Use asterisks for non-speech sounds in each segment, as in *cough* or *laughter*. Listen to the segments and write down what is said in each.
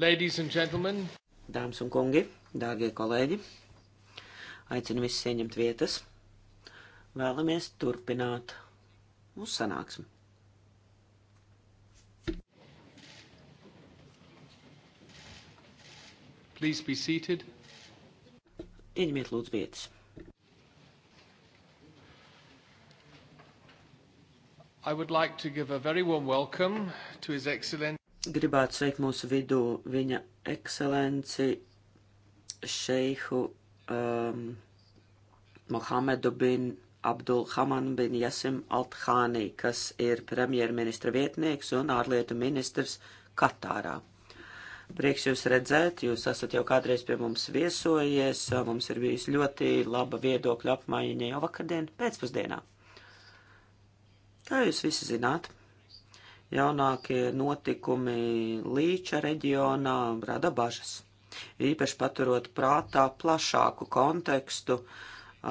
Ladies and gentlemen. Dāmas un kungi, dārgie kolēģi, aicinu visus ieņemt vietas. Vēlamies turpināt mūsu sanāksmi. Please be seated. Ieņemiet lūdzu vietas. I would like to give a very warm welcome to His Excellency. Gribētu sveikt mūsu vidū viņa ekscelenci šeihu um, Mohamedu bin Abdul Haman bin Jasim Althāni, kas ir premjerministra vietnieks un ārlietu ministrs Katārā. Prieks jūs redzēt, jūs esat jau kādreiz pie mums viesojies, mums ir bijusi ļoti laba viedokļa apmaiņa jau vakardien pēcpusdienā. Kā jūs visi zināt, Jaunākie notikumi Līča reģionā rada bažas, īpaši paturot prātā plašāku kontekstu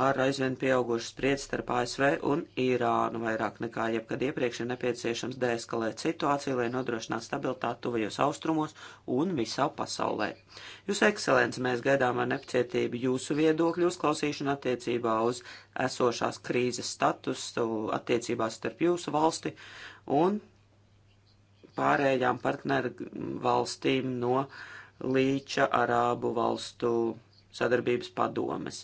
ar aizvien pieaugušu spriedzi starp ASV un Irānu vairāk nekā jebkad iepriekš ir nepieciešams deeskalēt situāciju, lai nodrošinātu stabilitāti tuvajos austrumos un visā pasaulē. Jūs, ekscelence, mēs gaidām ar nepacietību jūsu viedokļu uzklausīšanu attiecībā uz esošās krīzes statusu, attiecībās starp jūsu valsti un pārējām partneru valstīm no Līča Arābu valstu sadarbības padomes.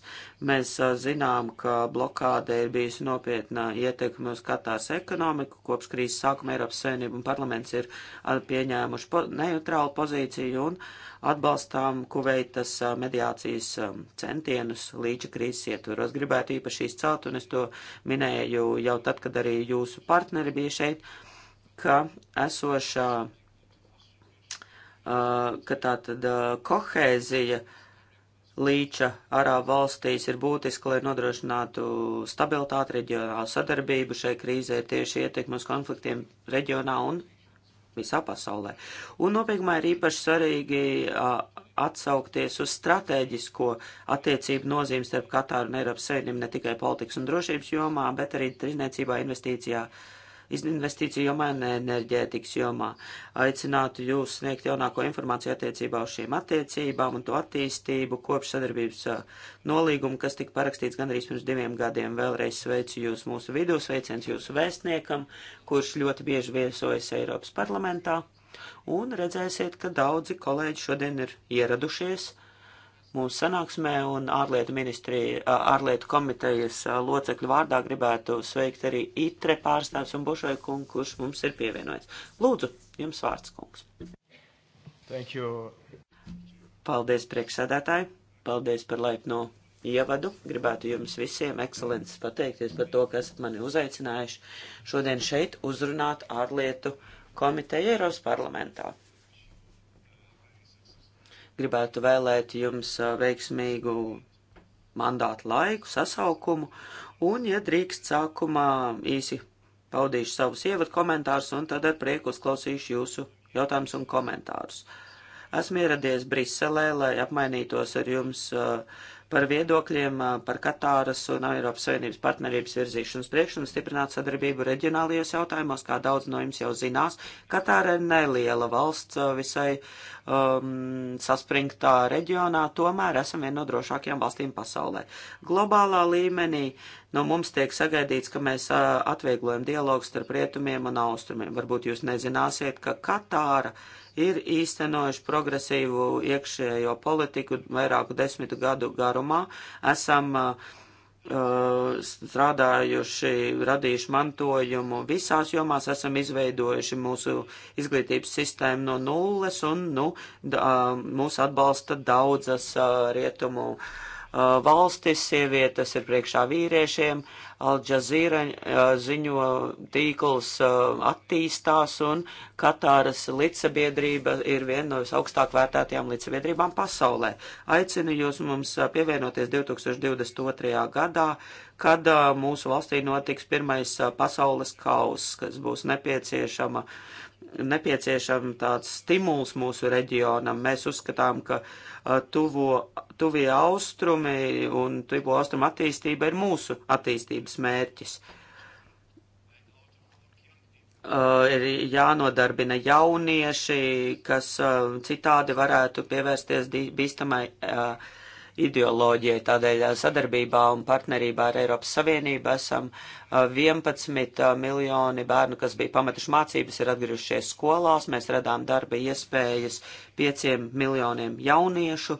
Mēs zinām, ka blokāde ir bijusi nopietna ietekme uz Katāras ekonomiku. Kopš krīzes sākuma Eiropas Savienība un parlaments ir pieņēmuši po neutrālu pozīciju un atbalstām Kuveitas mediācijas centienus līča krīzes ietvaros. Gribētu īpaši izcelt, un es to minēju jau tad, kad arī jūsu partneri bija šeit ka esošā, ka tātad kohēzija līča arābu valstīs ir būtiska, lai nodrošinātu stabilitāti reģionālu sadarbību. Šai krīzē ir tieši ietekme uz konfliktiem reģionā un visā pasaulē. Un nopietnumā ir īpaši svarīgi atsaukties uz strateģisko attiecību nozīmi starp Katāru un Eiropas Savienību ne tikai politikas un drošības jomā, bet arī trīniecībā investīcijā uh, investīciju jomā un enerģētikas jomā. Aicinātu jūs sniegt jaunāko informāciju attiecībā uz šīm attiecībām un to attīstību kopš sadarbības uh, nolīguma, kas tika parakstīts gandrīz pirms diviem gadiem. Vēlreiz sveicu jūs mūsu vidū, sveiciens jūsu vēstniekam, kurš ļoti bieži viesojas Eiropas parlamentā. Un redzēsiet, ka daudzi kolēģi šodien ir ieradušies mūsu sanāksmē, un ārlietu ministrija, ārlietu komitejas locekļu vārdā gribētu sveikt arī ITRE pārstāvs un Bušoja kungu, kurš mums ir pievienojis. Lūdzu, jums vārds, kungs. Thank you. Paldies, priekšsēdētāji. Paldies par laipno ievadu. Gribētu jums visiem, ekscelences, pateikties par to, ka esat mani uzaicinājuši šodien šeit uzrunāt ārlietu komiteju Eiropas parlamentā. Gribētu vēlēt jums veiksmīgu mandātu laiku, sasaukumu, un, ja drīkst, sākumā īsi paudīšu savus ievadu komentārus, un tad ar prieku uzklausīšu jūsu jautājumus un komentārus. Esmu ieradies Briselē, lai apmainītos ar jums par viedokļiem par Katāras un Eiropas Savienības partnerības virzīšanas priekš un stiprināt sadarbību reģionālajos jautājumos, kā daudz no jums jau zinās. Katāra ir neliela valsts visai um, saspringtā reģionā, tomēr esam viena no drošākajām valstīm pasaulē. Globālā līmenī no nu, mums tiek sagaidīts, ka mēs uh, atvieglojam dialogu starp rietumiem un austrumiem. Varbūt jūs nezināsiet, ka Katāra ir īstenojuši progresīvu iekšējo politiku vairāku desmitu gadu garumā. Esam uh, Uh, strādājuši, radījuši mantojumu visās jomās, esam izveidojuši mūsu izglītības sistēmu no nulles un, nu, da, uh, mūs atbalsta daudzas uh, rietumu uh, Uh, valstis, sievietes ir priekšā vīriešiem, Al-Jazeera uh, ziņo tīkls uh, attīstās un Katāras līdzsabiedrība ir viena no visaugstāk vērtētajām līdzsabiedrībām pasaulē. Aicinu jūs mums pievienoties 2022. gadā, kad mūsu valstī notiks pirmais pasaules kauss, kas būs nepieciešama uh, nepieciešams tāds stimuls mūsu reģionam. Mēs uzskatām, ka uh, tuvo, tuvie austrumi un tuvo austrumu attīstība ir mūsu attīstības mērķis. Uh, ir jānodarbina jaunieši, kas uh, citādi varētu pievērsties bīstamai uh, ideoloģijai. Tādēļ sadarbībā un partnerībā ar Eiropas Savienību esam 11 miljoni bērnu, kas bija pametuši mācības, ir atgriežušies skolās. Mēs redām darba iespējas 5 miljoniem jauniešu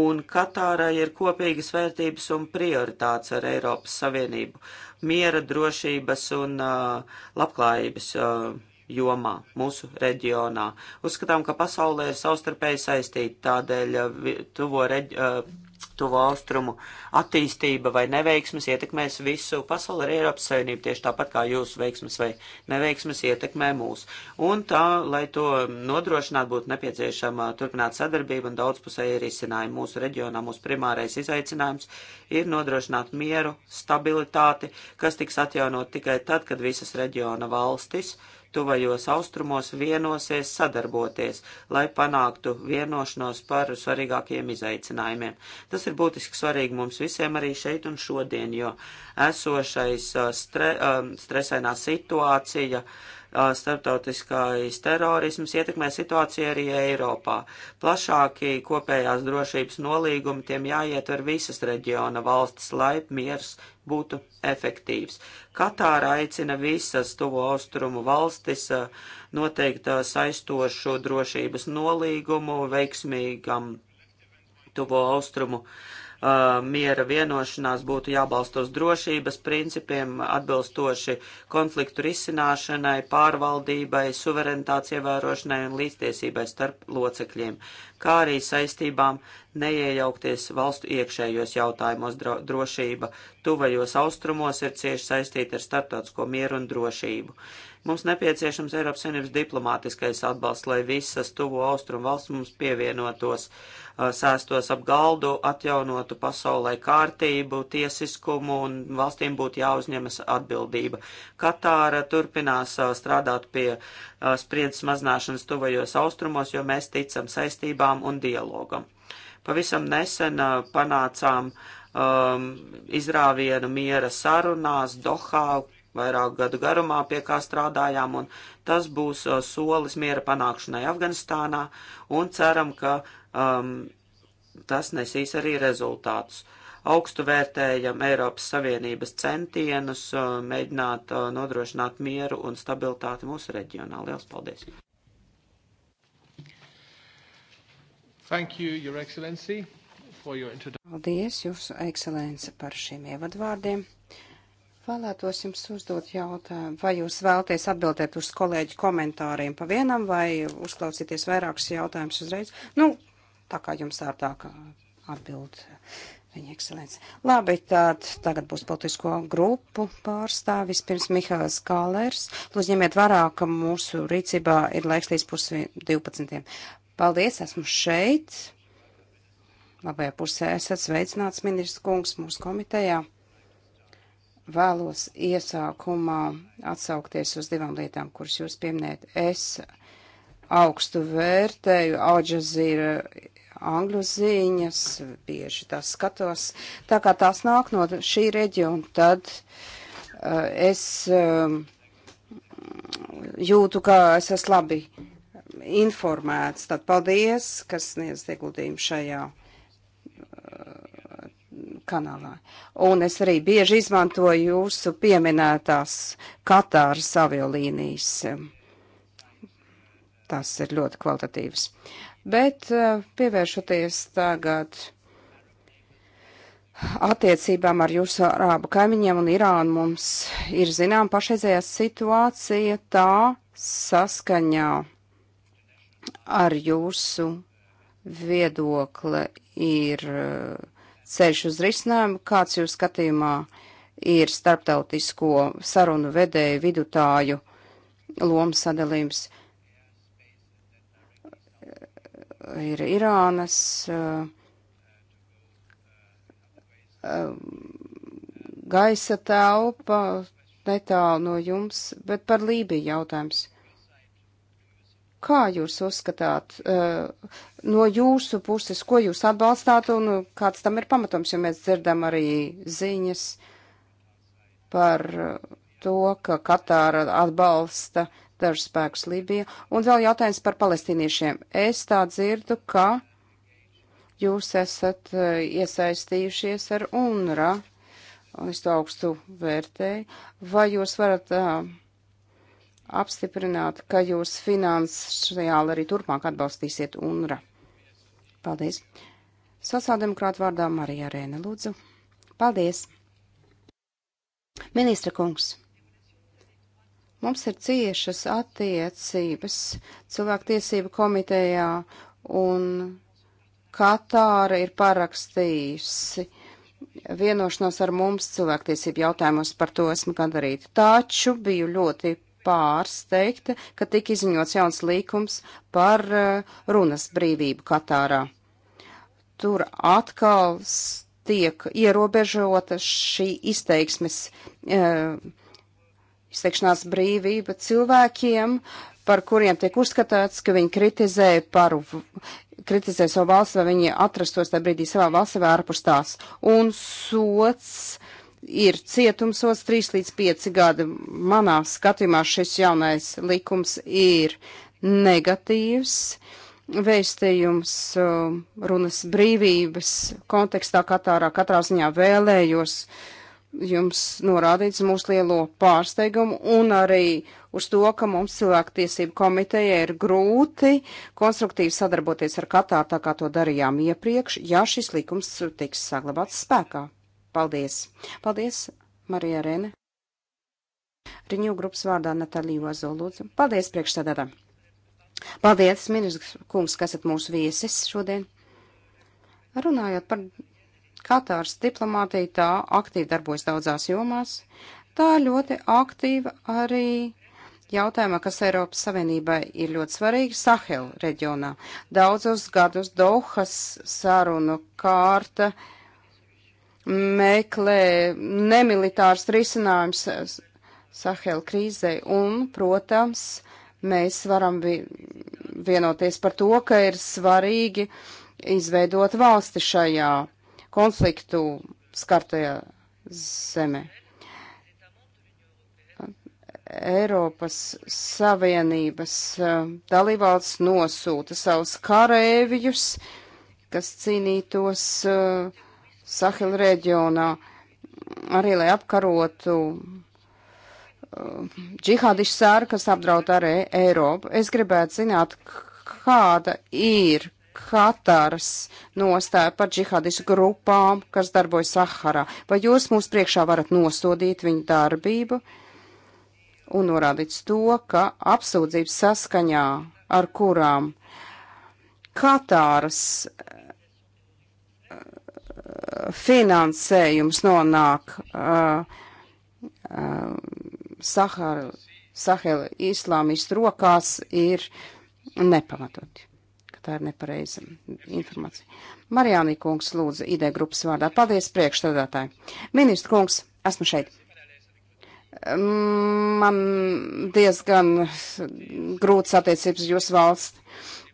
un Katārai ir kopīgas vērtības un prioritātes ar Eiropas Savienību - miera, drošības un uh, labklājības uh, jomā mūsu reģionā. Uzskatām, ka pasaulē ir savstarpēji saistīta tādēļ uh, tuvo, reģ, uh, tuvo austrumu attīstība vai neveiksmes ietekmēs visu pasauli ar Eiropas Savienību, tieši tāpat kā jūsu veiksmes vai neveiksmes ietekmē mūs. Un tā, lai to nodrošinātu, būtu nepieciešama turpināt sadarbību un daudzpusēji risinājumu mūsu reģionā. Mūsu primārais izaicinājums ir nodrošināt mieru, stabilitāti, kas tiks atjaunot tikai tad, kad visas reģiona valstis, uh, tuvajos austrumos vienosies sadarboties, lai panāktu vienošanos par svarīgākiem izaicinājumiem. Tas ir būtiski svarīgi mums visiem arī šeit un šodien, jo esošais uh, stre, um, stresainā situācija uh, starptautiskais terorisms ietekmē situāciju arī Eiropā. Plašākie kopējās drošības nolīgumi tiem jāietver visas reģiona valstis, lai miers būtu efektīvs. Katāra aicina visas tuvo austrumu valstis noteikt saistošu drošības nolīgumu veiksmīgam tuvo austrumu uh, uh, miera vienošanās būtu jābalsta uz drošības principiem, atbilstoši konfliktu risināšanai, pārvaldībai, suverenitātes ievērošanai un līdztiesībai starp locekļiem, kā arī saistībām neiejaukties valstu iekšējos jautājumos drošība. Tuvajos austrumos ir cieši saistīta ar starptautisko mieru un drošību. Uh, Mums nepieciešams Eiropas Savienības diplomātiskais atbalsts, lai visas tuvo austrumu valsts mums pievienotos, uh, sēstos ap galdu, atjaunotu pasaulē kārtību, tiesiskumu un valstīm būtu jāuzņemas atbildība. Katāra turpinās uh, strādāt pie uh, spriedzes mazināšanas tuvajos austrumos, jo mēs ticam saistībām un dialogam. Pavisam nesen panācām um, izrāvienu miera sarunās Dohā, vairāku gadu garumā, pie kā strādājām, un tas būs uh, solis miera panākšanai Afganistānā, un ceram, ka um, tas nesīs arī rezultātus. Augstu vērtējam Eiropas Savienības centienus uh, mēģināt uh, nodrošināt mieru un stabilitāti mūsu reģionā. Lielas paldies! Thank you, Your Excellency, for your introduction. Paldies, Jūsu ekscelence, par šiem ievadvārdiem. Vēlētos jums uzdot jautājumu, vai jūs vēlaties atbildēt uz kolēģi komentāriem pa vienam, vai uzklausīties vairākus jautājumus uzreiz? Nu, tā kā jums ārtāk atbild viņa ekscelence. Labi, tad tagad būs politisko grupu pārstāvis. Pirms Mihāls Kālērs. Lūdzu, ņemiet vērā, ka mūsu rīcībā ir laiks līdz pusi 12. Paldies, esmu šeit. Labajā pusē esat sveicināts, ministrs kungs, mūsu komitejā vēlos iesākumā atsaukties uz divām lietām, kuras jūs pieminējat. Es augstu vērtēju Audžazīra angļu ziņas, bieži tās skatos. Tā kā tās nāk no šī reģiona, tad uh, es um, jūtu, ka es esmu labi informēts. Tad paldies, kas sniedz ieguldījumu šajā kanālā. Un es arī bieži izmantoju jūsu pieminētās Katāras aviolīnijas. Tas ir ļoti kvalitatīvs. Bet eh, pievēršoties tagad attiecībām ar jūsu arābu kaimiņiem un Irānu, mums ir zinām pašreizējā situācija tā saskaņā ar jūsu viedokli ir uh, ceļš uz risinājumu, kāds jūs skatījumā ir starptautisko sarunu vedēju vidutāju lomas sadalījums. Ir Irānas eh, eh, gaisa telpa netālu no jums, bet par Lībiju jautājums. Kā jūs uzskatāt eh, no jūsu puses, ko jūs atbalstāt un kāds tam ir pamatums, jo mēs dzirdam arī ziņas par to, ka Katāra atbalsta dažu spēkus Libiju. Un vēl jautājums par palestīniešiem. Es tā dzirdu, ka jūs esat eh, iesaistījušies ar UNRA, un es to augstu vērtēju. Vai jūs varat uh, apstiprināt, ka jūs finansiāli arī turpmāk atbalstīsiet UNRA. Paldies. Sociāldemokrāta vārdā Marija Rēna, lūdzu. Paldies. Ministra kungs. Mums ir ciešas attiecības cilvēktiesību komitejā un Katāra ir parakstījusi vienošanos ar mums cilvēktiesību jautājumos par to esmu gandarīta. Taču biju ļoti pārsteigta, ka tika izziņots jauns līkums par eh, runas brīvību Katārā. Tur atkal tiek ierobežota šī izteiksmes, eh, izteikšanās brīvība cilvēkiem, par kuriem tiek uzskatīts, ka viņi kritizē par kritizē savu valsti, vai viņi atrastos tajā brīdī savā valstī vai ārpus tās. Un sots uh, ir cietumsos 3 līdz 5 gadi. Manā skatījumā šis jaunais likums ir negatīvs vēstījums runas brīvības kontekstā Katārā. Katrā ziņā vēlējos jums norādīts mūsu lielo pārsteigumu un arī uz to, ka mums cilvēktiesību komiteja ir grūti konstruktīvi sadarboties ar Katāru, tā kā to darījām iepriekš, ja šis likums tiks saglabāts spēkā. Paldies! Paldies, Marija Rene! Riņu grupas vārdā Natālija Vazolūdzu. Paldies, priekšstādātā! Paldies, ministrs kungs, kas esat mūsu viesis šodien. Runājot par Katāras diplomātiju, tā aktīvi darbojas daudzās jomās. Tā ļoti aktīva arī jautājumā, kas Eiropas Savienībai ir ļoti svarīgi Sahel reģionā. Daudzus gadus Dohas sarunu kārta meklē nemilitārs risinājums Sahel krīzei un, protams, mēs varam vienoties par to, ka ir svarīgi izveidot valsti šajā konfliktu skartajā zemē. Eiropas Savienības eh, dalībvalsts nosūta savus karēvjus, kas cīnītos uh, Sahel reģionā, arī lai apkarotu uh, džihādišu sēru, kas apdraud arī Eiropu. Es gribētu zināt, kāda ir Kataras nostāja par džihādistu grupām, kas darbojas Saharā. Vai jūs mums priekšā varat nosodīt viņu darbību un norādīt to, ka apsūdzības saskaņā ar kurām Katāras finansējums nonāk uh, uh, Sahara, Sahela islāmistu rokās, ir nepamatoti. Tā ir nepareiza informācija. Marijāni kungs lūdzu ideja grupas vārdā. Paldies priekšstādātāji. Ministru kungs, esmu šeit man diezgan grūts attiecības jūsu valsts.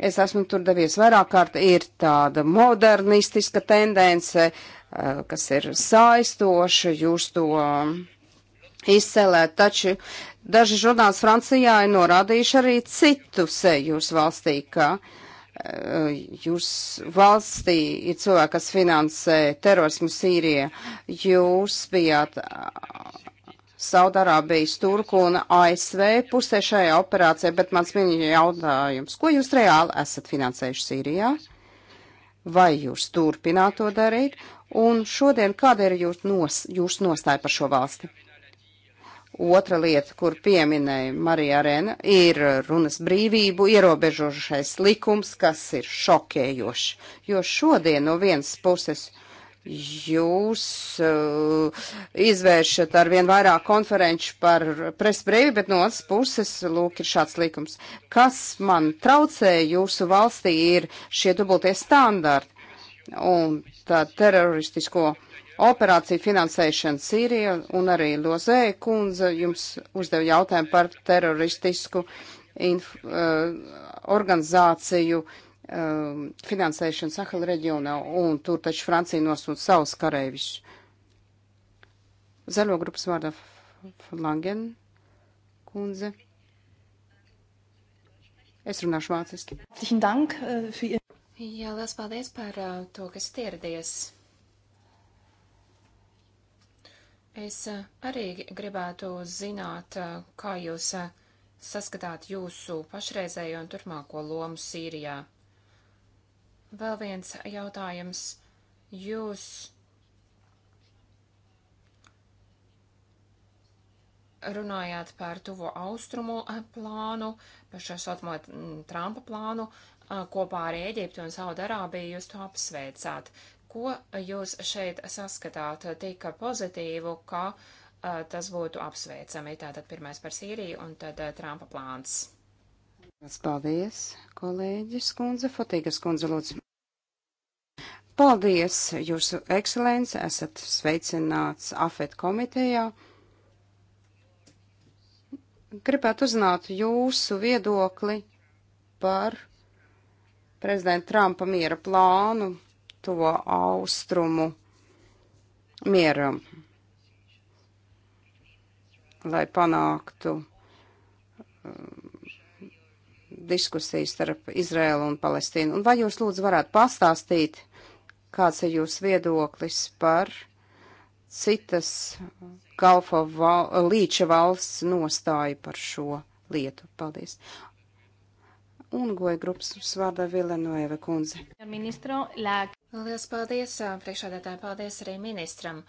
Es esmu tur devies vairāk kārt, ir tāda modernistiska tendence, eh, kas ir saistoša, jūs to eh, izcelēt, taču daži žurnāls Francijā ir norādījuši arī citu seju jūsu valstī, ka eh, jūs valstī ir cilvēki, kas finansē terorismu Sīrijā, jūs bijāt Saudarābijas, Turku un ASV pusē šajā operācijā, bet mans mīļākais jautājums, ko jūs reāli esat finansējuši Sīrijā? Vai jūs turpināt to darīt? Un šodien kāda ir jūs, nos, jūs nostāja par šo valsti? Otra lieta, kur pieminēja Marija Arēna, ir runas brīvību ierobežošais likums, kas ir šokējošs. Jo šodien no vienas puses. Uh, jūs uh, izvēršat ar vien vairāk konferenču par presbrīvi, bet no otras puses, lūk, ir šāds likums. Kas man traucē jūsu valstī ir šie dubultie standarti un tā teroristisko operāciju finansēšana Sīrija un arī Lozē kundze jums uzdev jautājumu par teroristisku inf, uh, organizāciju uh, um, finansēšanu Sahela reģionā, un tur taču Francija nosūta savus karēvišus. Zaļo grupas vārdā Langen kundze. Es runāšu vāciski. Äh, Jā, liels paldies par uh, to, kas ieradies. Es uh, arī gribētu zināt, uh, kā jūs saskatāt jūsu pašreizējo un turpmāko lomu Sīrijā. Vēl viens jautājums. Jūs runājāt par tuvo austrumu eh, plānu, par šo saucamo mm, Trumpa plānu, eh, kopā ar Ēģipti un Saudarābiju jūs to apsveicāt. Ko jūs šeit saskatāt tik pozitīvu, ka uh, tas būtu apsveicami? Tātad pirmais par Sīriju un tad uh, Trumpa plāns. Paldies, kolēģis kundze, Fotīgas kundze, lūdzu. Paldies, jūsu ekscelence, esat sveicināts AFET komitejā. Gribētu uzzināt jūsu viedokli par prezidenta Trumpa miera plānu tuvo austrumu mieram, lai panāktu um, diskusijas starp Izrēlu un Palestīnu. Un vai jūs lūdzu varētu pastāstīt Kāds ir jūs viedoklis par citas Galfa val, līča valsts nostāju par šo lietu? Paldies. Un goja grupas vārdā Vilenoeva kundze. Ministro, lāk. Lielas paldies priekšādātāji, paldies arī ministram.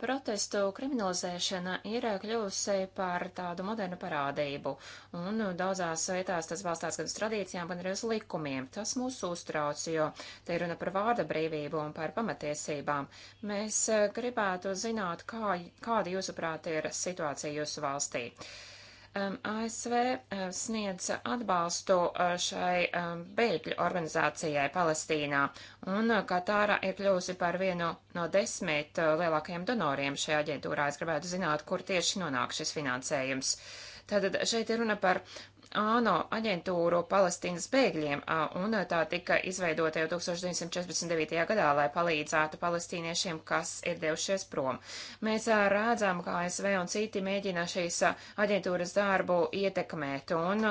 Protestu kriminalizēšana ir kļuvusi par tādu modernu parādību, un daudzās vietās tas balstās gan uz tradīcijām, gan arī uz likumiem. Tas mūs uztrauc, jo te ir runa par vārda brīvību un par pamatiesībām. Mēs gribētu zināt, kā, kāda jūsuprāt ir situācija jūsu valstī. Uh, Um, ASV um, sniedz atbalstu uh, šai um, bēgļu organizācijai Palestīnā, un uh, Katāra ir kļūsi par vienu no desmit uh, lielākajiem donoriem šajā aģentūrā. Es gribētu zināt, kur tieši nonāk šis finansējums. Tātad šeit ir runa par ANO aģentūru Palestīnas bēgļiem, un tā tika izveidota jau 1949. gadā, lai palīdzētu palestīniešiem, kas ir devušies prom. Mēs rādzām, kā ASV un citi mēģina šīs aģentūras darbu ietekmēt un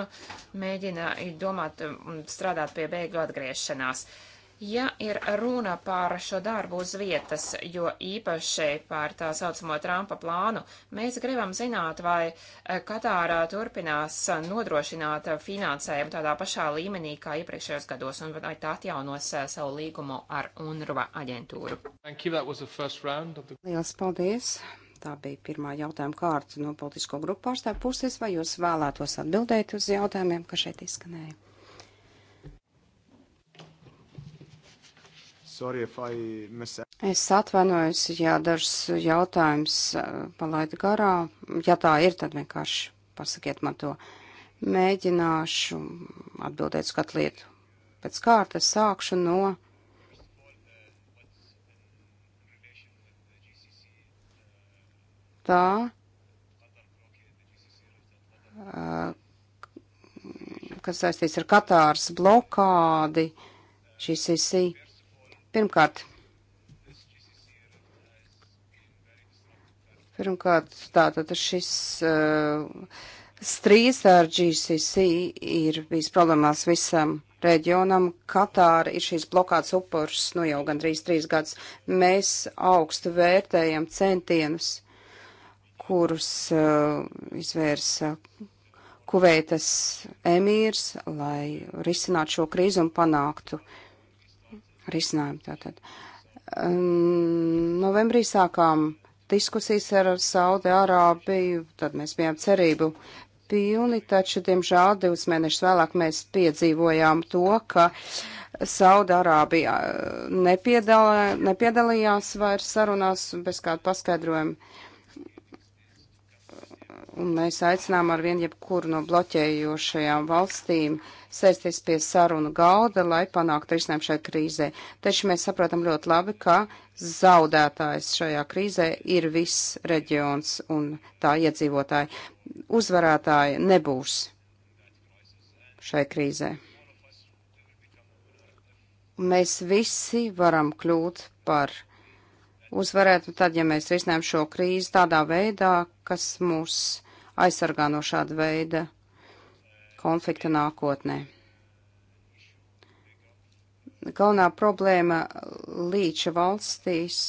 mēģina domāt un strādāt pie bēgļu atgriešanās. Uh, Ja ir runa pār šo darbu uz vietas, jo īpaši pār tā saucamo Trumpa plānu, mēs gribam zināt, vai eh, Katārā turpinās nodrošināt finansējumu tādā pašā līmenī kā iepriekšējos gados, un vai tā atjaunos eh, savu līgumu ar UNRWA aģentūru. The... Lielas paldies! Tā bija pirmā jautājuma kārta no politisko grupu pārstāvju puses, vai jūs vēlētos atbildēt uz jautājumiem, kas šeit izskanēja? Sorry, es atvainojos, ja dažs jautājums eh, palaida garā. Ja tā ir, tad vienkārši pasakiet man to. Mēģināšu atbildēt uz katru lietu. Pēc kārtas sākšu no. Tā, eh, kas saistīts ar Katāras blokādi, šī sisija Pirmkārt, pirmkārt tātad šis uh, strīds ar GCC ir bijis problēmās visam reģionam. Katāra ir šīs blokāts upurs, nu jau gandrīz trīs gadus. Mēs augstu vērtējam centienus, kurus uh, izvērsa Kuveitas emīrs, lai risinātu šo krīzi un panāktu risinājumu. Tātad. Um, novembrī sākām diskusijas ar Saudi Arābiju, tad mēs bijām cerību pilni, taču, diemžēl, divus mēnešus vēlāk mēs piedzīvojām to, ka Saudārābija uh, nepiedalījās vairs sarunās bez kāda paskaidrojuma un mēs aicinām ar vien jebkuru no bloķējošajām valstīm sēsties pie sarunu galda, lai panāktu risinājumu šai krīzē. Taču mēs saprotam ļoti labi, ka zaudētājs šajā krīzē ir viss reģions un tā iedzīvotāji. Uzvarētāji nebūs šai krīzē. Mēs visi varam kļūt par uzvarētu tad, ja mēs risinām šo krīzi tādā veidā, kas mūs aizsargā no šāda veida konflikta nākotnē. Galvenā problēma līča valstīs,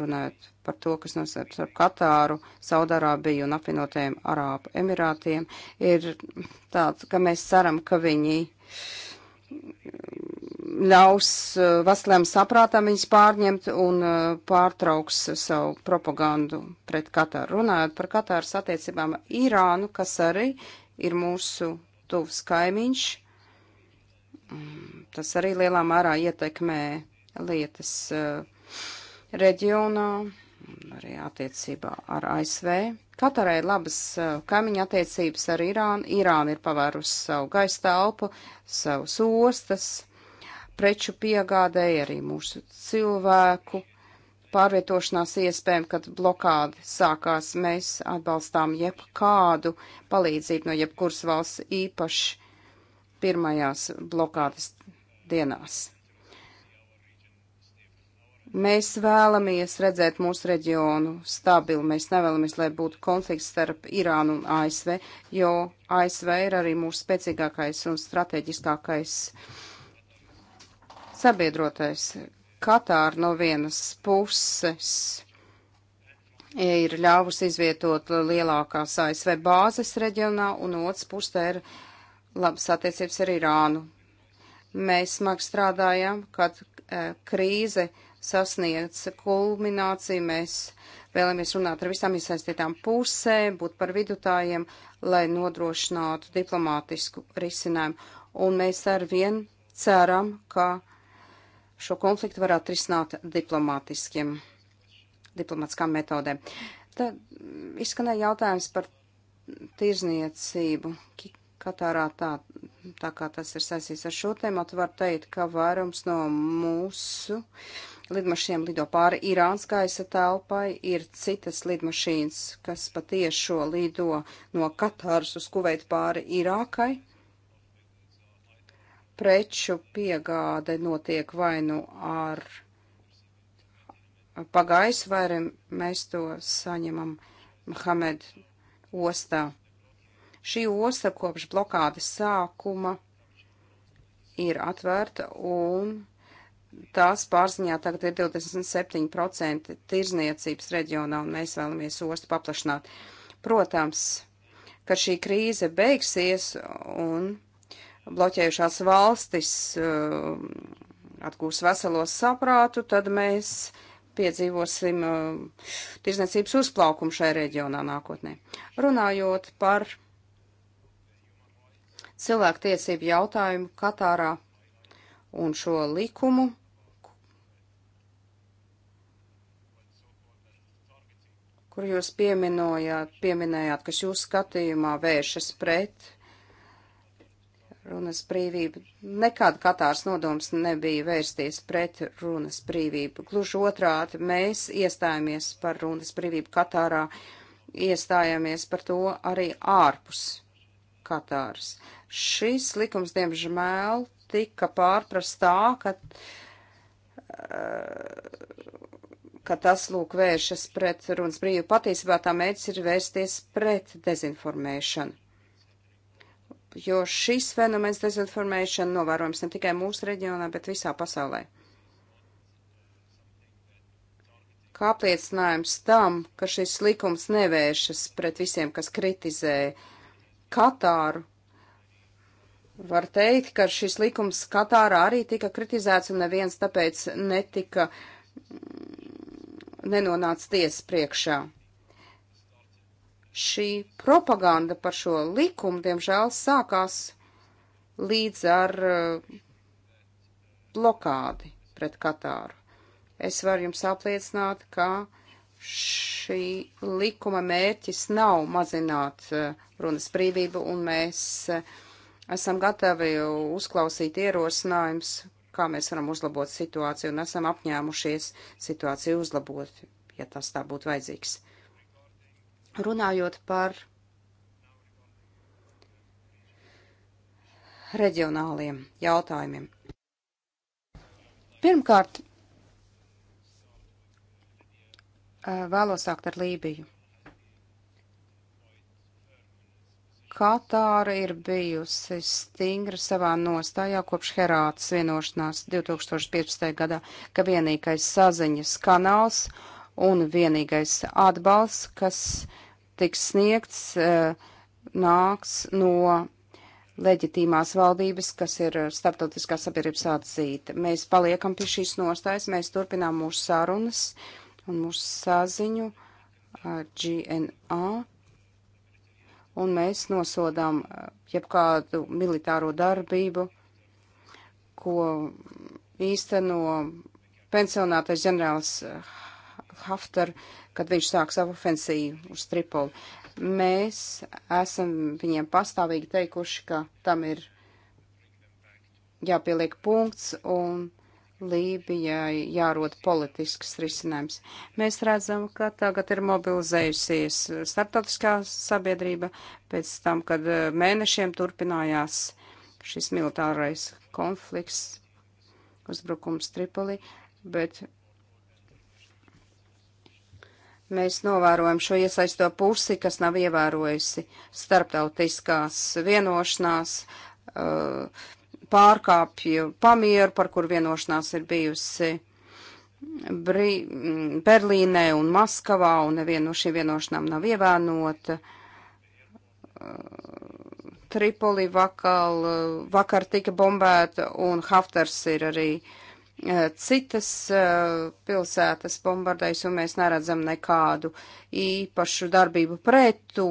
runājot par to, kas nosarps ar Katāru, Saudārābiju un apvienotajiem Arābu Emirātiem, ir tāds, ka mēs ceram, ka viņi ļaus eh, veselēm saprātam viņus pārņemt un eh, pārtrauks savu propagandu pret Katāru. Runājot par Katāras attiecībām Irānu, kas arī ir mūsu tuvs kaimiņš, mm, tas arī lielā mērā ietekmē lietas eh, reģionā un arī attiecībā ar ASV. Katarai labas kaimiņa attiecības ar Irānu. Irāna ir pavērusi savu gaisa telpu, savus ostas preču piegādēji, arī mūsu cilvēku pārvietošanās iespējām, kad blokāde sākās, mēs atbalstām jebkādu palīdzību no jebkuras valsts īpaši pirmajās blokādes dienās. Mēs vēlamies redzēt mūsu reģionu stabilu, mēs nevēlamies, lai būtu konflikts starp Irānu un ASV, jo ASV ir arī mūsu spēcīgākais un strateģiskākais uh, sabiedrotais. Katāra no vienas puses ir ļāvusi izvietot lielākās ASV bāzes reģionā, un otrs pusē ir labas attiecības ar Irānu. Mēs smagi strādājām, kad e, krīze sasniedz kulmināciju, mēs vēlamies runāt ar visām iesaistītām pusēm, būt par vidutājiem, lai nodrošinātu diplomātisku risinājumu. Un mēs ar vien ceram, ka šo konfliktu var atrisināt diplomātiskiem, diplomātiskām metodēm. Tad mm, izskanēja jautājums par tirzniecību. Katārā tā, tā kā tas ir saistīts ar šo tēmatu, var teikt, ka vairums no mūsu lidmašīnām lido pāri Irāns gaisa telpai, ir citas lidmašīnas, kas patiešo lido no Katāras uz Kuveitu pāri Irākai preču piegāde notiek vai nu ar pagājus, vai arī mēs to saņemam Mohamed ostā. Šī osta kopš blokādes sākuma ir atvērta un tās pārziņā tagad ir 27% tirzniecības reģionā un mēs vēlamies ostu paplašināt. Protams, ka šī krīze beigsies un bloķējušās valstis eh, atgūs veselo saprātu, tad mēs piedzīvosim eh, tirzniecības uzplaukumu šajā reģionā nākotnē. Runājot par cilvēktiesību jautājumu Katārā un šo likumu, kur jūs pieminējāt, pieminējāt, kas jūs skatījumā vēršas pret runas brīvību. Nekāda Katārs nodoms nebija vērsties pret runas brīvību. Gluži otrādi, mēs iestājāmies par runas brīvību Katārā, iestājāmies par to arī ārpus Katāras. Šis likums, diemžēl, tika pārprast tā, ka, eh, ka tas, lūk, vēršas pret runas brīvību. Patiesībā tā mērķis ir vērsties pret dezinformēšanu jo šis fenomens dezinformēšana novērojams ne tikai mūsu reģionā, bet visā pasaulē. Kā apliecinājums tam, ka šis likums nevēršas pret visiem, kas kritizē Katāru, var teikt, ka šis likums Katārā arī tika kritizēts un neviens tāpēc netika nenonāca tiesas priekšā. Šī propaganda par šo likumu, diemžēl, sākās līdz ar uh, blokādi pret Katāru. Es varu jums apliecināt, ka šī likuma mērķis nav mazināt uh, runas brīvību, un mēs uh, esam gatavi uzklausīt ierosinājumus, kā mēs varam uzlabot situāciju, un esam apņēmušies situāciju uzlabot, ja tas tā būtu vajadzīgs. Runājot par reģionāliem jautājumiem. Pirmkārt, eh, vēlos sākt ar Lībiju. Katāra ir bijusi stingra savā nostājā kopš Herātas vienošanās 2015. gadā, ka vienīgais saziņas kanāls un vienīgais atbalsts, kas uh, tiks sniegts, eh, nāks no leģitīmās valdības, kas ir starptautiskā sabiedrības atzīta. Mēs paliekam pie šīs nostājas, mēs turpinām mūsu sarunas un mūsu saziņu ar GNA, un mēs nosodām eh, jebkādu militāro darbību, ko īsteno pensionātais ģenerālis Haftar kad viņš sāk savu ofensīvu uz Tripoli. Mēs esam viņiem pastāvīgi teikuši, ka tam ir jāpieliek punkts un Lībijai jārod politisks risinājums. Mēs redzam, ka tagad ir mobilizējusies starptautiskā sabiedrība pēc tam, kad eh, mēnešiem turpinājās šis militārais konflikts, uzbrukums Tripoli, bet Mēs novērojam šo iesaisto pusi, kas nav ievērojusi starptautiskās vienošanās, uh, pārkāpju pamieru, par kur vienošanās ir bijusi Brī Berlīnē un Maskavā, un neviena no šīm vienošanām nav ievērnota. Uh, Tripoli vakal, uh, vakar tika bombēta, un Haftars ir arī uh, Eh, citas eh, pilsētas bombardējas, un mēs neredzam nekādu īpašu darbību pret to.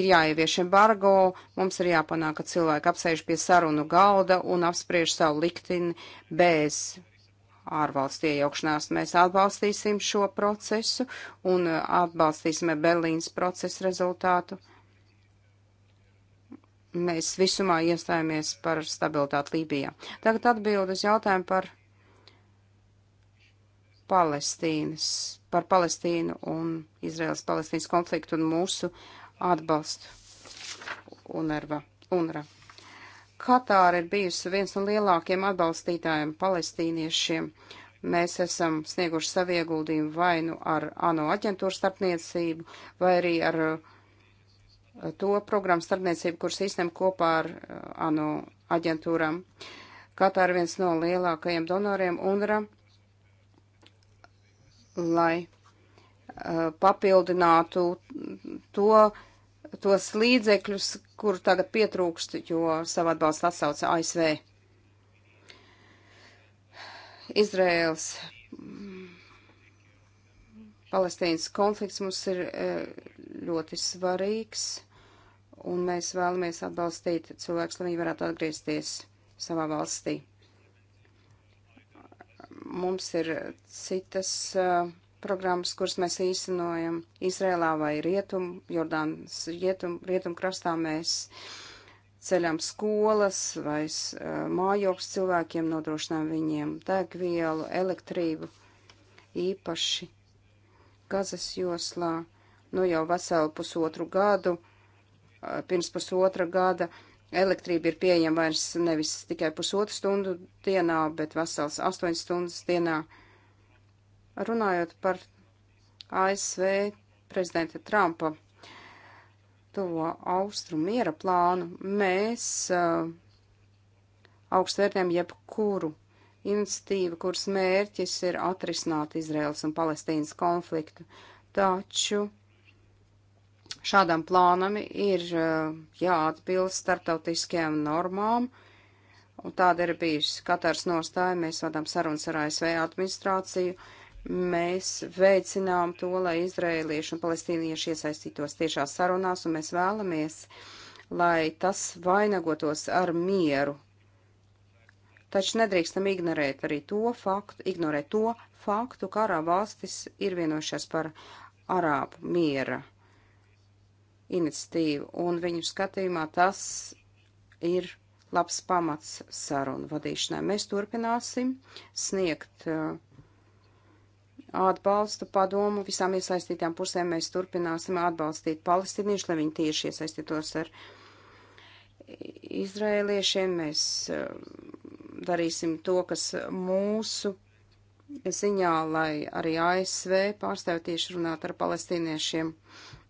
Ir jāievieš embargo, mums ir jāpanāk, ka cilvēki apsēž pie sarunu galda un apspriež savu liktini bez ārvalstu iejaukšanās. Mēs atbalstīsim šo procesu un eh, atbalstīsim Berlīnas procesa rezultātu. Mēs visumā iestājāmies par stabilitāti Lībijā. Tagad atbildes jautājumu par Palestīnas, par Palestīnu un Izraels Palestīnas konfliktu un mūsu atbalstu UNRVA. UNRVA. Katāra ir bijusi viens no lielākiem atbalstītājiem palestīniešiem. Mēs esam snieguši savu ieguldījumu vai nu ar ANO aģentūru starpniecību, vai arī ar uh, to programmu starpniecību, kuras īstenam kopā ar uh, ANO aģentūram. Katāra ir viens no lielākajiem donoriem UNRWA lai uh, papildinātu to, tos līdzekļus, kur tagad pietrūkst, jo savu atbalstu atsauca ASV. Izraels Palestīnas konflikts mums ir uh, ļoti svarīgs, un mēs vēlamies atbalstīt cilvēks, lai viņi varētu atgriezties savā valstī mums ir citas uh, programmas, kuras mēs īstenojam Izrēlā vai Rietum, Jordānas rietum, rietumkrastā mēs ceļam skolas vai uh, mājokļus cilvēkiem, nodrošinām viņiem degvielu, elektrību, īpaši Gazas joslā, nu jau veselu pusotru gadu, uh, pirms pusotra gada. Uh, elektrība ir pieejama vairs nevis tikai pusotru stundu dienā, bet vesels astoņas stundas dienā. Runājot par ASV prezidenta Trumpa tuvo austrumu miera plānu, mēs uh, augstvērtējam jebkuru iniciatīvu, kuras mērķis ir atrisināt Izraels un Palestīnas konfliktu. Taču Šādam plānam ir uh, jāatbilst starptautiskajām normām, un tāda ir bijusi Katars nostāja. Mēs vadām sarunas ar ASV administrāciju. Mēs veicinām to, lai izrēlieši un palestīnieši iesaistītos tiešās sarunās, un mēs vēlamies, lai tas vainagotos ar mieru. Taču nedrīkstam ignorēt arī to faktu, ignorēt to faktu, ka arā valstis ir vienojušās par arābu miera iniciatīvu, un viņu skatījumā tas ir labs pamats sarunu vadīšanai. Mēs turpināsim sniegt uh, atbalsta padomu visām iesaistītām pusēm. Mēs turpināsim atbalstīt palestīniešus, lai viņi tieši iesaistītos ar izrēliešiem. Mēs uh, darīsim to, kas mūsu ziņā, lai arī ASV pārstāvju tieši runāt ar palestīniešiem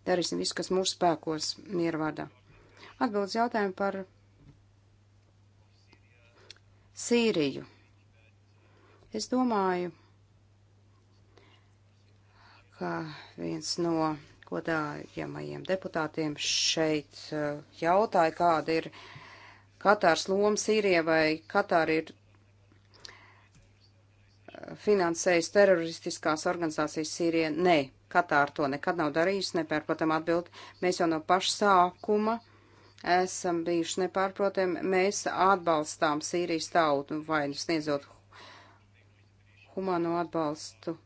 darīsim visu, kas mūsu spēkos miera vārdā. Atbildes jautājumu par Sīriju. Es domāju, ka viens no godājamajiem deputātiem šeit uh, jautāja, kāda ir Katārs loma Sīrijai vai Katāra ir finansējusi teroristiskās organizācijas Sīrijā. Nē, Katāra to nekad nav darījusi, nepārprotam atbild. Mēs jau no paša sākuma esam bijuši nepārprotam. Mēs atbalstām Sīrijas tautu, vai nu sniedzot humano atbalstu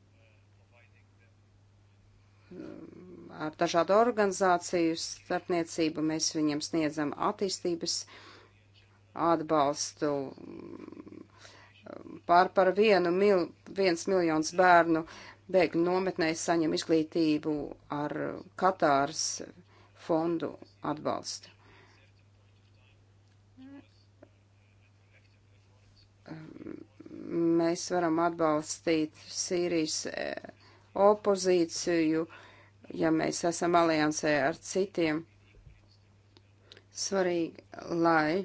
mm, ar dažādu organizāciju starpniecību. Mēs viņiem sniedzam attīstības atbalstu pār par vienu mil, viens miljons bērnu bēgļu nometnēs saņem izglītību ar Katāras fondu atbalstu. Mēs varam atbalstīt Sīrijas eh, opozīciju, ja mēs esam aliansē ar citiem. Svarīgi, lai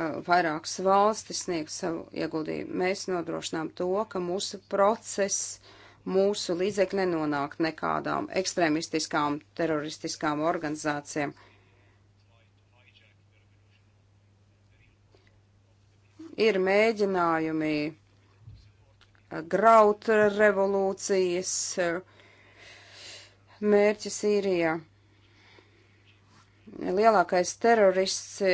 Eh, vairākas valstis sniegt savu ieguldījumu. Mēs nodrošinām to, ka mūsu process, mūsu līdzekļi nenonāk nekādām ekstrēmistiskām, teroristiskām organizācijām. Ir mēģinājumi eh, graut revolūcijas eh, mērķi Sīrijā. Ja lielākais terorists e,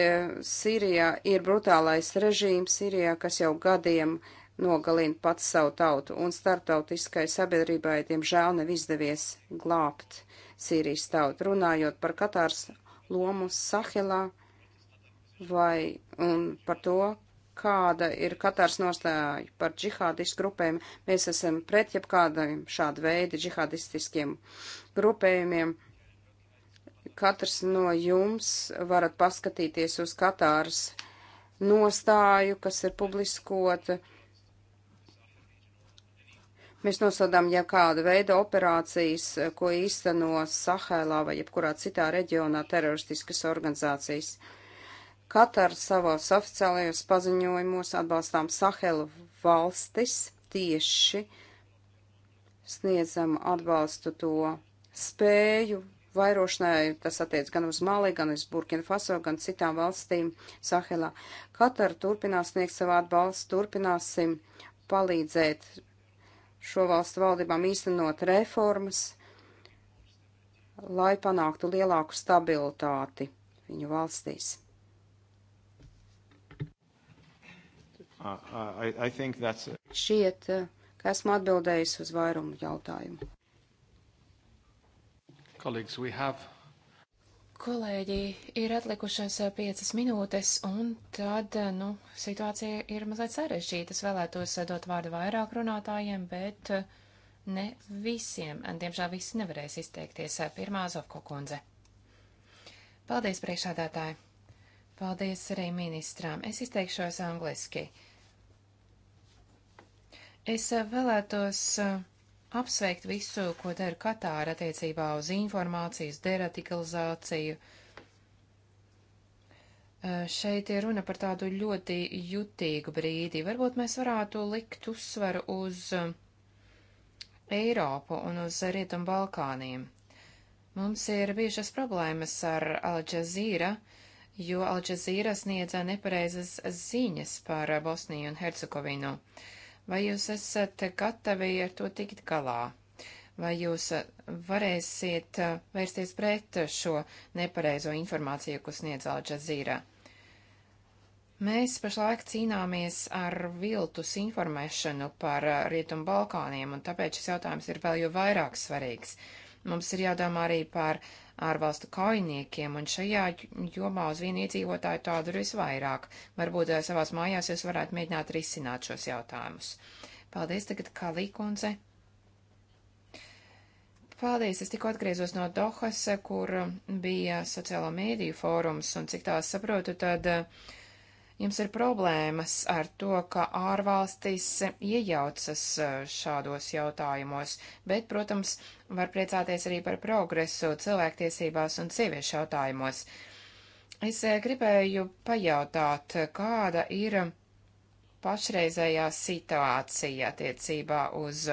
Sīrijā ir brutālais režīms Sīrijā, kas jau gadiem nogalina pats savu tautu, un starptautiskai sabiedrībai, diemžēl, nav izdevies glābt Sīrijas tautu. Runājot par Katārs lomu Sahelā vai un par to, kāda ir Katārs nostāja par džihādistu grupēm, mēs esam pret jebkādiem šāda veida džihādistiskiem grupējumiem katrs no jums varat paskatīties uz Katāras nostāju, kas ir publiskota. Mēs nosodām jau kādu veidu operācijas, ko īsteno Sahēlā vai jebkurā citā reģionā teroristiskas organizācijas. Katar savos oficiālajos paziņojumos atbalstām Sahelu valstis tieši sniedzam atbalstu to spēju vairošanai, tas attiec gan uz Mali, gan uz Burkina Faso, gan citām valstīm Sahelā. Katara turpinās sniegt savu atbalstu, turpināsim palīdzēt šo valstu valdībām īstenot reformas, lai panāktu lielāku stabilitāti viņu valstīs. Uh, uh I, I Šiet, uh, ka esmu atbildējis uz vairumu jautājumu. Colleagues, we have Kolēģi, ir atlikušas piecas minūtes, un tad, nu, situācija ir mazliet sarežģīta. Es vēlētos dot vārdu vairāk runātājiem, bet eh, ne visiem. Diemžēl visi nevarēs izteikties. Pirmā Zovko kundze. Paldies, priekšādātāji. Paldies arī ministrām. Es izteikšos angliski. Es eh, vēlētos. Uh, apsveikt visu, ko dara Katāra attiecībā uz informācijas deratikalizāciju. Šeit ir runa par tādu ļoti jutīgu brīdi. Varbūt mēs varētu likt uzsvaru uz Eiropu un uz Rietumu Balkāniem. Mums ir bijušas problēmas ar Alžazīra, jo Alžazīra sniedza nepareizas ziņas par Bosniju un Hercegovinu. Uh, Vai jūs esat gatavi ar to tikt galā? Vai jūs varēsiet vērsties pret šo nepareizo informāciju, ko sniedz Alžazīra? Mēs pašlaik cīnāmies ar viltus informēšanu par Rietumu Balkāniem, un tāpēc šis jautājums ir vēl jo vairāk svarīgs. Mums ir jādomā arī par ārvalstu kaujiniekiem, un šajā jomā uz vienu iedzīvotāju tādu ir visvairāk. Varbūt eh, savās mājās jūs varētu mēģināt risināt šos jautājumus. Paldies tagad, Kalī kundze. Paldies! Es tikko atgriezos no Dohas, kur bija sociālo mēdīju fórums, un cik tā saprotu, tad uh, jums ir problēmas ar to, ka ārvalstis iejaucas eh, šādos jautājumos, bet, protams, var priecāties arī par progresu cilvēktiesībās un sieviešu jautājumos. Es eh, gribēju pajautāt, kāda ir pašreizējā situācija attiecībā uz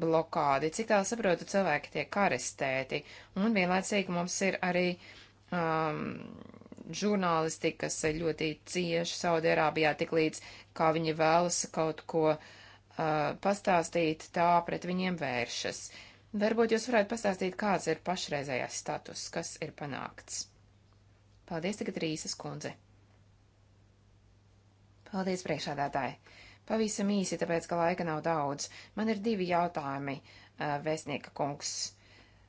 blokādi, cik tā saprotu, cilvēki tiek arestēti, un vienlaicīgi mums ir arī um, žurnālisti, kas ļoti cieši Saudierābijā tik līdz, kā viņi vēlas kaut ko uh, pastāstīt, tā pret viņiem vēršas. Varbūt jūs varētu pastāstīt, kāds ir pašreizējais status, kas ir panākts. Paldies tagad Rīsas kundze. Paldies priekšādātāji. Pavisam īsi, tāpēc, ka laika nav daudz. Man ir divi jautājumi, uh, vēstnieka kungs.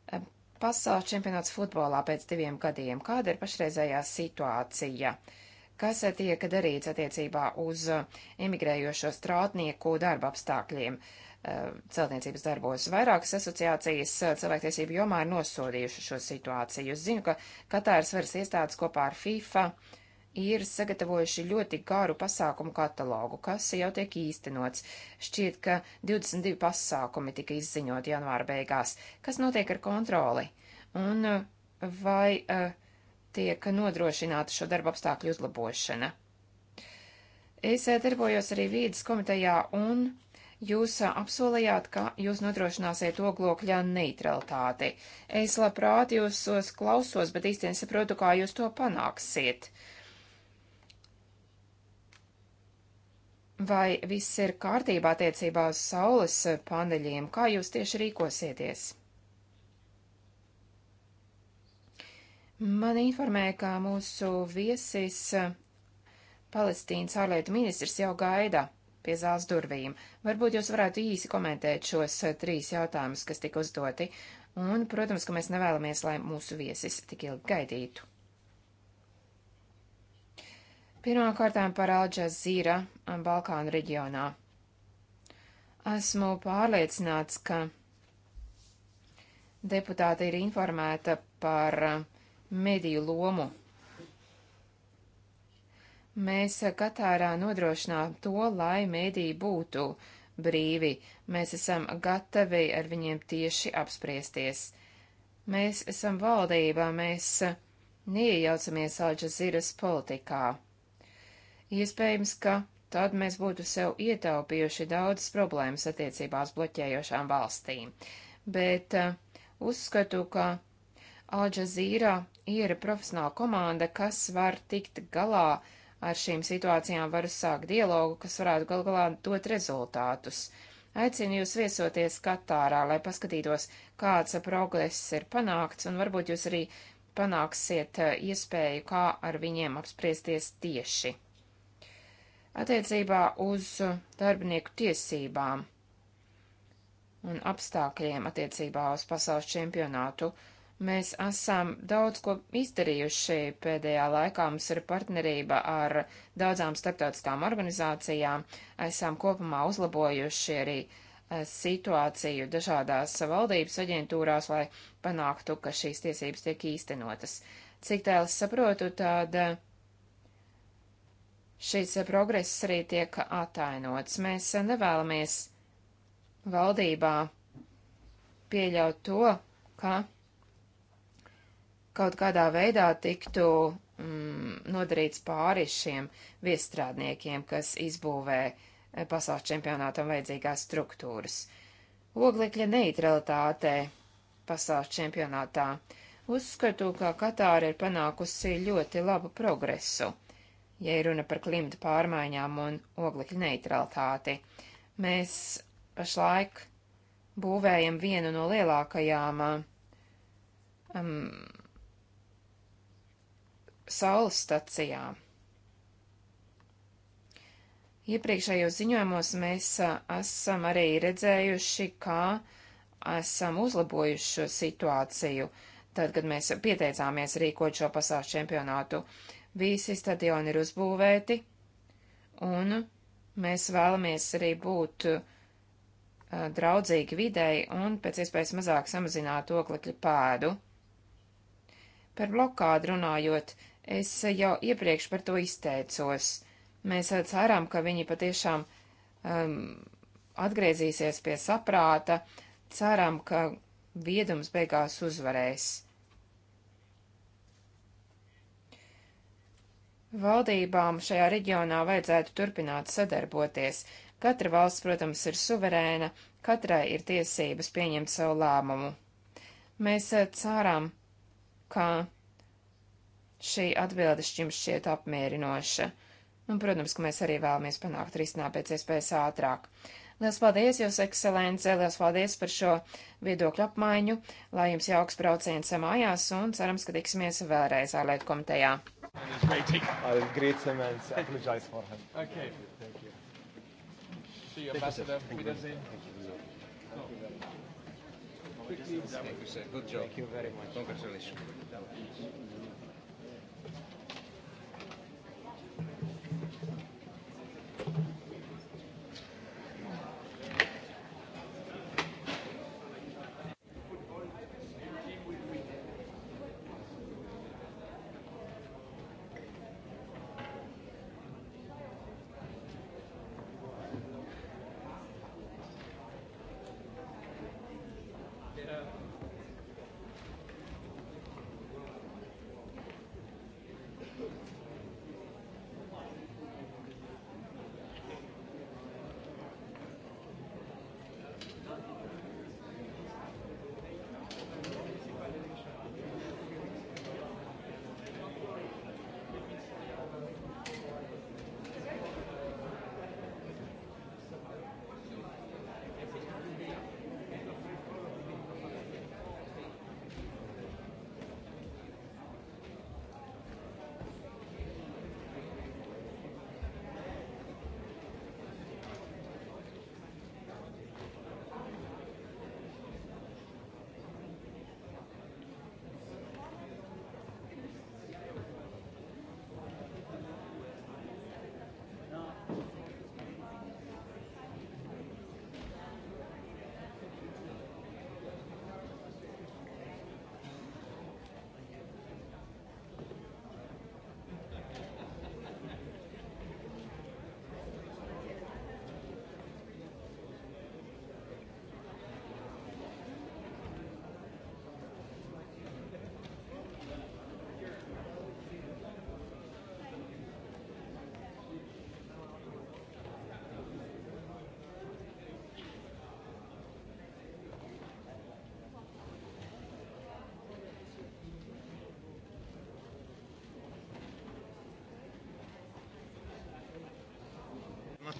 Uh, pasaules čempionāts futbolā pēc diviem gadiem. Kāda ir pašreizējā situācija? Kas tiek darīts attiecībā uz uh, emigrējošo strādnieku darba apstākļiem uh, celtniecības darbos? Vairākas asociācijas uh, cilvēktiesību jomā ir nosodījušas šo situāciju. Es zinu, ka Katāras varas iestādes kopā ar FIFA uh, ir sagatavojuši ļoti garu pasākumu katalogu, kas jau tiek īstenots. Šķiet, ka 22 pasākumi tika izziņot janvāra beigās. Kas notiek ar kontroli? Un uh, vai uh, tiek nodrošināta šo darba apstākļu uzlabošana? Es uh, darbojos arī vīdes komitejā un Jūs uh, apsolījāt, ka jūs nodrošināsiet oglokļa neutralitāti. Es labprāt jūsos uh, klausos, bet īsti nesaprotu, kā jūs to panāksiet. Uh, Vai viss ir kārtībā attiecībā uz saules paneļiem? Kā jūs tieši rīkosieties? Man informēja, ka mūsu viesis eh, Palestīnas ārlietu ministrs jau gaida pie zāles durvīm. Varbūt jūs varētu īsi komentēt šos eh, trīs jautājumus, kas tika uzdoti. Un, protams, ka mēs nevēlamies, lai mūsu viesis tik ilgi gaidītu. Pirmkārtām par Alžēzīra un um, Balkānu reģionā. Esmu pārliecināts, ka deputāte ir informēta par um, mediju lomu. Mēs Katārā nodrošinām to, lai mediji būtu brīvi. Mēs esam gatavi ar viņiem tieši apspriesties. Mēs esam valdībā, mēs neiejaucamies Alžazīras politikā. Iespējams, ka tad mēs būtu sev ietaupījuši daudzas problēmas attiecībās bloķējošām valstīm. Bet uh, uzskatu, ka Alžazīrā ir profesionāla komanda, kas var tikt galā ar šīm situācijām, var uzsākt dialogu, kas varētu gal galā dot rezultātus. Aicinu jūs viesoties Katārā, lai paskatītos, kāds progress ir panākts, un varbūt jūs arī panāksiet eh, iespēju, kā ar viņiem apspriesties tieši attiecībā uz uh, darbinieku tiesībām un apstākļiem attiecībā uz pasaules čempionātu. Mēs esam daudz ko izdarījuši pēdējā laikā. Mums ir partnerība ar daudzām starptautiskām organizācijām. Esam kopumā uzlabojuši arī uh, situāciju dažādās valdības aģentūrās, lai panāktu, ka šīs tiesības tiek īstenotas. Cik tālu saprotu, tad uh, šis progress arī tiek atainots. Mēs nevēlamies valdībā pieļaut to, ka kaut kādā veidā tiktu mm, nodarīts pāri šiem viestrādniekiem, kas izbūvē e, pasaules čempionātam vajadzīgās struktūras. Oglekļa neutralitāte pasaules čempionātā. Uzskatu, ka Katāra ir panākusi ļoti labu progresu ja ir runa par klimatu pārmaiņām un oglekļa neutralitāti. Mēs pašlaik būvējam vienu no lielākajām um, saules stacijām. Iepriekšējos ziņojumos mēs a, uh, esam arī redzējuši, kā esam uzlabojuši šo situāciju, tad, kad mēs pieteicāmies rīkot šo pasaules čempionātu. Uh, Visi stadioni ir uzbūvēti, un mēs vēlamies arī būt uh, draudzīgi videi un pēc iespējas mazāk samazināt oglekļa pēdu. Par blokādu runājot, es jau iepriekš par to izteicos. Mēs uh, ceram, ka viņi patiešām um, atgriezīsies pie saprāta, ceram, ka viedums beigās uzvarēs. Valdībām šajā reģionā vajadzētu turpināt sadarboties. Katra valsts, protams, ir suverēna, katrai ir tiesības pieņemt savu lēmumu. Mēs eh, ceram, ka šī atbildes jums šķiet apmierinoša. Un, nu, protams, ka mēs arī vēlamies panākt risinājumu pēc iespējas ātrāk. Lielas paldies, Jūs ekscelence, liels paldies par šo viedokļu apmaiņu, lai jums jauks brauciens mājās un cerams, ka tiksimies vēlreiz ārlietu komitejā. And it's great team. I will greet him and apologize for him. Okay. Thank you. See you, Ambassador. Thank you. Thank you. Quickly. Thank you, sir. Good job. Thank you very much. Congratulations.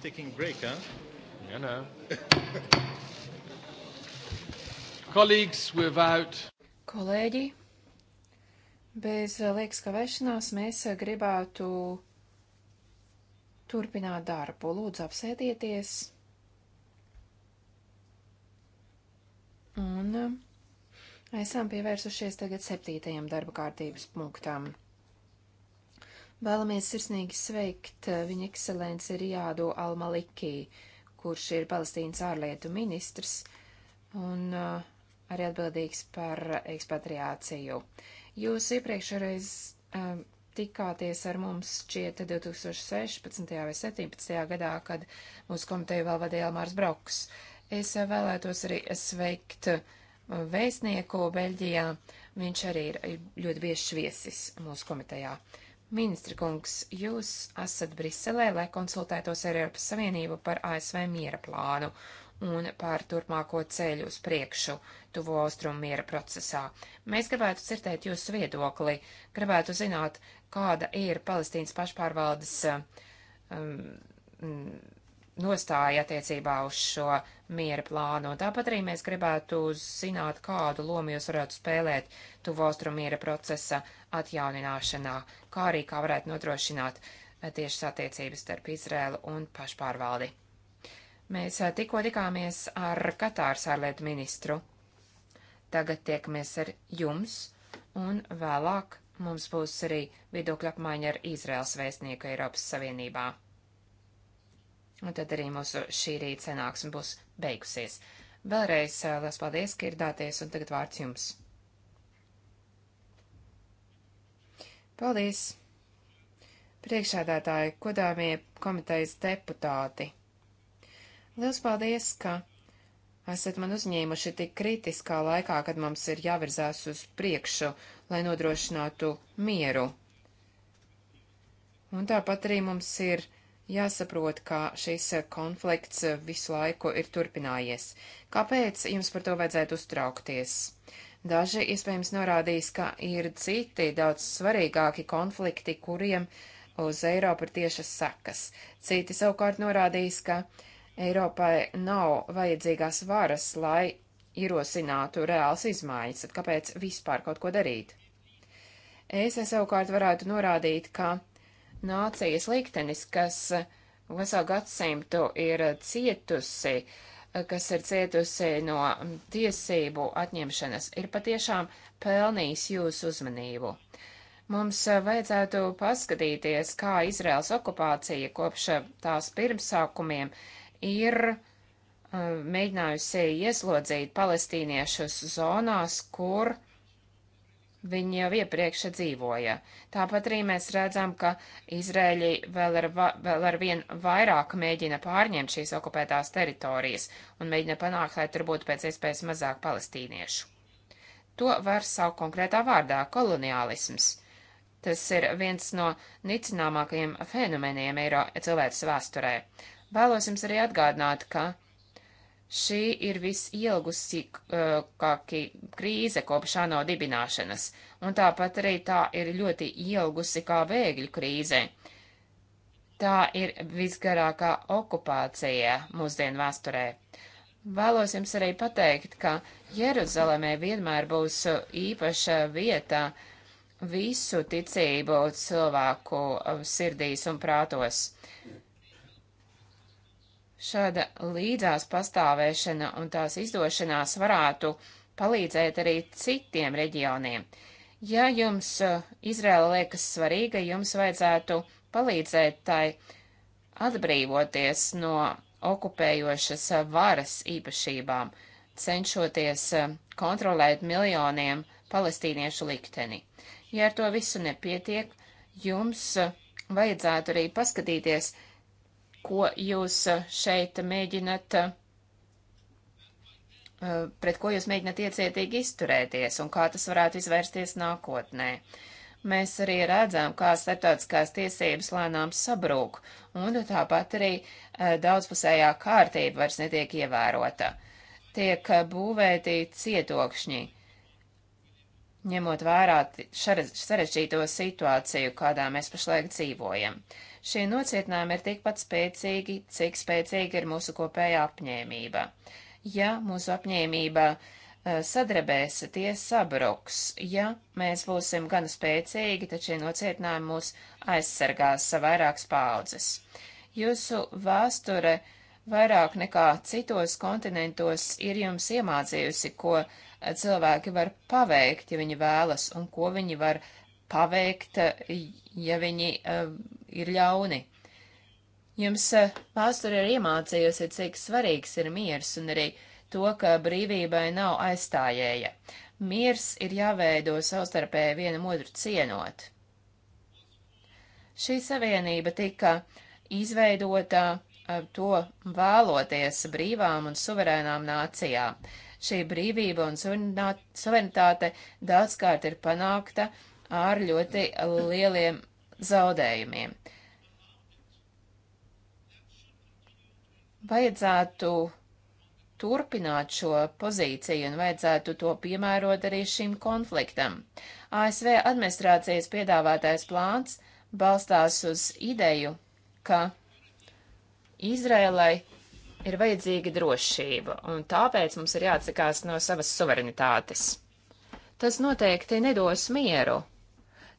not taking break, huh? You know. *laughs* Colleagues, without. Kolēģi, bez eh, liekas kavēšanās mēs eh, gribētu turpināt darbu. Lūdzu, apsēdieties. Un eh, esam pievērsušies tagad septītajam darba kārtības punktam. Vēlamies sirsnīgi sveikt eh, viņa ekscelenci Rijādu Almalikī, kurš ir Palestīnas ārlietu ministrs un eh, arī atbildīgs par ekspatriāciju. Jūs iepriekšreiz um, tikāties ar mums šķiet 2016. vai 2017. gadā, kad mūsu komiteju vēl vadīja Elmārs Broks. Es vēlētos arī sveikt vēstnieku Beļģijā. Viņš arī ir ļoti bieži viesis mūsu komitejā. Uh, Ministra kungs, jūs esat Briselē, lai konsultētos ar Eiropas Savienību par ASV miera plānu un par turpmāko ceļu uz priekšu tuvo austrumu miera procesā. Mēs gribētu cirtēt jūsu viedokli, gribētu zināt, kāda ir Palestīnas pašpārvaldes um, nostāja attiecībā uz šo miera plānu. Tāpat arī mēs gribētu zināt, kādu lomu jūs varētu spēlēt tuvostru miera procesa atjaunināšanā, kā arī kā varētu nodrošināt eh, tiešas attiecības starp Izrēlu un pašpārvaldi. Mēs eh, tikko tikāmies ar Katārs ārlietu ministru. Tagad tiekamies ar jums, un vēlāk mums būs arī viedokļa apmaiņa ar Izraels vēstnieku Eiropas Savienībā. Un tad arī mūsu šī rīta sanāksme būs beigusies. Vēlreiz eh, liels paldies, ka ir dāties, un tagad vārds jums. Paldies! Priekšādātāji, kodāmie komitejas deputāti! Liels paldies, ka esat man uzņēmuši tik kritiskā laikā, kad mums ir jāvirzās uz priekšu, lai nodrošinātu mieru. Un tāpat arī mums ir Jāsaprot, ka šis konflikts visu laiku ir turpinājies. Kāpēc jums par to vajadzētu uztraukties? Daži iespējams norādīs, ka ir citi daudz svarīgāki konflikti, kuriem uz Eiropu ir tiešas sekas. Citi savukārt norādīs, ka Eiropai nav vajadzīgās varas, lai ierosinātu reāls izmaiņas, tad kāpēc vispār kaut ko darīt? Es savukārt varētu norādīt, ka nācijas liktenis, kas veselu gadsimtu ir cietusi, kas ir cietusi no tiesību atņemšanas, ir patiešām pelnījis jūsu uzmanību. Mums vajadzētu paskatīties, kā Izraels okupācija kopš tās pirmsākumiem ir uh, mēģinājusi ieslodzīt palestīniešus zonās, kur uh, Viņi jau iepriekš dzīvoja. Tāpat arī mēs redzam, ka Izrēļi vēl ar, va, vēl ar vien vairāk mēģina pārņemt šīs okupētās teritorijas un mēģina panākt, lai tur būtu pēc iespējas mazāk palestīniešu. To var saukt konkrētā vārdā - koloniālisms. Tas ir viens no nicināmākajiem fenomeniem Eiro cilvēces vēsturē. Vēlos jums arī atgādināt, ka Šī ir visielgusīgākā uh, krīze kopš ANO dibināšanas, un tāpat arī tā ir ļoti ielgusi kā bēgļu krīze. Tā ir visgarākā okupācija mūsdienu vēsturē. Vēlos jums arī pateikt, ka Jeruzalemē vienmēr būs īpaša vieta visu ticību cilvēku uh, sirdīs un prātos. Šāda līdzās pastāvēšana un tās izdošanās varētu palīdzēt arī citiem reģioniem. Ja jums eh, Izraela liekas svarīga, jums vajadzētu palīdzēt tai atbrīvoties no okupējošas varas īpašībām, cenšoties eh, kontrolēt miljoniem palestīniešu likteni. Ja ar to visu nepietiek, jums eh, vajadzētu arī paskatīties, ko jūs eh, šeit mēģinat eh, pret ko jūs mēģināt iecietīgi izturēties un kā tas varētu izvērsties nākotnē. Mēs arī redzam, kā starptautiskās tiesības lēnām sabrūk, un tāpat arī eh, daudzpusējā kārtība vairs netiek ievērota. Tiek būvēti cietokšņi, ņemot vērā sarežģīto situāciju, kādā mēs pašlaik dzīvojam. Uh, Šie nocietinājumi ir tikpat spēcīgi, cik spēcīga ir mūsu kopējā apņēmība. Ja mūsu apņēmība eh, sadarbēs, tie sabruks. Ja mēs būsim gan spēcīgi, tad šie nocietinājumi mūs aizsargās vairākas paudzes. Jūsu vēsture vairāk nekā citos kontinentos ir jums iemācījusi, ko eh, cilvēki var paveikt, ja viņi vēlas, un ko viņi var paveikt, ja viņi uh, ir ļauni. Jums eh, pāstori ir iemācījusi, cik svarīgs ir miers un arī to, ka brīvībai nav aizstājēja. Miers ir jāveido savstarpēji vienam otru cienot. Šī savienība tika izveidota eh, to vēloties brīvām un suverēnām nācijām. Šī brīvība un suverenitāte daudzkārt ir panākta ar ļoti lieliem zaudējumiem. Vajadzētu turpināt šo pozīciju un vajadzētu to piemērot arī šim konfliktam. ASV administrācijas piedāvātais plāns balstās uz ideju, ka Izrēlai ir vajadzīga drošība, un tāpēc mums ir jāatsakās no savas suverenitātes. Tas noteikti nedos mieru,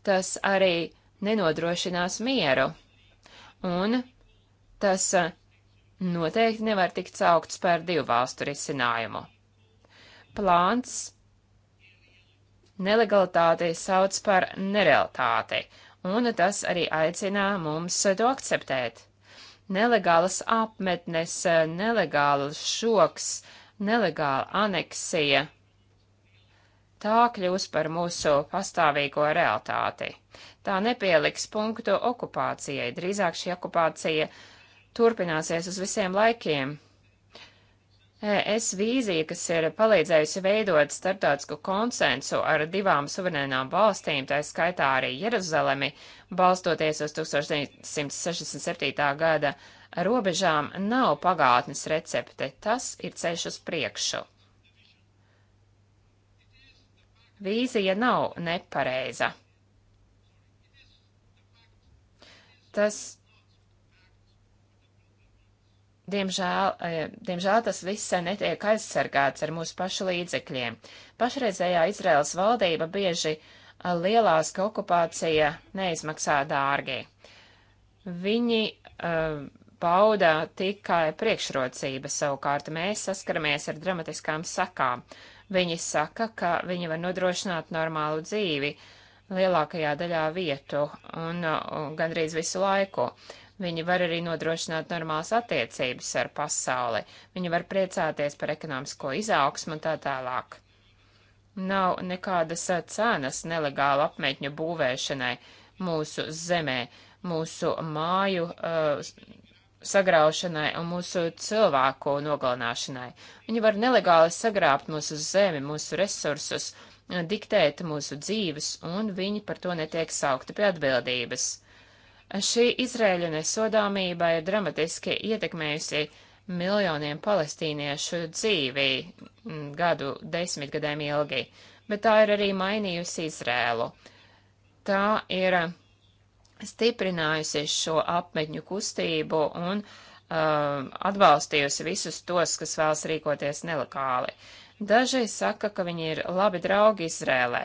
tas arī nenodrošinās mieru. Un tas noteikti nevar tikt saukts par divu valstu risinājumu. Plāns nelegalitāti sauc par nerealitāti, un tas arī aicinā mums to akceptēt. Nelegālas apmetnes, nelegāls šoks, nelegāla aneksija tā kļūs par mūsu pastāvīgo realitāti. Tā nepieliks punktu okupācijai, drīzāk šī okupācija turpināsies uz visiem laikiem. Es vīzija, kas ir palīdzējusi veidot starptautisku konsensu ar divām suverēnām valstīm, tā skaitā arī Jeruzalemi, balstoties uz 1967. gada robežām, nav pagātnes recepte, tas ir ceļš uz priekšu. Vīzija nav nepareiza. Tas, diemžēl, e, diemžēl tas viss netiek aizsargāts ar mūsu pašu līdzekļiem. Pašreizējā Izraels valdība bieži e, lielās, ka okupācija neizmaksā dārgi. Viņi uh, pauda tikai priekšrocības, savukārt mēs saskaramies ar dramatiskām sakām. Uh, Viņi saka, ka viņi var nodrošināt normālu dzīvi lielākajā daļā vietu un, un uh, gandrīz visu laiku. Viņi var arī nodrošināt normālas attiecības ar pasauli. Viņi var priecāties par ekonomisko izaugsmu un tā tālāk. Nav nekādas uh, cenas nelegālu apmetņu būvēšanai mūsu zemē, mūsu māju uh, sagraušanai un mūsu cilvēku nogalināšanai. Viņi var nelegāli sagrābt mūsu zemi, mūsu resursus, diktēt mūsu dzīves, un viņi par to netiek saukti pie atbildības. Šī Izraēļa nesodāmība ir dramatiski ietekmējusi miljoniem palestīniešu dzīvi mm, gadu desmitgadēm ilgi, bet tā ir arī mainījusi Izrēlu. Tā ir stiprinājusi šo apmetņu kustību un uh, atbalstījusi visus tos, kas vēlas rīkoties nelikāli. Daži saka, ka viņi ir labi draugi Izrēlē.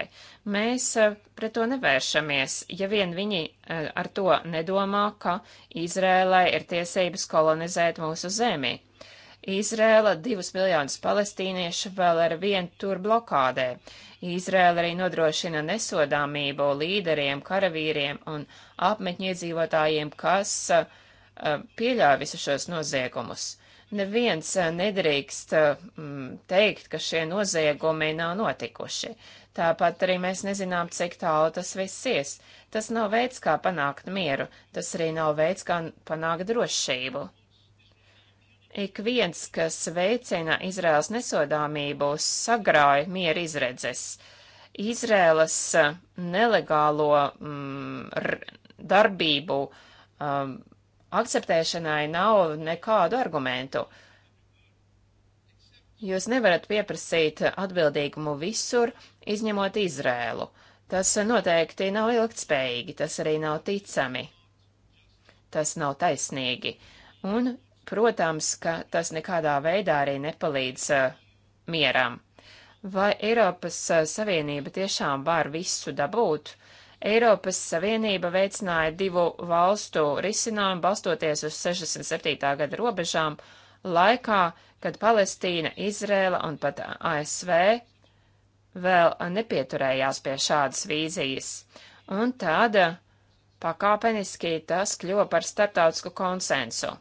Mēs uh, pret to nevēršamies, ja vien viņi uh, ar to nedomā, ka Izrēlē ir tiesības kolonizēt mūsu zemi. Izrēla divus miljonus palestīniešu vēl ar vienu tur blokādē. Izraela arī nodrošina nesodāmību līderiem, karavīriem un apmetņu iedzīvotājiem, kas uh, pieļāva visus šos noziegumus. Neviens uh, nedrīkst uh, teikt, ka šie noziegumi nav notikuši. Tāpat arī mēs nezinām, cik tālu tas viss ies. Tas nav veids, kā panākt mieru, tas arī nav veids, kā panākt drošību. Ik viens, kas veicina Izraels nesodāmību, sagrāja miera izredzes. Izraēlas eh, nelegālo mm, darbību um, akceptēšanai nav nekādu argumentu. Jūs nevarat pieprasīt atbildīgumu visur, izņemot Izrēlu. Tas noteikti nav ilgtspējīgi, tas arī nav ticami. Tas nav taisnīgi. Un Protams, ka tas nekādā veidā arī nepalīdz uh, mieram. Vai Eiropas uh, Savienība tiešām var visu dabūt? Eiropas Savienība veicināja divu valstu risinājumu balstoties uz 67. gada robežām laikā, kad Palestīna, Izrēla un pat ASV vēl nepieturējās pie šādas vīzijas. Un tāda eh, pakāpeniski tas kļuva par starptautisku konsensu.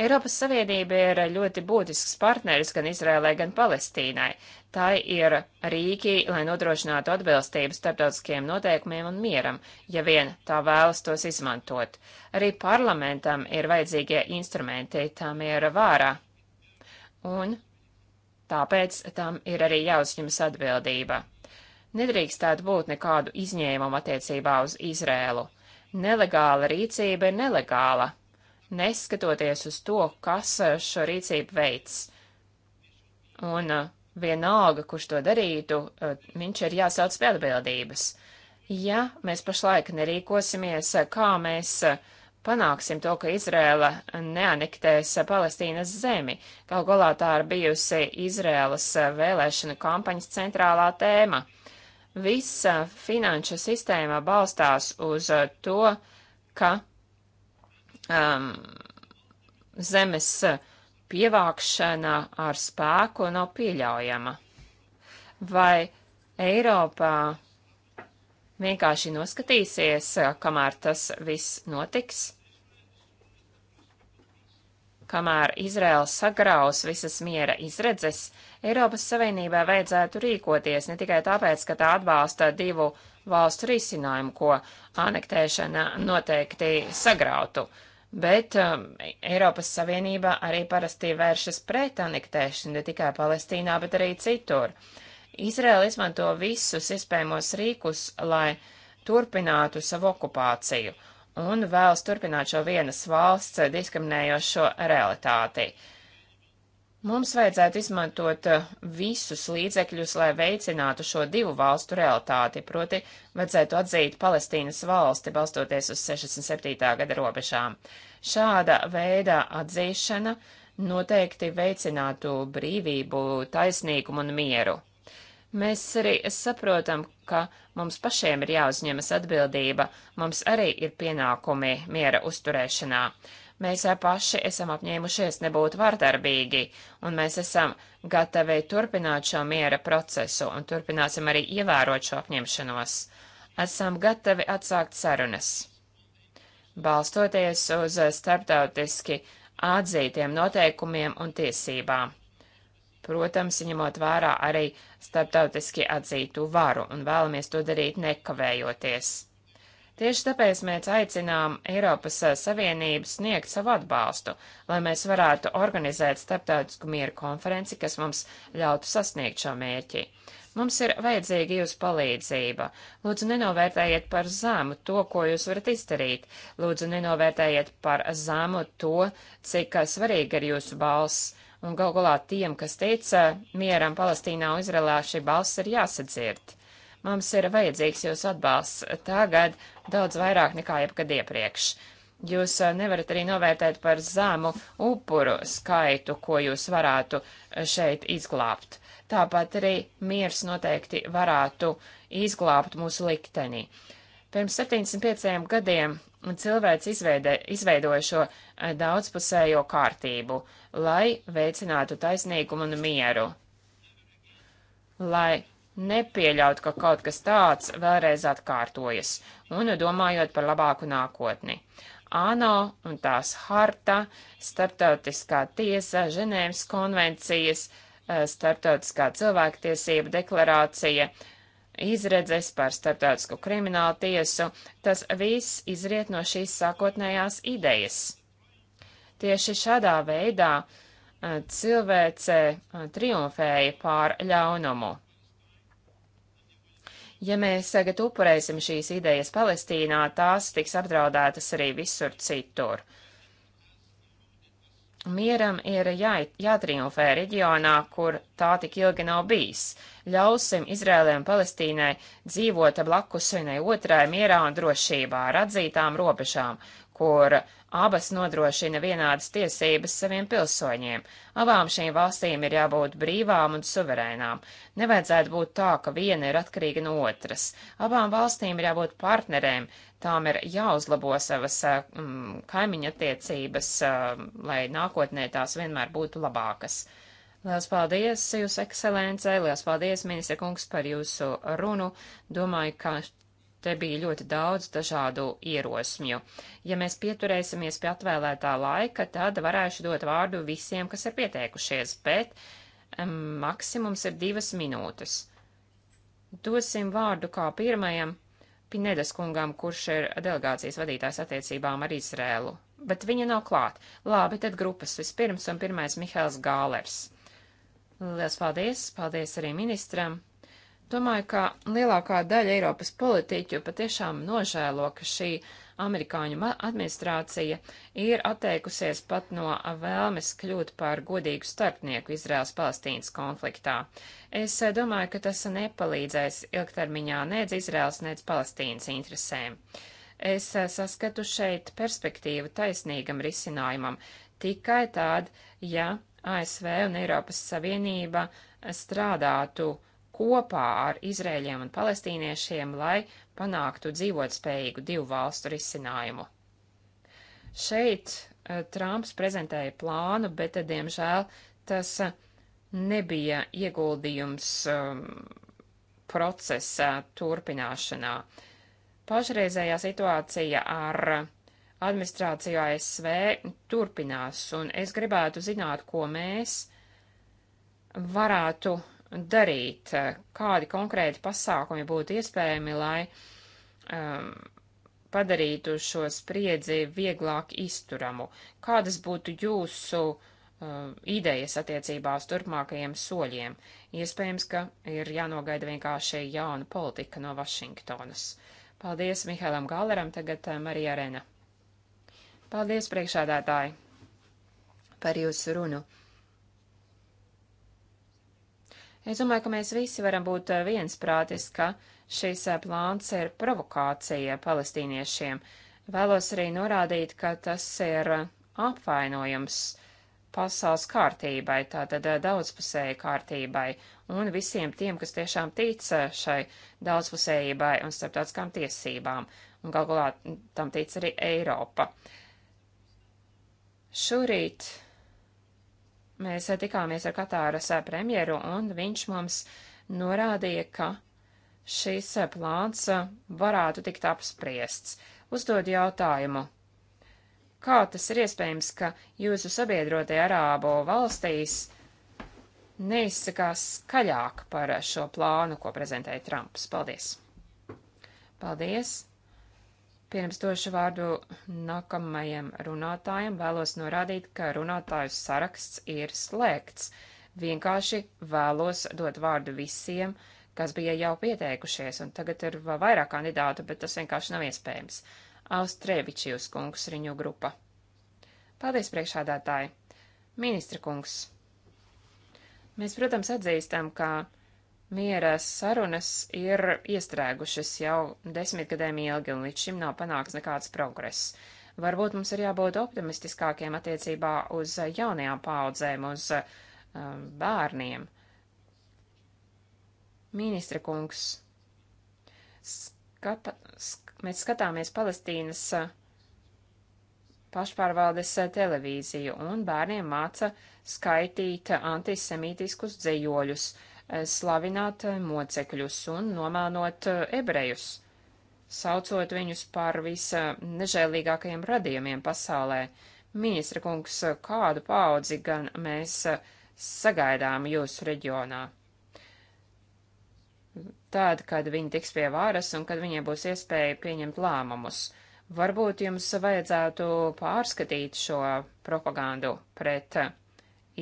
Eiropas Savienība ir ļoti būtisks partneris gan Izrēlē, gan Palestīnai. Tā ir rīki, lai nodrošinātu atbilstību starptautiskiem noteikumiem un mieram, ja vien tā vēlas tos izmantot. Arī parlamentam ir vajadzīgie instrumenti, tam ir vārā. Un tāpēc tam ir arī jāuzņemas atbildība nedrīkstētu būt nekādu izņēmumu attiecībā uz Izrēlu. Nelegāla rīcība ir nelegāla, neskatoties uz to, kas eh, šo rīcību veids. Un eh, vienalga, kurš to darītu, eh, viņš ir jāsauc pie atbildības. Ja mēs pašlaik nerīkosimies, kā mēs panāksim to, ka Izrēla neaniktēs Palestīnas zemi. Galu galā tā ir bijusi Izrēlas vēlēšana kampaņas centrālā tēma. Visa finanšu sistēma balstās uz to, ka um, zemes pievākšana ar spēku nav pieļaujama. Vai Eiropā vienkārši noskatīsies, kamēr tas viss notiks? Kamēr Izraela sagraus visas miera izredzes, Eiropas Savienībā vajadzētu rīkoties ne tikai tāpēc, ka tā atbalsta divu valstu risinājumu, ko anektēšana noteikti sagrautu, uh, Bet um, Eiropas Savienība arī parasti vēršas pret anektēšanu ne tikai Palestīnā, bet arī citur. Izraela izmanto visus iespējamos rīkus, lai turpinātu savu okupāciju un vēlas turpināt šo vienas valsts diskriminējošo realitāti. Mums vajadzētu izmantot eh, visus līdzekļus, lai veicinātu šo divu valstu realitāti, proti vajadzētu atzīt Palestīnas valsti, balstoties uz 67. gada robežām. Šāda veida atzīšana noteikti veicinātu brīvību, taisnīgumu un mieru. Mēs arī saprotam, ka mums pašiem ir jāuzņemas atbildība, mums arī ir pienākumi miera uzturēšanā. Mēs eh, paši esam apņēmušies nebūt vardarbīgi, un mēs esam gatavi turpināt šo miera procesu un turpināsim arī ievērot šo apņemšanos. Esam gatavi atsākt sarunas. Balstoties uz eh, starptautiski atzītiem noteikumiem un tiesībām protams, ņemot vērā arī starptautiski atzītu varu, un vēlamies to darīt nekavējoties. Tieši tāpēc mēs aicinām Eiropas eh, Savienību sniegt savu atbalstu, lai mēs varētu organizēt starptautisku mieru konferenci, kas mums ļautu sasniegt šo mērķi. Mums ir vajadzīga jūsu palīdzība. Lūdzu, nenovērtējiet par zemu to, ko jūs varat izdarīt. Lūdzu, nenovērtējiet par zemu to, cik eh, svarīga ir jūsu balss. Un galu galā tiem, kas teica eh, mieram Palestīnā un Izrēlā, šī balss ir jāsadzird. Mums ir vajadzīgs jūsu atbalsts tagad daudz vairāk nekā jebkad iepriekš. Jūs eh, nevarat arī novērtēt par zemu upuru skaitu, ko jūs varētu eh, šeit izglābt. Tāpat arī miers noteikti varētu izglābt mūsu likteni. Pirms 75 gadiem cilvēks izveidē, izveidoja šo eh, daudzpusējo kārtību, lai veicinātu taisnīgumu un mieru, lai nepieļaut, ka kaut kas tāds vēlreiz atkārtojas, un domājot par labāku nākotni. ANO un tās harta, starptautiskā tiesa, Ženēvas konvencijas, eh, starptautiskā cilvēktiesība deklarācija, izredzes par starptautisko kriminālu tiesu, tas viss izriet no šīs sākotnējās idejas. Tieši šādā veidā eh, cilvēce eh, triumfēja pār ļaunumu. Ja mēs tagad upurēsim šīs idejas Palestīnā, tās tiks apdraudētas arī visur citur. Mieram ir jā, jātriumfē reģionā, kur tā tik ilgi nav bijis. Ļausim Izrēlē un Palestīnai dzīvot blakus vienai otrai mierā un drošībā ar atzītām robežām kur abas nodrošina vienādas tiesības saviem pilsoņiem. Abām šīm valstīm ir jābūt brīvām un suverēnām. Nevajadzētu būt tā, ka viena ir atkarīga no otras. Abām valstīm ir jābūt partnerēm, tām ir jāuzlabo savas eh, mm, kaimiņa attiecības, mm, lai nākotnē tās vienmēr būtu labākas. Lielas paldies, Jūs ekscelencei, liels paldies, ministra kungs, par jūsu runu. Domāju, ka Te bija ļoti daudz dažādu ierosmju. Ja mēs pieturēsimies pie atvēlētā laika, tad varēšu dot vārdu visiem, kas ir pieteikušies, bet um, maksimums ir divas minūtes. Dosim vārdu kā pirmajam Pinedas kungam, kurš ir delegācijas vadītājs attiecībām ar Izrēlu, bet viņa nav klāt. Labi, tad grupas vispirms un pirmais Mihēls Gālers. Lielas paldies, paldies arī ministram! Domāju, ka lielākā daļa Eiropas politiķu patiešām nožēlo, ka šī amerikāņu administrācija ir atteikusies pat no vēlmes kļūt par godīgu starpnieku Izraels-Palestīnas konfliktā. Es eh, domāju, ka tas nepalīdzēs ilgtermiņā nec Izraels, nec Palestīnas interesēm. Es eh, saskatu šeit perspektīvu taisnīgam risinājumam tikai tād, ja ASV un Eiropas Savienība eh, strādātu uh, kopā ar Izrēļiem un palestīniešiem, lai panāktu dzīvotspējīgu divu valstu risinājumu. Šeit eh, Trumps prezentēja plānu, bet, eh, diemžēl, tas eh, nebija ieguldījums um, procesa turpināšanā. Pašreizējā situācija ar administrāciju ASV turpinās, un es gribētu zināt, ko mēs varētu darīt, eh, kādi konkrēti pasākumi būtu iespējami, lai um, padarītu šo spriedzi vieglāk izturamu. Kādas būtu jūsu um, idejas attiecībā uz turpmākajiem soļiem? Iespējams, ka ir jānogaida vienkārši jauna politika no Vašingtonas. Paldies Mihēlam Galeram, tagad eh, Marija Arena. Paldies priekšādātāji par jūsu runu. Es domāju, ka mēs visi varam būt eh, viensprātis, ka šis eh, plāns ir provokācija palestīniešiem. Vēlos arī norādīt, ka tas ir eh, apvainojums pasaules kārtībai, tātad daudzpusēji kārtībai un visiem tiem, kas tiešām tic šai daudzpusējībai un starptautiskām tiesībām, un galgulā tam tic arī Eiropa. Šorīt Mēs eh, tikāmies ar Katāras eh, premjeru, un viņš mums norādīja, ka šis eh, plāns varētu tikt apspriests. Uzdod jautājumu. Kā tas ir iespējams, ka jūsu sabiedrotie Arābu valstīs neizsakās skaļāk par šo plānu, ko prezentēja Trumps? Paldies! Paldies! Pirms došu vārdu nākamajam runātājam, vēlos norādīt, ka runātāju saraksts ir slēgts. Vienkārši vēlos dot vārdu visiem, kas bija jau pieteikušies, un tagad ir vēl vairāk kandidātu, bet tas vienkārši nav iespējams. Austrēvičijus kungs riņu grupa. Paldies, priekšādātāji! Ministra kungs! Mēs, protams, atzīstam, ka miera sarunas ir iestrēgušas jau desmitgadēm ilgi, un līdz šim nav panāks nekāds progress. Varbūt mums ir jābūt optimistiskākiem attiecībā uz jaunajām paudzēm, uz um, bērniem. Ministra kungs, skata, sk mēs skatāmies Palestīnas uh, pašpārvaldes uh, televīziju, un bērniem māca skaitīt antisemītiskus dzējoļus. Uh, slavināt mocekļus un nomēnot eh, ebrejus, saucot viņus par visa nežēlīgākajiem radījumiem pasaulē. Ministra kungs, kādu paudzi gan mēs eh, sagaidām jūsu reģionā? Tad, kad viņi tiks pie varas un kad viņiem būs iespēja pieņemt lēmumus, varbūt jums vajadzētu pārskatīt šo propagandu pret eh,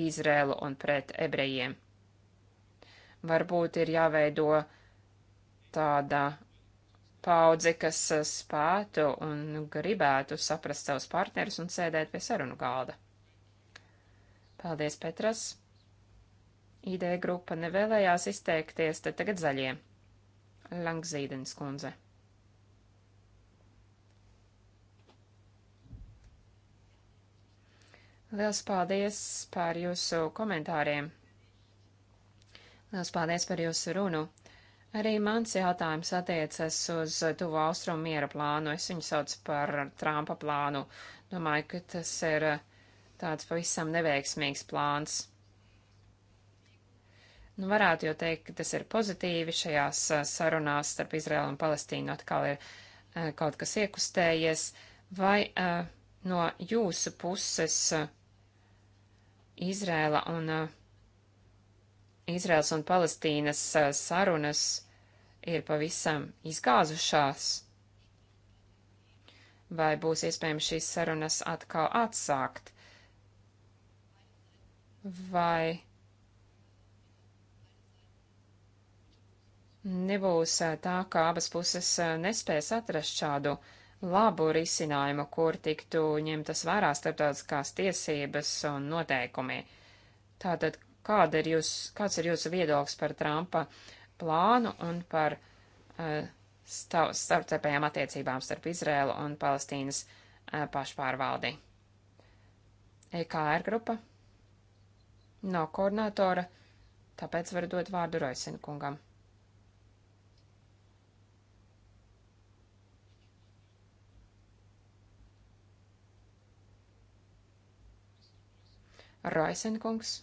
Izrēlu un pret ebrejiem. Varbūt ir jāveido tāda paudze, kas eh, spētu un gribētu saprast savus partnerus un sēdēt pie sarunu galda. Paldies, Petras! Ideja grupa nevēlējās izteikties, tad tagad zaļie. Langzīdens kundze. Liels paldies par jūsu komentāriem! Lielas paldies par jūsu runu. Arī mans jautājums attiecas uz tuvu austrumu miera plānu. Es viņu saucu par Trumpa plānu. Domāju, ka tas ir eh, tāds pavisam neveiksmīgs plāns. Nu, varētu jau teikt, ka tas ir pozitīvi šajās eh, sarunās starp Izraēlu un Palestīnu atkal ir uh, kaut kas iekustējies, vai uh, no jūsu puses uh, Izrēla un uh, Izraels un Palestīnas eh, sarunas ir pavisam izgāzušās? Vai būs iespējams šīs sarunas atkal atsākt? Vai nebūs eh, tā, ka abas puses eh, nespēs atrast šādu labu risinājumu, kur tiktu ņemtas vērā starptautiskās tiesības un noteikumi. Tātad, kāda ir jūs, kāds ir jūsu viedoklis par Trumpa plānu un par uh, eh, starptautējām attiecībām starp Izrēlu un Palestīnas uh, pašpārvaldi. EKR grupa nav koordinātora, tāpēc varu dot vārdu Roisina kungam. Roisenkungs.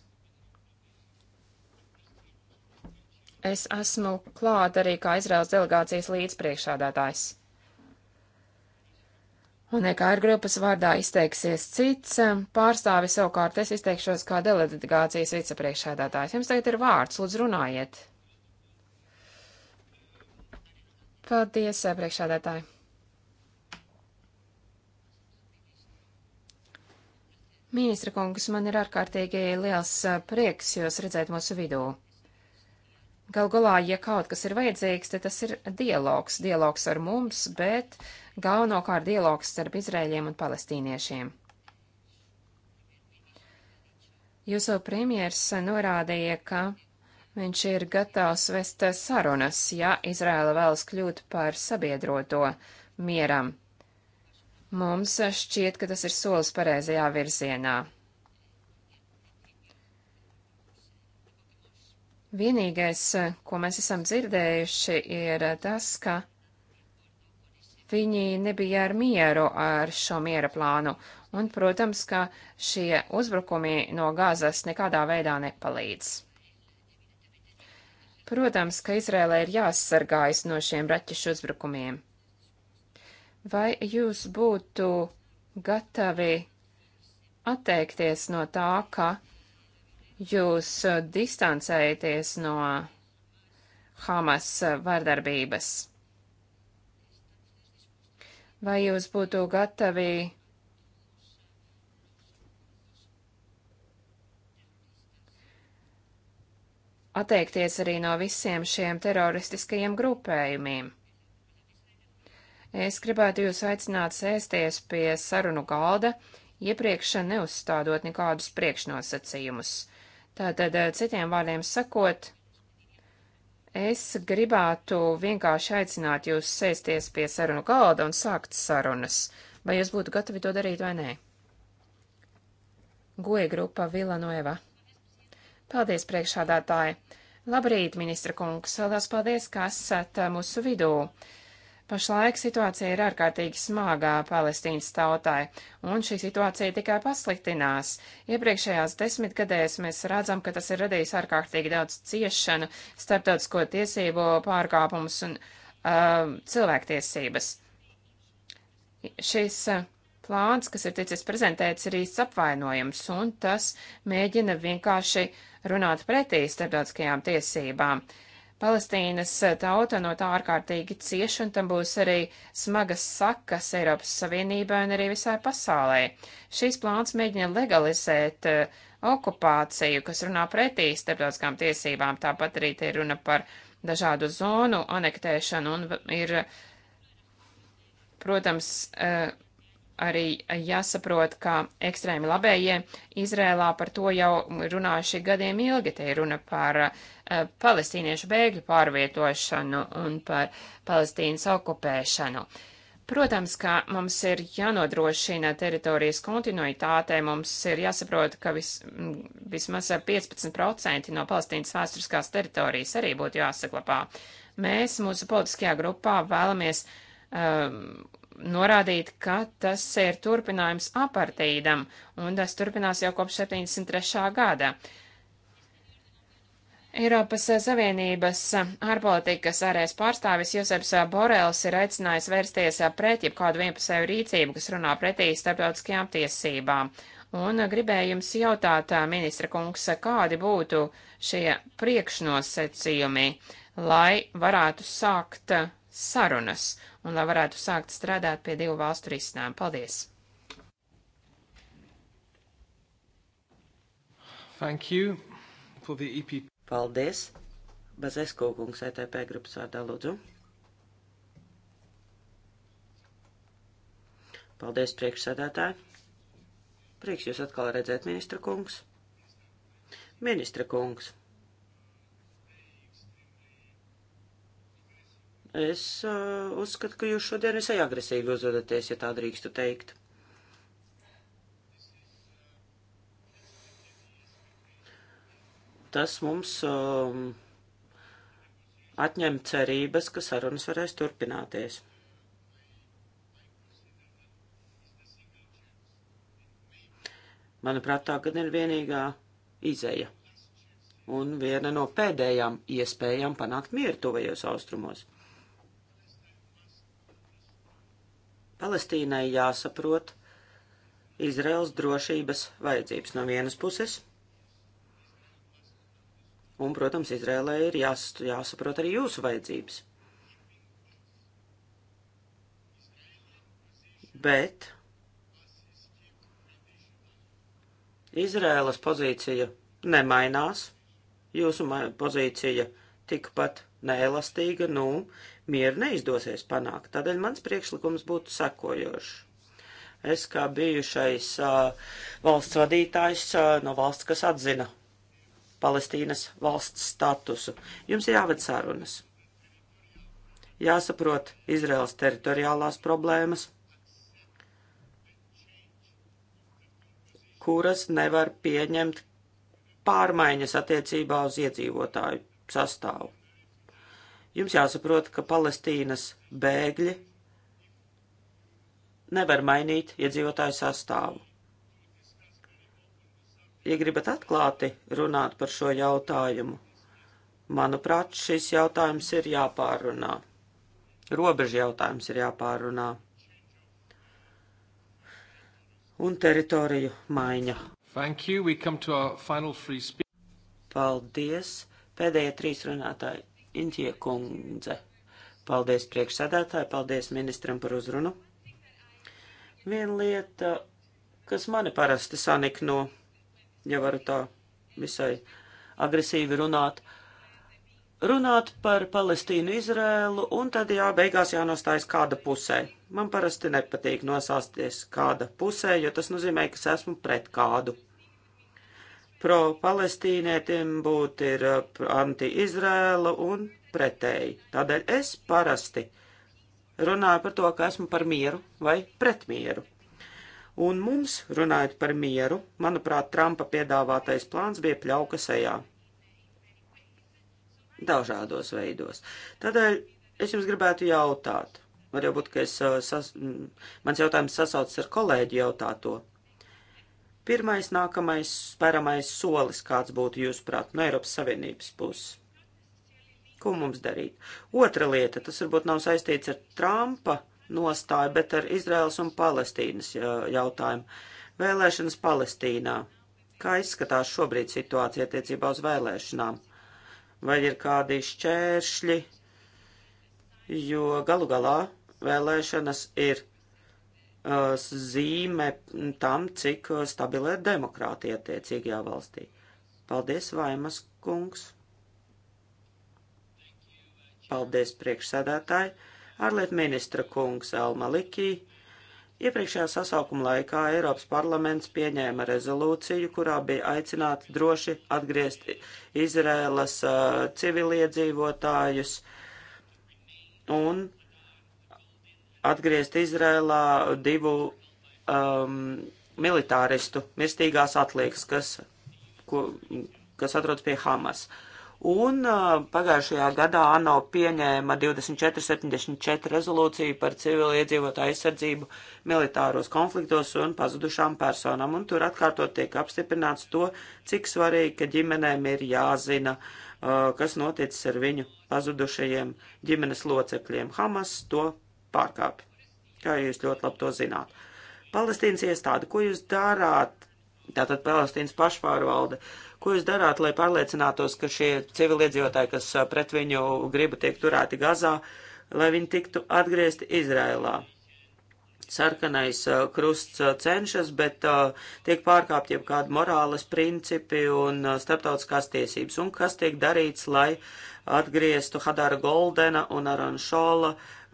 Es esmu klāt arī kā Izraels delegācijas līdzpriekšādātājs. Un EKR grupas vārdā izteiksies cits um, pārstāvi savukārt es izteikšos kā delegācijas vicepriekšēdātājs. Jums tagad ir vārds, lūdzu runājiet. Paldies, eh, priekšēdātāji. Ministra kungs, man ir ārkārtīgi liels eh, prieks jūs redzēt mūsu vidū. Gal galā, ja kaut kas ir vajadzīgs, tad tas ir dialogs, dialogs ar mums, bet galvenokārt dialogs starp Izrēļiem un palestīniešiem. Jūsu premjers norādīja, ka viņš ir gatavs vest sarunas, ja Izrēla vēlas kļūt par sabiedroto mieram. Mums šķiet, ka tas ir solis pareizajā virzienā. Vienīgais, e, ko mēs esam dzirdējuši, ir e, tas, ka viņi nebija ar mieru ar šo miera plānu, un, protams, ka šie uzbrukumi no gāzes nekādā veidā nepalīdz. Protams, ka Izrēlē ir jāsargājas no šiem raķešu uzbrukumiem. Vai jūs būtu gatavi atteikties no tā, ka jūs uh, distancējaties no Hamas uh, vardarbības? Vai jūs būtu gatavi atteikties arī no visiem šiem teroristiskajiem grupējumiem. Es gribētu jūs aicināt sēsties pie sarunu galda, iepriekš neuzstādot nekādus priekšnosacījumus. Tātad, eh, citiem vārdiem sakot, es gribētu vienkārši aicināt jūs sēsties pie sarunu galda un sākt sarunas. Vai jūs būtu gatavi to darīt vai nē? Goja grupa Vila Noeva. Paldies, priekšādātāji! Labrīt, ministra kungs! Vēlās paldies, ka esat eh, mūsu vidū! Pašlaik situācija ir ārkārtīgi smagā Palestīnas tautai, un šī situācija tikai pasliktinās. Iepriekšējās desmitgadēs mēs redzam, ka tas ir radījis ārkārtīgi daudz ciešanu, starptautisko tiesību pārkāpumus un uh, cilvēktiesības. Šis uh, plāns, kas ir ticis prezentēts, ir īsts apvainojums, un tas mēģina vienkārši runāt pretī starptautiskajām tiesībām. Uh, Palestīnas eh, tauta no tā ārkārtīgi cieš, un tam būs arī smagas sakas Eiropas Savienībai un arī visai pasaulē. Šīs plāns mēģina legalizēt uh, okupāciju, kas runā pretī starptautiskām tiesībām, tāpat arī te ir runa par dažādu zonu anektēšanu un ir, eh, protams, uh, arī jāsaprot, ka ekstrēmi labējie Izrēlā par to jau runājuši gadiem ilgi. Te ir runa par uh, palestīniešu bēgļu pārvietošanu un par Palestīnas okupēšanu. Protams, ka mums ir jānodrošina teritorijas kontinuitātē, mums ir jāsaprot, ka vis, vismaz 15% no Palestīnas vēsturiskās teritorijas arī būtu jāsaklapā. Mēs mūsu politiskajā grupā vēlamies um, norādīt, ka tas ir turpinājums apartīdam, un tas turpinās jau kopš 73. gada. Eiropas Savienības ārpolitikas ārējais pārstāvis Joseps Borels ir aicinājis vērsties pret jebkādu vienpusēju rīcību, kas runā pretī starptautiskajām tiesībām. Un gribēju jums jautāt, ministra kungs, kādi būtu šie priekšnosacījumi, lai varētu sākt sarunas un lai varētu sākt strādāt pie divu valstu risinājuma. Paldies! Thank you for the EP. Paldies! Bazesko kungs ETP grupas vārdā lūdzu. Paldies, priekšsēdētāji! Prieks jūs atkal redzēt, ministra kungs! Ministra kungs! Es uh, uzskatu, ka jūs šodien visai agresīvi uzvedaties, ja tā drīkstu teikt. Tas mums um, atņem cerības, ka sarunas varēs turpināties. Manuprāt, tā gan ir vienīgā izeja un viena no pēdējām iespējām panākt mieru tuvajos austrumos. Palestīnai jāsaprot Izraels drošības vajadzības no vienas puses, un, protams, Izrēlē ir jās, jāsaprot arī jūsu vajadzības. Bet Izrēlas pozīcija nemainās, jūsu pozīcija tikpat neelastīga, nu, mieru neizdosies panākt. Tādēļ mans priekšlikums būtu sekojošs. Es kā bijušais uh, valsts vadītājs uh, no valsts, kas atzina Palestīnas valsts statusu, jums ir jāved sarunas. Jāsaprot Izraels teritoriālās problēmas, kuras nevar pieņemt pārmaiņas attiecībā uz iedzīvotāju sastāvu. Jums jāsaprot, ka Palestīnas bēgļi nevar mainīt iedzīvotāju sastāvu. Ja gribat atklāti runāt par šo jautājumu, manuprāt, šis jautājums ir jāpārunā. Robeža jautājums ir jāpārunā. Un teritoriju maiņa. Thank you. We come to our final free speech. Paldies. Pēdējie trīs runātāji Intie kundze. Paldies priekšsēdētāji, paldies ministram par uzrunu. Viena lieta, kas mani parasti sanikno, nu, ja varu tā visai agresīvi runāt, runāt par Palestīnu, Izrēlu, un tad jā, beigās jānostājas kāda pusē. Man parasti nepatīk nosāsties kāda pusē, jo tas nozīmē, ka esmu pret kādu pro-palestīnietim būt ir eh, anti-Izrēla un pretēji. Tādēļ es parasti runāju par to, ka esmu par mieru vai pret mieru. Un mums, runājot par mieru, manuprāt, Trumpa piedāvātais plāns bija pļauka sejā. Dažādos veidos. Tādēļ es jums gribētu jautāt, var jau būt, ka es, eh, sas, mans jautājums sasaucas ar kolēģi jautāto, pirmais nākamais spēramais solis, kāds būtu jūsuprāt no Eiropas Savienības puses? Ko mums darīt? Otra lieta, tas varbūt nav saistīts ar Trumpa nostāju, bet ar Izraels un Palestīnas jautājumu. Vēlēšanas Palestīnā. Kā izskatās šobrīd situācija attiecībā uz vēlēšanām? Vai ir kādi šķēršļi? Jo galu galā vēlēšanas ir Uh, zīme tam, cik stabilē demokrātija attiecīgajā valstī. Paldies, Vaimas kungs! Paldies, priekšsēdētāji! Ārlietu ministra kungs Elma Likī. Iepriekšējā sasaukuma laikā Eiropas parlaments pieņēma rezolūciju, kurā bija aicināti droši atgriezt Izrēlas uh, civiliedzīvotājus un atgriezt Izrēlā divu um, militāristu mirstīgās atliekas, kas, ko, kas atrodas pie Hamas. Un uh, pagājušajā gadā ANO pieņēma 2474 rezolūciju par civiliedzīvotāju aizsardzību militāros konfliktos un pazudušām personām. Un tur atkārtot tiek apstiprināts to, cik svarīgi, ka ģimenēm ir jāzina, uh, kas noticis ar viņu pazudušajiem ģimenes locekļiem. Hamas to pārkāpj, kā jūs ļoti labi to zināt. Palestīnas iestāde, ko jūs darāt, tātad Palestīnas pašpārvalde, ko jūs darāt, lai pārliecinātos, ka šie civiliedzīvotāji, kas uh, pret viņu gribu tiek turēti Gazā, lai viņi tiktu atgriezti Izrēlā? sarkanais krusts cenšas, bet tiek pārkāpti jau kādi morāles principi un starptautiskās tiesības. Un kas tiek darīts, lai atgrieztu Hadara Goldena un Aran Šola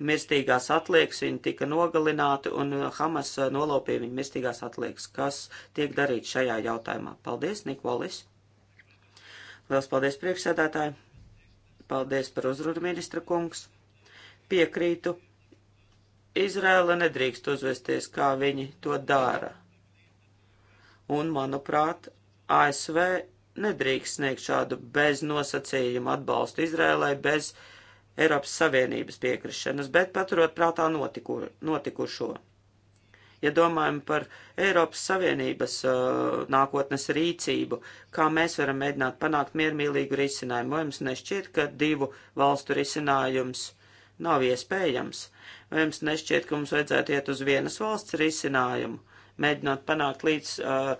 mirstīgās atliekas, viņi tika nogalināti un Hamas nolaupīja viņu mirstīgās atliekas. Kas tiek darīts šajā jautājumā? Paldies, Nikolis! Liels paldies, priekšsēdētāji! Paldies par uzrunu, ministra kungs! Piekrītu Izrēla nedrīkst uzvesties, kā viņi to dara. Un, manuprāt, ASV nedrīkst sniegt šādu bez nosacījumu atbalstu Izrēlai, bez Eiropas Savienības piekrišanas, bet paturot prātā notiku, notikušo. Ja domājam par Eiropas Savienības uh, nākotnes rīcību, kā mēs varam mēģināt panākt miermīlīgu risinājumu, mums nešķiet, ka divu valstu risinājums nav iespējams Vai jums nešķiet, ka mums vajadzētu iet uz vienas valsts risinājumu, mēģinot panākt līdz uh,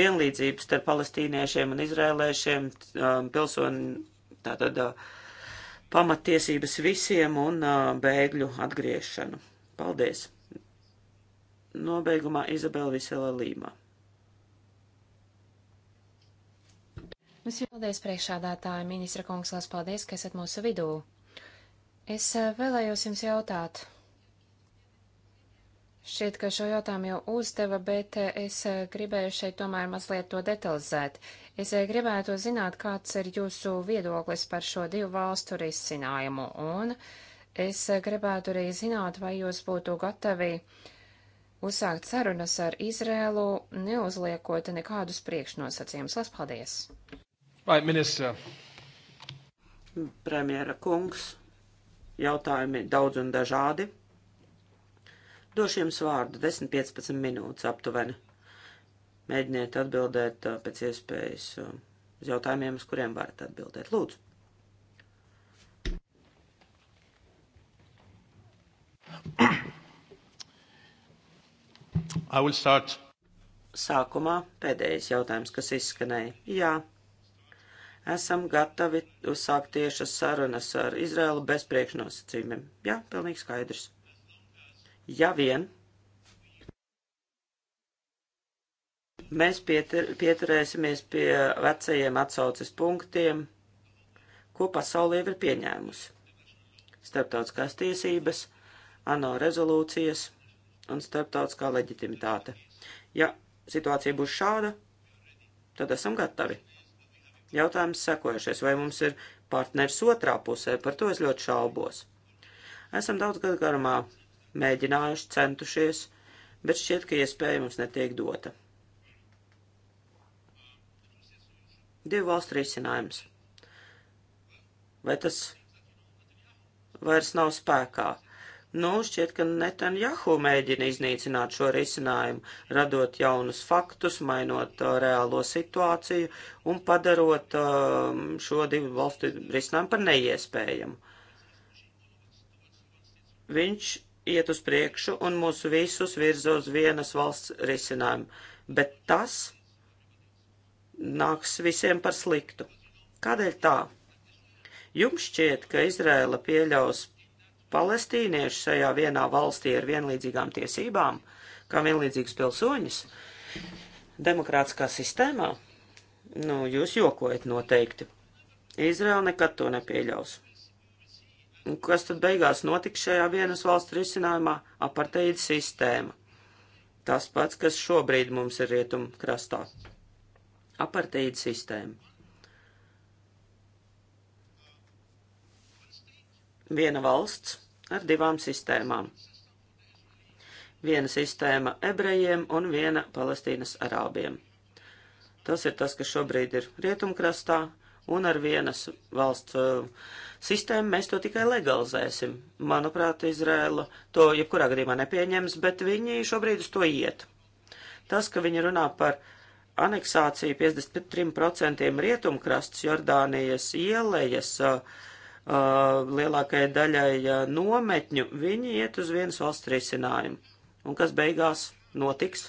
vienlīdzības starp palestīniešiem un izrēlēšiem, um, pilsoni tātad uh, pamatiesības visiem un uh, bēgļu atgriešanu? Paldies! Nobeigumā Izabela Visela Līmā. Mums ir paldies priekšādātāji, ministra kungs, liels paldies, ka esat mūsu vidū. Es eh, vēlējos jums jautāt. Šķiet, ka šo jautājumu jau uzdeva, bet eh, es eh, gribēju šeit tomēr mazliet to detalizēt. Es gribētu zināt, kāds ir jūsu viedoklis par šo divu valstu risinājumu, un es gribētu arī zināt, vai jūs būtu gatavi uzsākt sarunas ar Izrēlu, neuzliekot nekādus priekšnosacījumus. Lās paldies! Vai, ministra? Premjera kungs jautājumi daudz un dažādi. Došu jums vārdu 10-15 minūtes aptuveni. Mēģiniet atbildēt uh, pēc iespējas uh, uz jautājumiem, uz kuriem varat atbildēt. Lūdzu! Sākumā pēdējais jautājums, kas izskanēja. Jā, esam gatavi uzsākt tiešas sarunas ar Izraelu bez priekšnosacījumiem. Jā, pilnīgi skaidrs. Ja vien mēs pietur, pieturēsimies pie vecajiem atsauces punktiem, ko pasaulē ir pieņēmusi - starptautiskās tiesības, ANO rezolūcijas un starptautiskā leģitimitāte. Ja situācija būs šāda, tad esam gatavi. Jautājums sekojušies, vai mums ir partners otrā pusē, par to es ļoti šaubos. Esam daudz gadu garumā mēģinājuši, centušies, bet šķiet, ka iespēja mums netiek dota. Divu valstu risinājums. Vai tas vairs nav spēkā? Nu, šķiet, ka Netanjahu mēģina iznīcināt šo risinājumu, radot jaunus faktus, mainot uh, reālo situāciju un padarot uh, šo divu valstu risinājumu par neiespējamu. Viņš iet uz priekšu un mūsu visus virza uz vienas valsts risinājumu, bet tas nāks visiem par sliktu. Kādēļ tā? Jums šķiet, ka Izrēla pieļaus palestīnieši šajā vienā valstī ar vienlīdzīgām tiesībām, kā vienlīdzīgus pilsoņus, demokrātiskā sistēmā, nu, jūs jokojat noteikti. Izraela nekad to nepieļaus. Un kas tad beigās notiks šajā vienas valsts risinājumā? Aparteida sistēma. Tas pats, kas šobrīd mums ir rietum krastā. Aparteida sistēma. viena valsts ar divām sistēmām. Viena sistēma ebrejiem un viena Palestīnas arābiem. Tas ir tas, kas šobrīd ir rietumkrastā, un ar vienas valsts uh, sistēmu mēs to tikai legalizēsim. Manuprāt, Izrēla to jebkurā gadījumā nepieņems, bet viņi šobrīd uz to iet. Tas, ka viņi runā par aneksāciju 53% rietumkrasts Jordānijas ielējas, uh, Uh, lielākajai daļai uh, nometņu, viņi iet uz vienas valsts risinājumu. Un kas beigās notiks?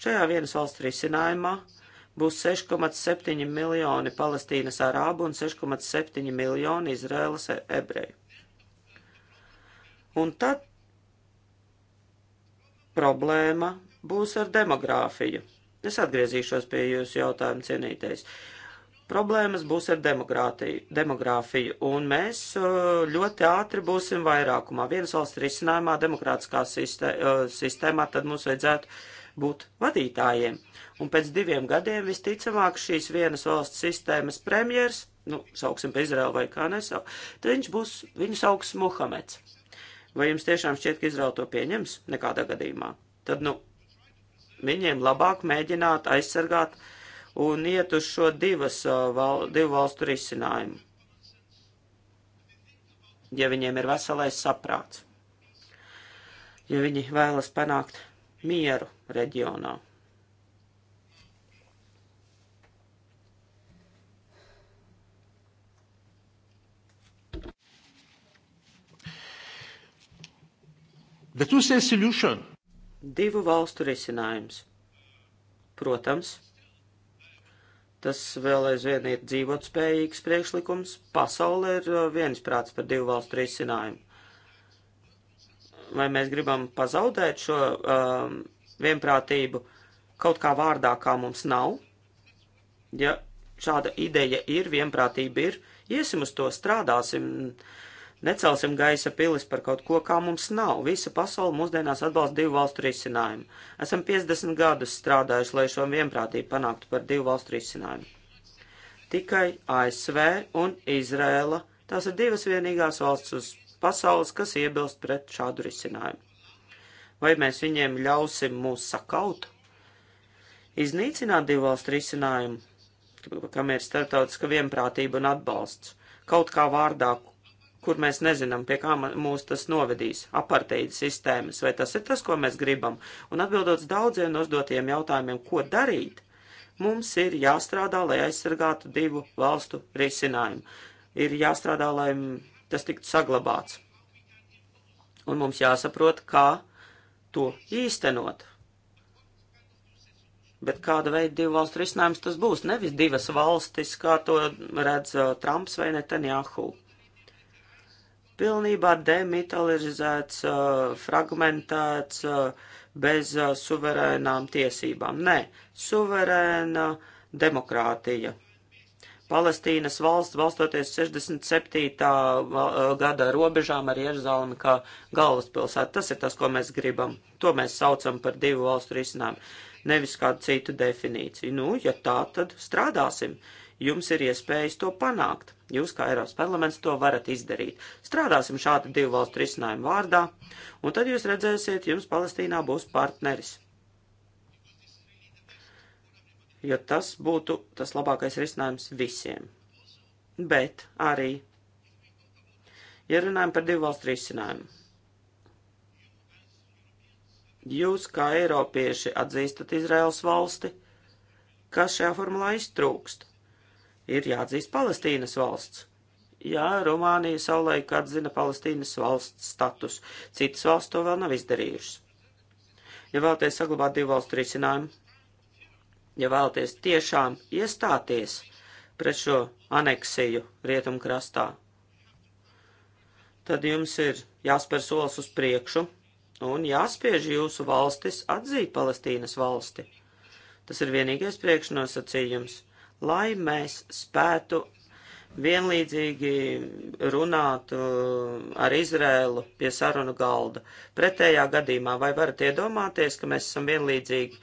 Šajā vienas valsts risinājumā būs 6,7 miljoni Palestīnas arābu un 6,7 miljoni Izraēlas e- ebreju. Un tad problēma būs ar demogrāfiju. Es atgriezīšos pie jūsu jautājuma cienītais. Uh, problēmas būs ar demogrāfiju, un mēs uh, ļoti ātri būsim vairākumā. Vienas valsts risinājumā, demokrātiskā uh, sistēmā, tad mums vajadzētu būt vadītājiem. Un pēc diviem gadiem visticamāk šīs vienas valsts sistēmas premjers, nu, sauksim pa Izraelu vai kā nesau, tad viņš būs, viņu sauks Muhameds. Vai jums tiešām šķiet, ka Izraela to pieņems? Nekādā gadījumā. Tad, nu, viņiem labāk mēģināt aizsargāt uh, un iet uz šo divas, uh, val, divu valstu risinājumu, ja viņiem ir veselais saprāts, ja viņi vēlas panākt mieru reģionā. The two-state solution. Divu valstu risinājums. Protams, Tas vēl aizvien ir dzīvotspējīgs priekšlikums. Pasaulē ir uh, viensprāts par divu valstu risinājumu. Vai mēs gribam pazaudēt šo um, vienprātību kaut kā vārdā, kā mums nav? Ja šāda ideja ir, vienprātība ir, iesim uz to, strādāsim. Uh, Necelsim gaisa pilis par kaut ko, kā mums nav. Visa pasaule mūsdienās atbalsta divu valstu risinājumu. Esam 50 gadus strādājuši, lai šo vienprātību panāktu par divu valstu risinājumu. Tikai ASV un Izrēla tās ir divas vienīgās valsts uz pasaules, kas iebilst pret šādu risinājumu. Vai mēs viņiem ļausim mūs sakaut? Iznīcināt divu valstu risinājumu, kam ir starptautiska vienprātība un atbalsts, kaut kā vārdā, kur mēs nezinām, pie kā mūs tas novedīs, aparteida sistēmas, vai tas ir tas, ko mēs gribam. Un atbildot daudziem uzdotiem jautājumiem, ko darīt, mums ir jāstrādā, lai aizsargātu divu valstu risinājumu. Ir jāstrādā, lai tas tiktu saglabāts. Un mums jāsaprot, kā to īstenot. Bet kāda veida divu valstu risinājums tas būs? Nevis divas valstis, kā to redz uh, Trumps vai Netanjahu pilnībā demitalizēts, uh, fragmentēts, uh, bez uh, suverēnām tiesībām. Nē, suverēna demokrātija. Palestīnas valsts, balstoties 67. gada robežām ar Jeruzalemi kā galvaspilsētu. Tas ir tas, ko mēs gribam. To mēs saucam par divu valstu risinājumu, nevis kādu citu definīciju. Nu, ja tā, tad strādāsim. Uh, jums ir iespējas to panākt. Jūs, kā Eiropas parlaments, to varat izdarīt. Strādāsim šādu divu valstu risinājumu vārdā, un tad jūs redzēsiet, jums Palestīnā būs partneris. Jo tas būtu tas labākais risinājums visiem. Bet arī, ja runājam par divu valstu risinājumu, jūs kā eiropieši atzīstat Izraels valsti, kas šajā formulā iztrūkst ir jāatzīst Palestīnas valsts. Jā, Rumānija savulaik atzina Palestīnas valsts status. Citas valsts to vēl nav izdarījušas. Ja vēlaties saglabāt divu valstu risinājumu, ja vēlaties tiešām iestāties pret šo aneksiju rietumkrastā, tad jums ir jāspēr solis uz priekšu un jāspiež jūsu valstis atzīt Palestīnas valsti. Tas ir vienīgais priekšnosacījums lai mēs spētu vienlīdzīgi runāt uh, ar Izrēlu pie sarunu galda. Pretējā gadījumā vai varat iedomāties, ka mēs esam vienlīdzīgi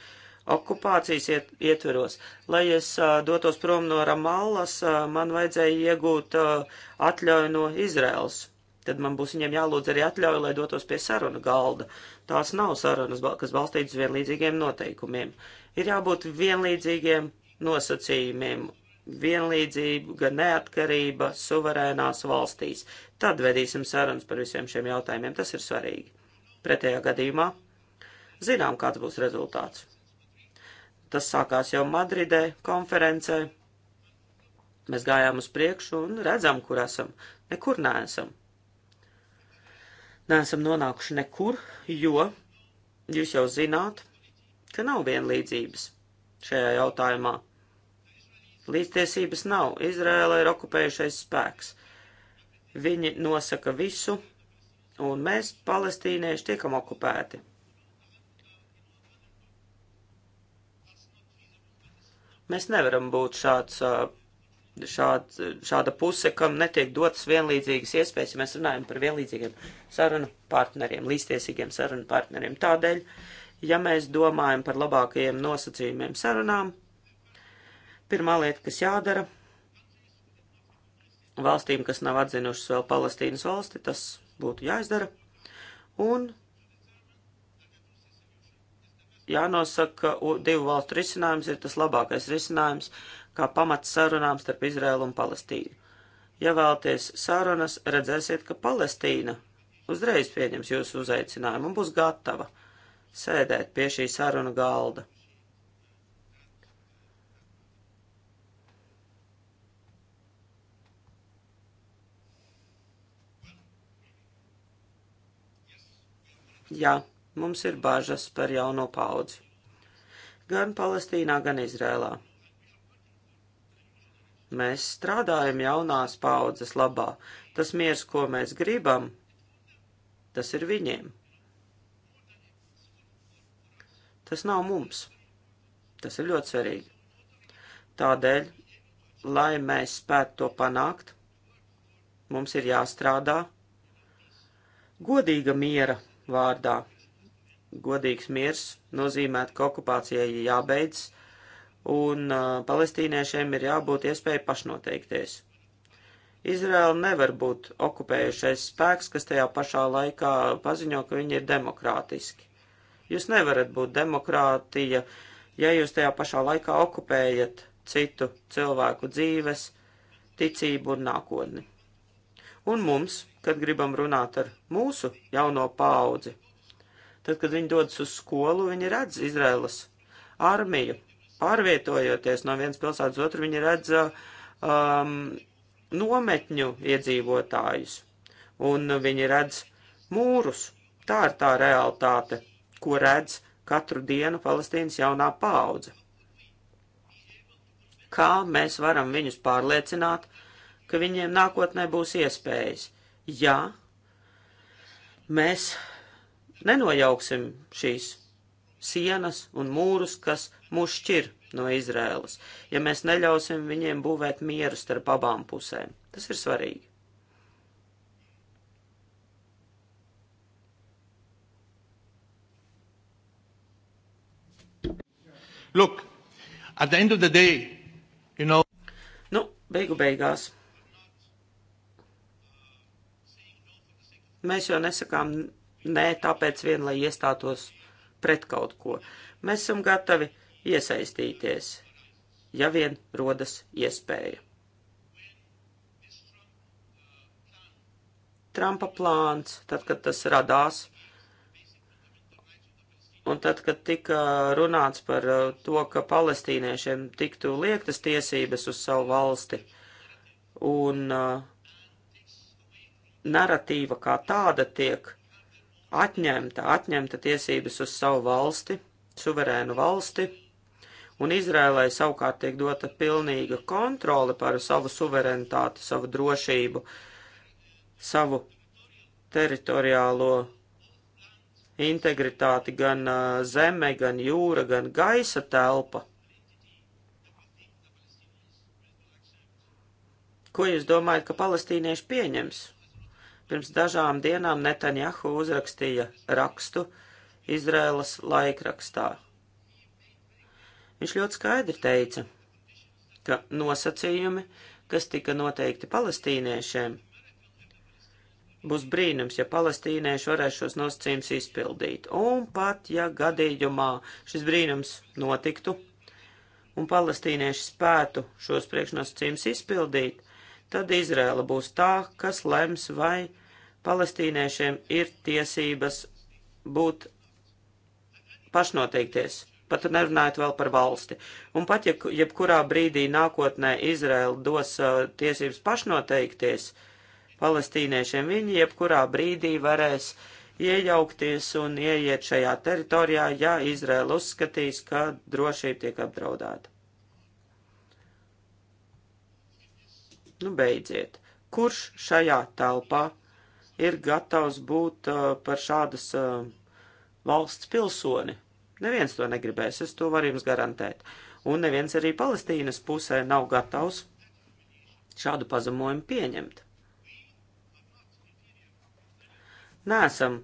okupācijas iet, ietveros. Lai es uh, dotos prom no Ramallas, uh, man vajadzēja iegūt uh, atļauju no Izraels. Tad man būs viņiem jālūdz arī atļauju, lai dotos pie sarunu galda. Tās nav sarunas, kas balstītas vienlīdzīgiem noteikumiem. Ir jābūt vienlīdzīgiem nosacījumiem vienlīdzība, gan neatkarība suverēnās valstīs. Tad vedīsim sarunas par visiem šiem jautājumiem. Tas ir svarīgi. Pretējā gadījumā zinām, kāds būs rezultāts. Tas sākās jau Madridē, konferencē. Mēs gājām uz priekšu un redzam, kur esam. Nekur neesam. Neesam nonākuši nekur, jo jūs jau zināt, ka nav vienlīdzības šajā jautājumā Līdztiesības nav. Izrēla ir okupējušais spēks. Viņi nosaka visu, un mēs, palestīnieši, tiekam okupēti. Mēs nevaram būt šāds, šād, šāda puse, kam netiek dotas vienlīdzīgas iespējas, ja mēs runājam par vienlīdzīgiem sarunu partneriem, līdztiesīgiem sarunu partneriem. Tādēļ, ja mēs domājam par labākajiem nosacījumiem sarunām, Pirmā lieta, kas jādara valstīm, kas nav atzinušas vēl Palestīnas valsti, tas būtu jāizdara. Un jānosaka, ka divu valstu risinājums ir tas labākais risinājums, kā pamats sarunām starp Izrēlu un Palestīnu. Ja vēlaties sarunas, redzēsiet, ka Palestīna uzreiz pieņems jūsu uzaicinājumu un būs gatava sēdēt pie šī sarunu galda. Jā, mums ir bažas par jauno paudzi. Gan Palestīnā, gan Izrēlā. Mēs strādājam jaunās paudzes labā. Tas miers, ko mēs gribam, tas ir viņiem. Tas nav mums. Tas ir ļoti svarīgi. Tādēļ, lai mēs spētu to panākt, mums ir jāstrādā godīga miera vārdā. Godīgs miers nozīmētu, ka okupācijai jābeidz un uh, palestīniešiem ir jābūt iespēja pašnoteikties. Izraela nevar būt okupējušais spēks, kas tajā pašā laikā paziņo, ka viņi ir demokrātiski. Jūs nevarat būt demokrātija, ja jūs tajā pašā laikā okupējat citu cilvēku dzīves, ticību un nākotni. Un mums, kad gribam runāt ar mūsu jauno paudzi. Tad, kad viņi dodas uz skolu, viņi redz Izraēlas armiju. Pārvietojoties no vienas pilsētas otru, viņi redz um, nometņu iedzīvotājus. Un viņi redz mūrus. Tā ir tā realitāte, ko redz katru dienu Palestīnas jaunā paudze. Kā mēs varam viņus pārliecināt, ka viņiem nākotnē būs iespējas – ja mēs nenojauksim šīs sienas un mūrus, kas mūs šķir no Izrēlas, ja mēs neļausim viņiem būvēt mieru starp abām pusēm. Tas ir svarīgi. Look, at the end of the day, you know. Nu, beigu beigās Mēs jau nesakām nē, tāpēc vien, lai iestātos pret kaut ko. Mēs esam gatavi iesaistīties, ja vien rodas iespēja. Trumpa plāns, tad, kad tas radās, un tad, kad tika runāts par uh, to, ka palestīniešiem tiktu liektas tiesības uz savu valsti, un uh, naratīva kā tāda tiek atņemta, atņemta tiesības uz savu valsti, suverēnu valsti, un Izrēlai savukārt tiek dota pilnīga kontrole par savu suverenitāti, savu drošību, savu teritoriālo integritāti gan zeme, gan jūra, gan gaisa telpa. Ko jūs domājat, ka palestīnieši pieņems? Pirms dažām dienām Netanjahu uzrakstīja rakstu Izrēlas laikrakstā. Viņš ļoti skaidri teica, ka nosacījumi, kas tika noteikti palestīniešiem, būs brīnums, ja palestīnieši varēs šos nosacījumus izpildīt. Un pat, ja gadījumā šis brīnums notiktu un palestīnieši spētu šos priekšnosacījumus izpildīt, tad Izrēla būs tā, kas lems, vai Palestīniešiem ir tiesības būt pašnoteikties, pat nerunājot vēl par valsti. Un pat, ja jebkurā brīdī nākotnē Izraela dos uh, tiesības pašnoteikties, palestīniešiem viņi jebkurā brīdī varēs iejaukties un ieiet šajā teritorijā, ja Izraela uzskatīs, ka drošība tiek apdraudēta. Nu, beidziet. Kurš šajā telpā ir gatavs būt uh, par šādas uh, valsts pilsoni. Neviens to negribēs, es to varu jums garantēt. Un neviens arī Palestīnas pusē nav gatavs šādu pazemojumu pieņemt. Nēsam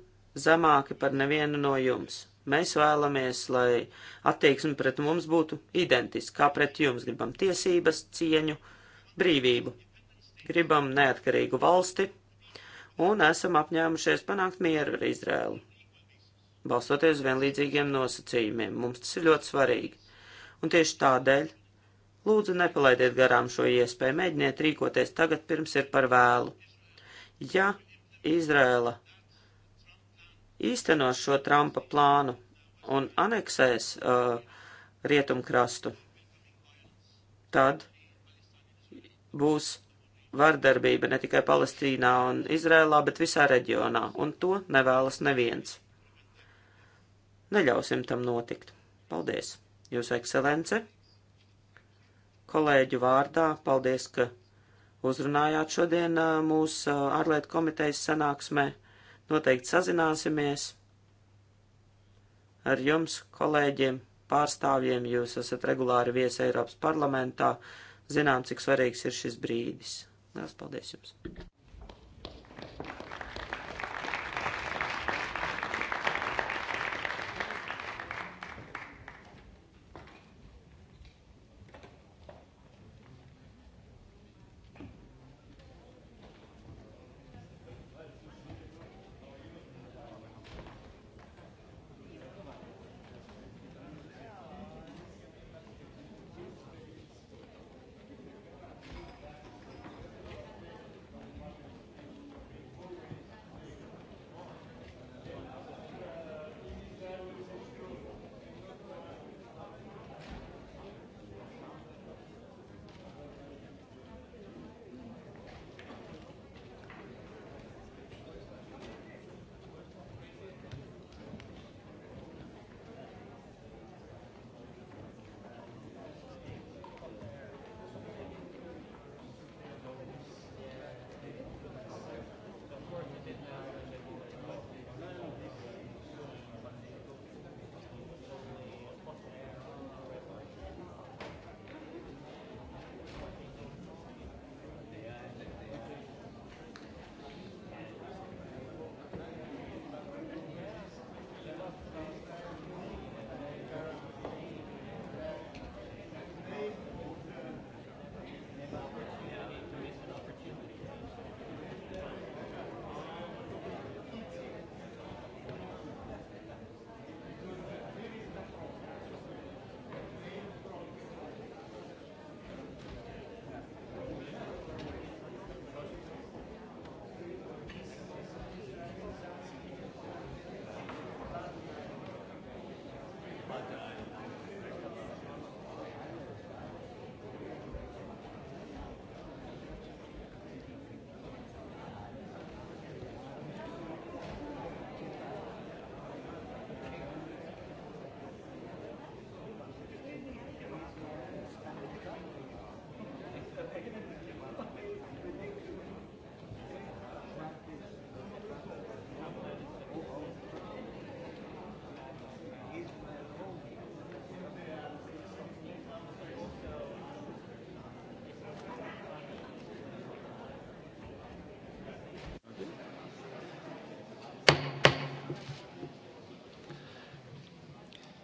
zemāki par nevienu no jums. Mēs vēlamies, lai attieksme pret mums būtu identiska, kā pret jums. Gribam tiesības, cieņu, brīvību. Gribam neatkarīgu valsti, un esam apņēmušies panākt mieru ar Izrēlu, balstoties uz vienlīdzīgiem nosacījumiem. Mums tas ir ļoti svarīgi. Un tieši tādēļ lūdzu nepalaidiet garām šo iespēju, mēģiniet rīkoties tagad, pirms ir par vēlu. Ja Izrēla īstenos šo Trumpa plānu un aneksēs uh, rietumkrastu, tad būs vardarbība ne tikai Palestīnā un Izrēlā, bet visā reģionā, un to nevēlas neviens. Neļausim tam notikt. Paldies, Jūsu ekscelence! Kolēģu vārdā paldies, ka uzrunājāt šodien mūsu ārlietu komitejas sanāksmē. Noteikti sazināsimies ar jums, kolēģiem, pārstāvjiem. Jūs esat regulāri viesi Eiropas parlamentā. Zinām, cik svarīgs ir šis brīdis. Lielas paldies jums!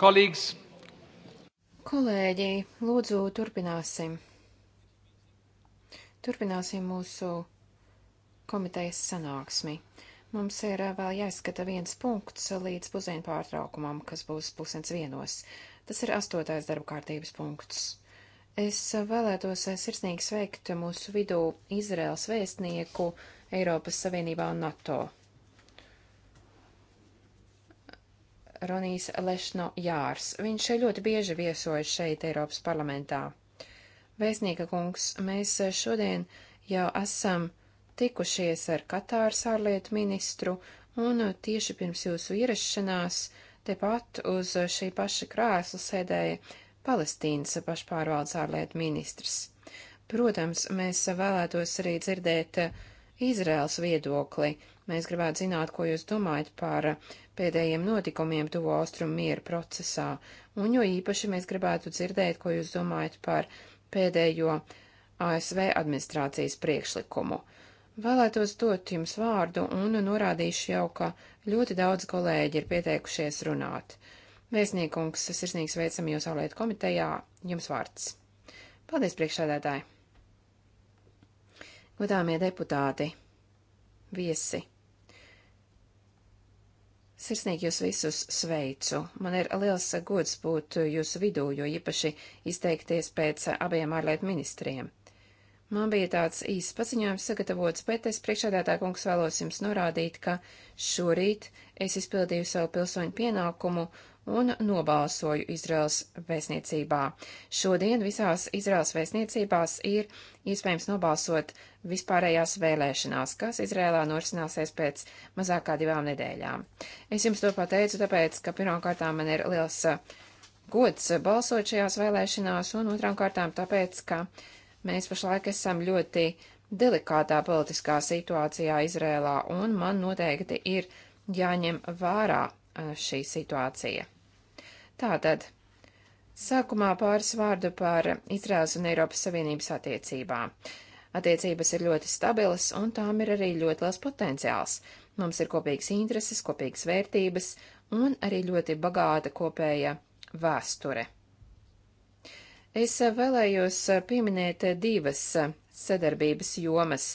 Kolīgs. Kolēģi, lūdzu, turpināsim. Turpināsim mūsu komitejas sanāksmi. Mums ir eh, vēl jāizskata viens punkts līdz pusdienu pārtraukumam, kas būs pusdienas vienos. Tas ir astotais darba kārtības punkts. Es vēlētos eh, sirsnīgi sveikt mūsu vidū Izraels vēstnieku Eiropas Savienībā un NATO. Ronijs Lešno Jārs. Viņš ļoti bieži viesojas šeit Eiropas parlamentā. Vēstnieka kungs, mēs šodien jau esam tikušies ar Katāras ārlietu ministru, un tieši pirms jūsu ierašanās tepat uz šī paša krēsla sēdēja Palestīnas pašpārvaldes ārlietu ministrs. Protams, mēs vēlētos arī dzirdēt uh, Izraels viedokli. Mēs gribētu zināt, ko jūs domājat par pēdējiem notikumiem tuvo austrumu miera procesā, un jo īpaši mēs gribētu dzirdēt, ko jūs domājat par pēdējo ASV administrācijas priekšlikumu. Vēlētos dot jums vārdu un norādīšu jau, ka ļoti daudz kolēģi ir pieteikušies runāt. Vēstniekungs, sirsnīgs veicam jūs ārlietu komitejā, jums vārds. Paldies, priekšsēdētāji! Godāmie deputāti, viesi! Sirsnīgi jūs visus sveicu. Man ir liels gods būt jūsu vidū, jo īpaši izteikties pēc abiem ārlietu ministriem. Man bija tāds īsts paziņojums sagatavots, bet es priekšādātā kungs vēlos jums norādīt, ka šorīt es izpildīju savu pilsoņu pienākumu un nobalsoju Izraels vēstniecībā. Šodien visās Izraels vēstniecībās ir iespējams nobalsot vispārējās vēlēšanās, kas Izrēlā norisināsies pēc mazākā divām nedēļām. Es jums to pateicu, tāpēc, ka pirmkārt man ir liels uh, gods balsot šajās vēlēšanās, un otrām kārtām tāpēc, ka mēs pašlaik esam ļoti delikātā politiskā situācijā Izrēlā, un man noteikti ir jāņem vērā uh, šī situācija. Tātad, sākumā pāris vārdu par Izraels un Eiropas Savienības attiecībām. Attiecības ir ļoti stabilas, un tām ir arī ļoti liels potenciāls. Mums ir kopīgas intereses, kopīgas vērtības, un arī ļoti bagāta kopēja vēsture. Es vēlējos pieminēt divas sadarbības jomas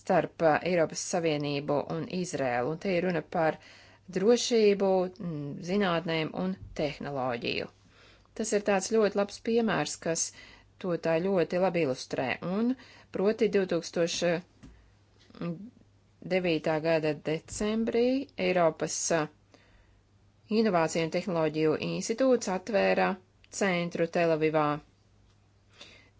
starp Eiropas Savienību un Izrēlu, un te ir runa par uh, drošību, mm, zinātnēm un tehnoloģiju. Tas ir tāds ļoti labs piemērs, kas to tā ļoti labi ilustrē, un proti 2009. gada decembrī Eiropas Inovāciju un tehnoloģiju institūts atvēra centru Telavivā.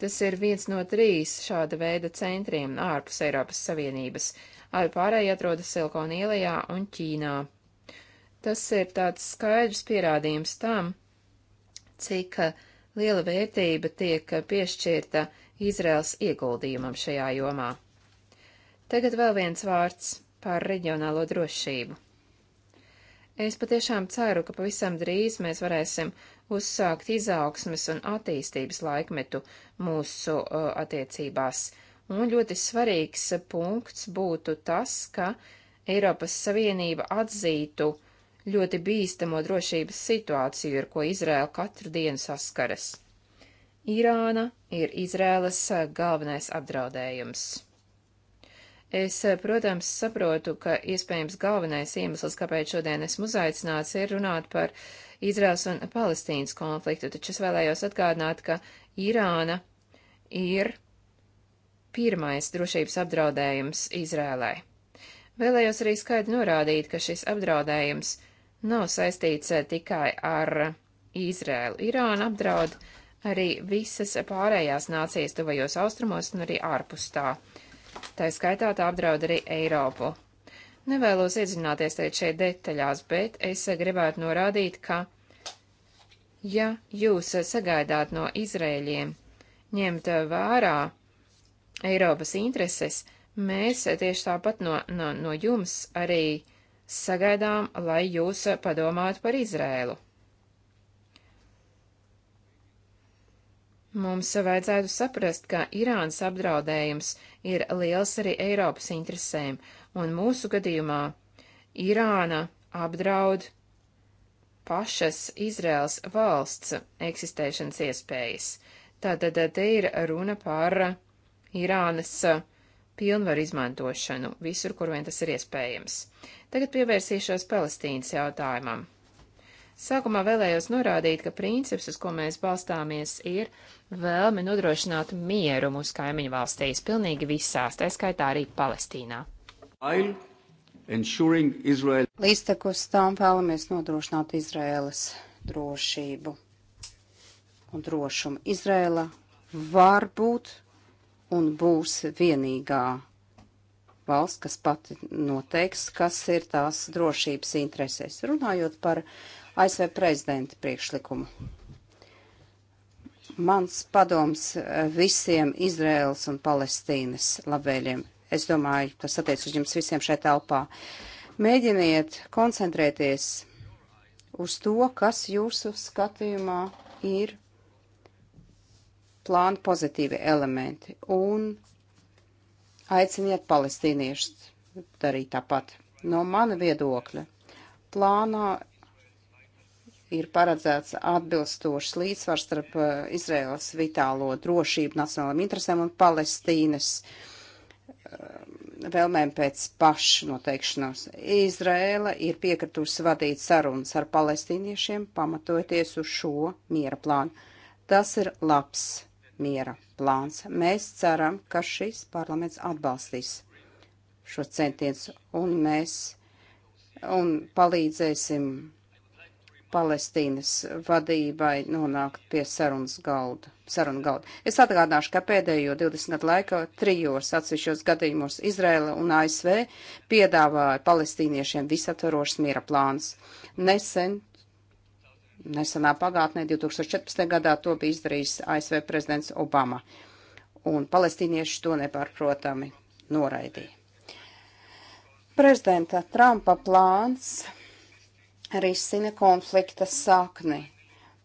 Tas ir viens no trīs šāda veida centriem ārpus Eiropas Savienības, abi pārējie atrodas Silkona ielajā un Ķīnā. Tas ir tāds skaidrs pierādījums tam, cik uh, liela vērtība tiek uh, piešķirta Izraels ieguldījumam šajā jomā. Tagad vēl viens vārds par reģionālo drošību. Es patiešām ceru, ka pavisam drīz mēs varēsim uzsākt izaugsmes un attīstības laikmetu mūsu uh, attiecībās. Un ļoti svarīgs uh, punkts būtu tas, ka Eiropas Savienība atzītu ļoti bīstamo drošības situāciju, ar ko Izrēla katru dienu saskaras. Irāna ir Izrēlas eh, galvenais apdraudējums. Es, eh, protams, saprotu, ka iespējams galvenais iemesls, kāpēc šodien esmu uzaicināts, ir runāt par Izraels un Palestīnas konfliktu, taču es vēlējos atgādināt, ka Irāna ir pirmais drošības apdraudējums Izrēlai. Vēlējos arī skaidri norādīt, ka šis apdraudējums nav saistīts eh, tikai ar Izrēlu. Irāna apdraud arī visas pārējās nācijas tuvajos austrumos un arī ārpus tā. Tā skaitā tā apdraud arī Eiropu. Nevēlos iedzināties teikt šeit detaļās, bet es eh, gribētu norādīt, ka, ja jūs eh, sagaidāt no Izrēļiem ņemt vērā Eiropas intereses, mēs tieši tāpat no, no, no jums arī sagaidām, lai jūs padomājat par Izrēlu. Mums vajadzētu saprast, ka Irānas apdraudējums ir liels arī Eiropas interesēm, un mūsu gadījumā Irāna apdraud pašas Izraels valsts eksistēšanas iespējas. Tātad te ir runa par Irānas uh, pilnvaru izmantošanu visur, kur vien tas ir iespējams. Tagad pievērsīšos Palestīnas jautājumam. Sākumā vēlējos norādīt, ka princips, uz ko mēs balstāmies, ir vēlme nodrošināt mieru mūsu kaimiņu valstīs, pilnīgi visās, tā skaitā arī Palestīnā. Israel... Līdztekus tām vēlamies nodrošināt Izraēlas drošību un drošumu. Izraela var būt un būs vienīgā valsts, kas pati noteiks, kas ir tās drošības interesēs. Runājot par ASV prezidenta priekšlikumu. Mans padoms visiem Izraels un Palestīnas labvēļiem. Es domāju, tas attiec uz jums visiem šeit telpā. Mēģiniet koncentrēties uz to, kas jūsu skatījumā ir plāna pozitīvi elementi un aiciniet palestīniešus darīt tāpat. No mana viedokļa plānā ir paredzēts atbilstošs līdzsvars starp uh, Izraēlas vitālo drošību nacionālajiem interesēm un Palestīnas uh, vēlmēm pēc pašnoteikšanos. Izraela ir piekritusi vadīt sarunas ar palestīniešiem, pamatojoties uz šo miera plānu. Tas ir labs miera plāns. Mēs ceram, ka šis parlaments atbalstīs šo centienu un mēs un palīdzēsim Palestīnas vadībai nonākt pie sarunas galda. Saruna galda. Es atgādināšu, ka pēdējo 20 gadu laikā trijos atsevišķos gadījumos Izraela un ASV piedāvāja palestīniešiem visaptvarošas miera plāns. Nesen nesenā pagātnē, 2014. gadā, to bija izdarījis ASV prezidents Obama. Un palestīnieši to nepārprotami noraidīja. Prezidenta Trumpa plāns risina konflikta sakni.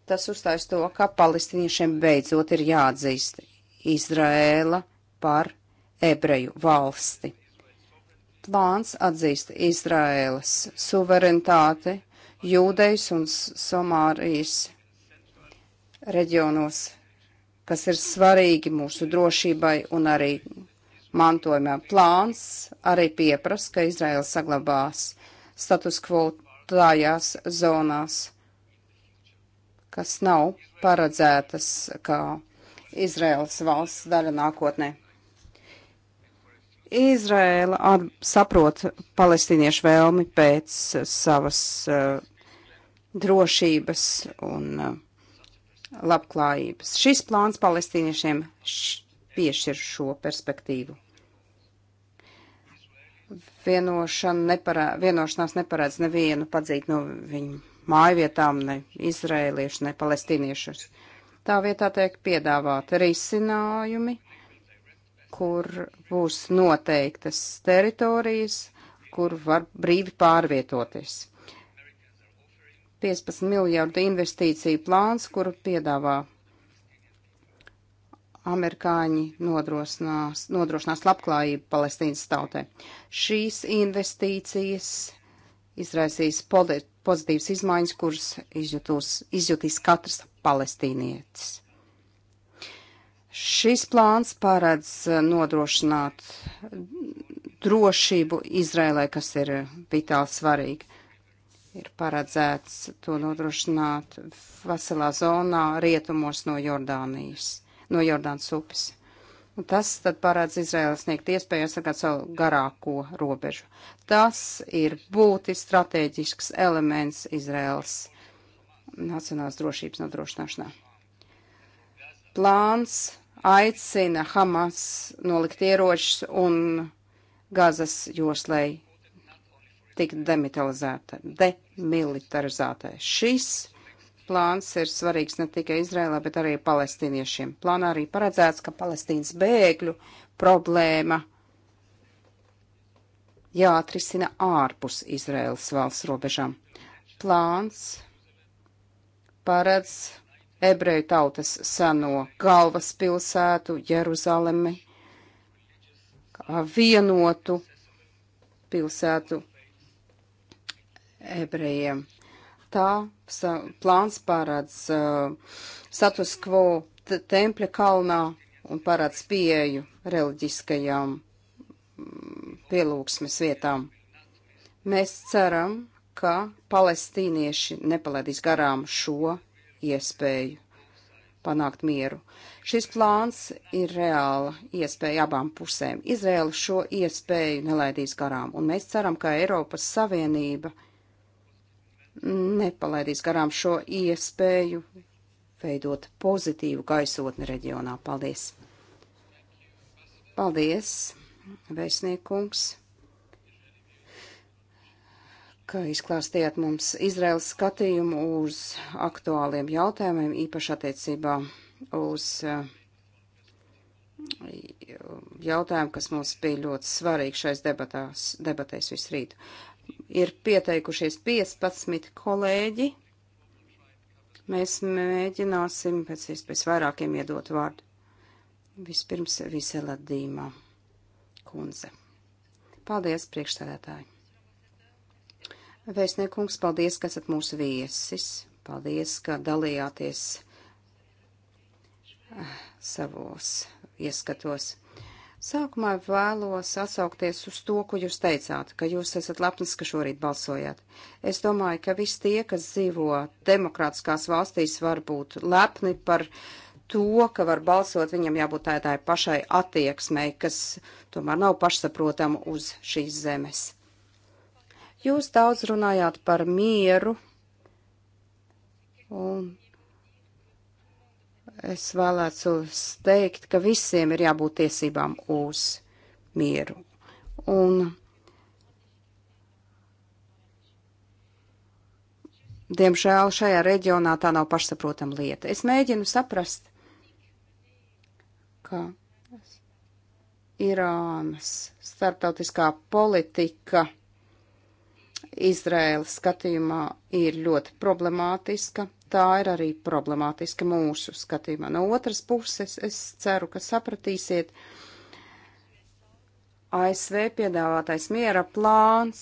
Tas uzstājas to, ka palestīniešiem beidzot ir jāatzīst Izraēla par ebreju valsti. Plāns atzīst Izraēlas suverenitāti jūdejas un Somārijas reģionos, kas ir svarīgi mūsu drošībai un arī mantojumā. Plāns arī pieprasa, ka Izraela saglabās status quo tajās zonās, kas nav paredzētas kā Izraels valsts daļa nākotnē. Izraela saprot palestīniešu vēlmi pēc savas uh, drošības un uh, labklājības. Šis plāns palestīniešiem piešķir šo perspektīvu. Vienošana neparā, vienošanās neparādz nevienu padzīt no viņu mājvietām, ne izrēliešu, ne palestīniešus. Tā vietā tiek piedāvāti risinājumi kur būs noteiktas teritorijas, kur var brīvi pārvietoties. 15 miljardu investīciju plāns, kuru piedāvā amerikāņi nodrošinās, nodrošinās labklājību Palestīnas tautē. Šīs investīcijas izraisīs pozitīvas izmaiņas, kuras izjutūs, izjutīs katrs palestīnietis. Šis plāns paredz eh, nodrošināt drošību Izrēlē, kas ir vitāli svarīga. Ir paredzēts to nodrošināt veselā zonā rietumos no Jordānijas, no Jordānas upes. Un tas tad parāds Izraēlē sniegt iespēju aizsargāt savu garāko robežu. Tas ir būtisks strateģisks elements Izraēlas nacionālās drošības nodrošināšanā plāns aicina Hamas nolikt ieročus un Gazas joslai tik demilitarizēta. demilitarizēta. Šis plāns ir svarīgs ne tikai Izrēlā, bet arī palestīniešiem. Plānā arī paredzēts, ka Palestīnas bēgļu problēma jāatrisina ārpus Izrēlas valsts robežām. Plāns paredz ebreju tautas seno galvaspilsētu, Jeruzalemi, kā vienotu pilsētu ebrejiem. Tā plāns pārādz uh, status quo tempļa kalnā un parāds pieeju reliģiskajām mm, pielūgsmes vietām. Mēs ceram, ka palestīnieši nepalaidīs garām šo iespēju panākt mieru. Šis plāns ir reāla iespēja abām pusēm. Izraela šo iespēju nelaidīs garām, un mēs ceram, ka Eiropas Savienība nepalaidīs garām šo iespēju veidot pozitīvu gaisotni reģionā. Paldies! Paldies, vēstniekungs! ka izklāstījāt mums Izraels skatījumu uz aktuāliem jautājumiem, īpaši attiecībā uz eh, jautājumu, kas mums bija ļoti svarīgi šais debatās, debatēs visrīt. Ir pieteikušies 15 kolēģi. Mēs mēģināsim pēc iespējas vairākiem iedot vārdu. Vispirms Visela Dīma kundze. Paldies, priekšstādētāji! Vēstniekungs, paldies, ka esat mūsu viesis. Paldies, ka dalījāties eh, savos ieskatos. Sākumā vēlos atsaukties uz to, ko jūs teicāt, ka jūs esat lepns, ka šorīt balsojāt. Es domāju, ka visi tie, kas dzīvo demokrātiskās valstīs, var būt lepni par to, ka var balsot, viņam jābūt tādai pašai attieksmei, kas tomēr nav pašsaprotama uz šīs zemes. Jūs daudz runājāt par mieru, un es vēlētos teikt, ka visiem ir jābūt tiesībām uz mieru. Un Diemžēl šajā reģionā tā nav pašsaprotama lieta. Es mēģinu saprast, ka Irānas starptautiskā politika Izraēlas skatījumā ir ļoti problemātiska. Tā ir arī problemātiska mūsu skatījumā. No otras puses, es ceru, ka sapratīsiet, ASV piedāvātais miera plāns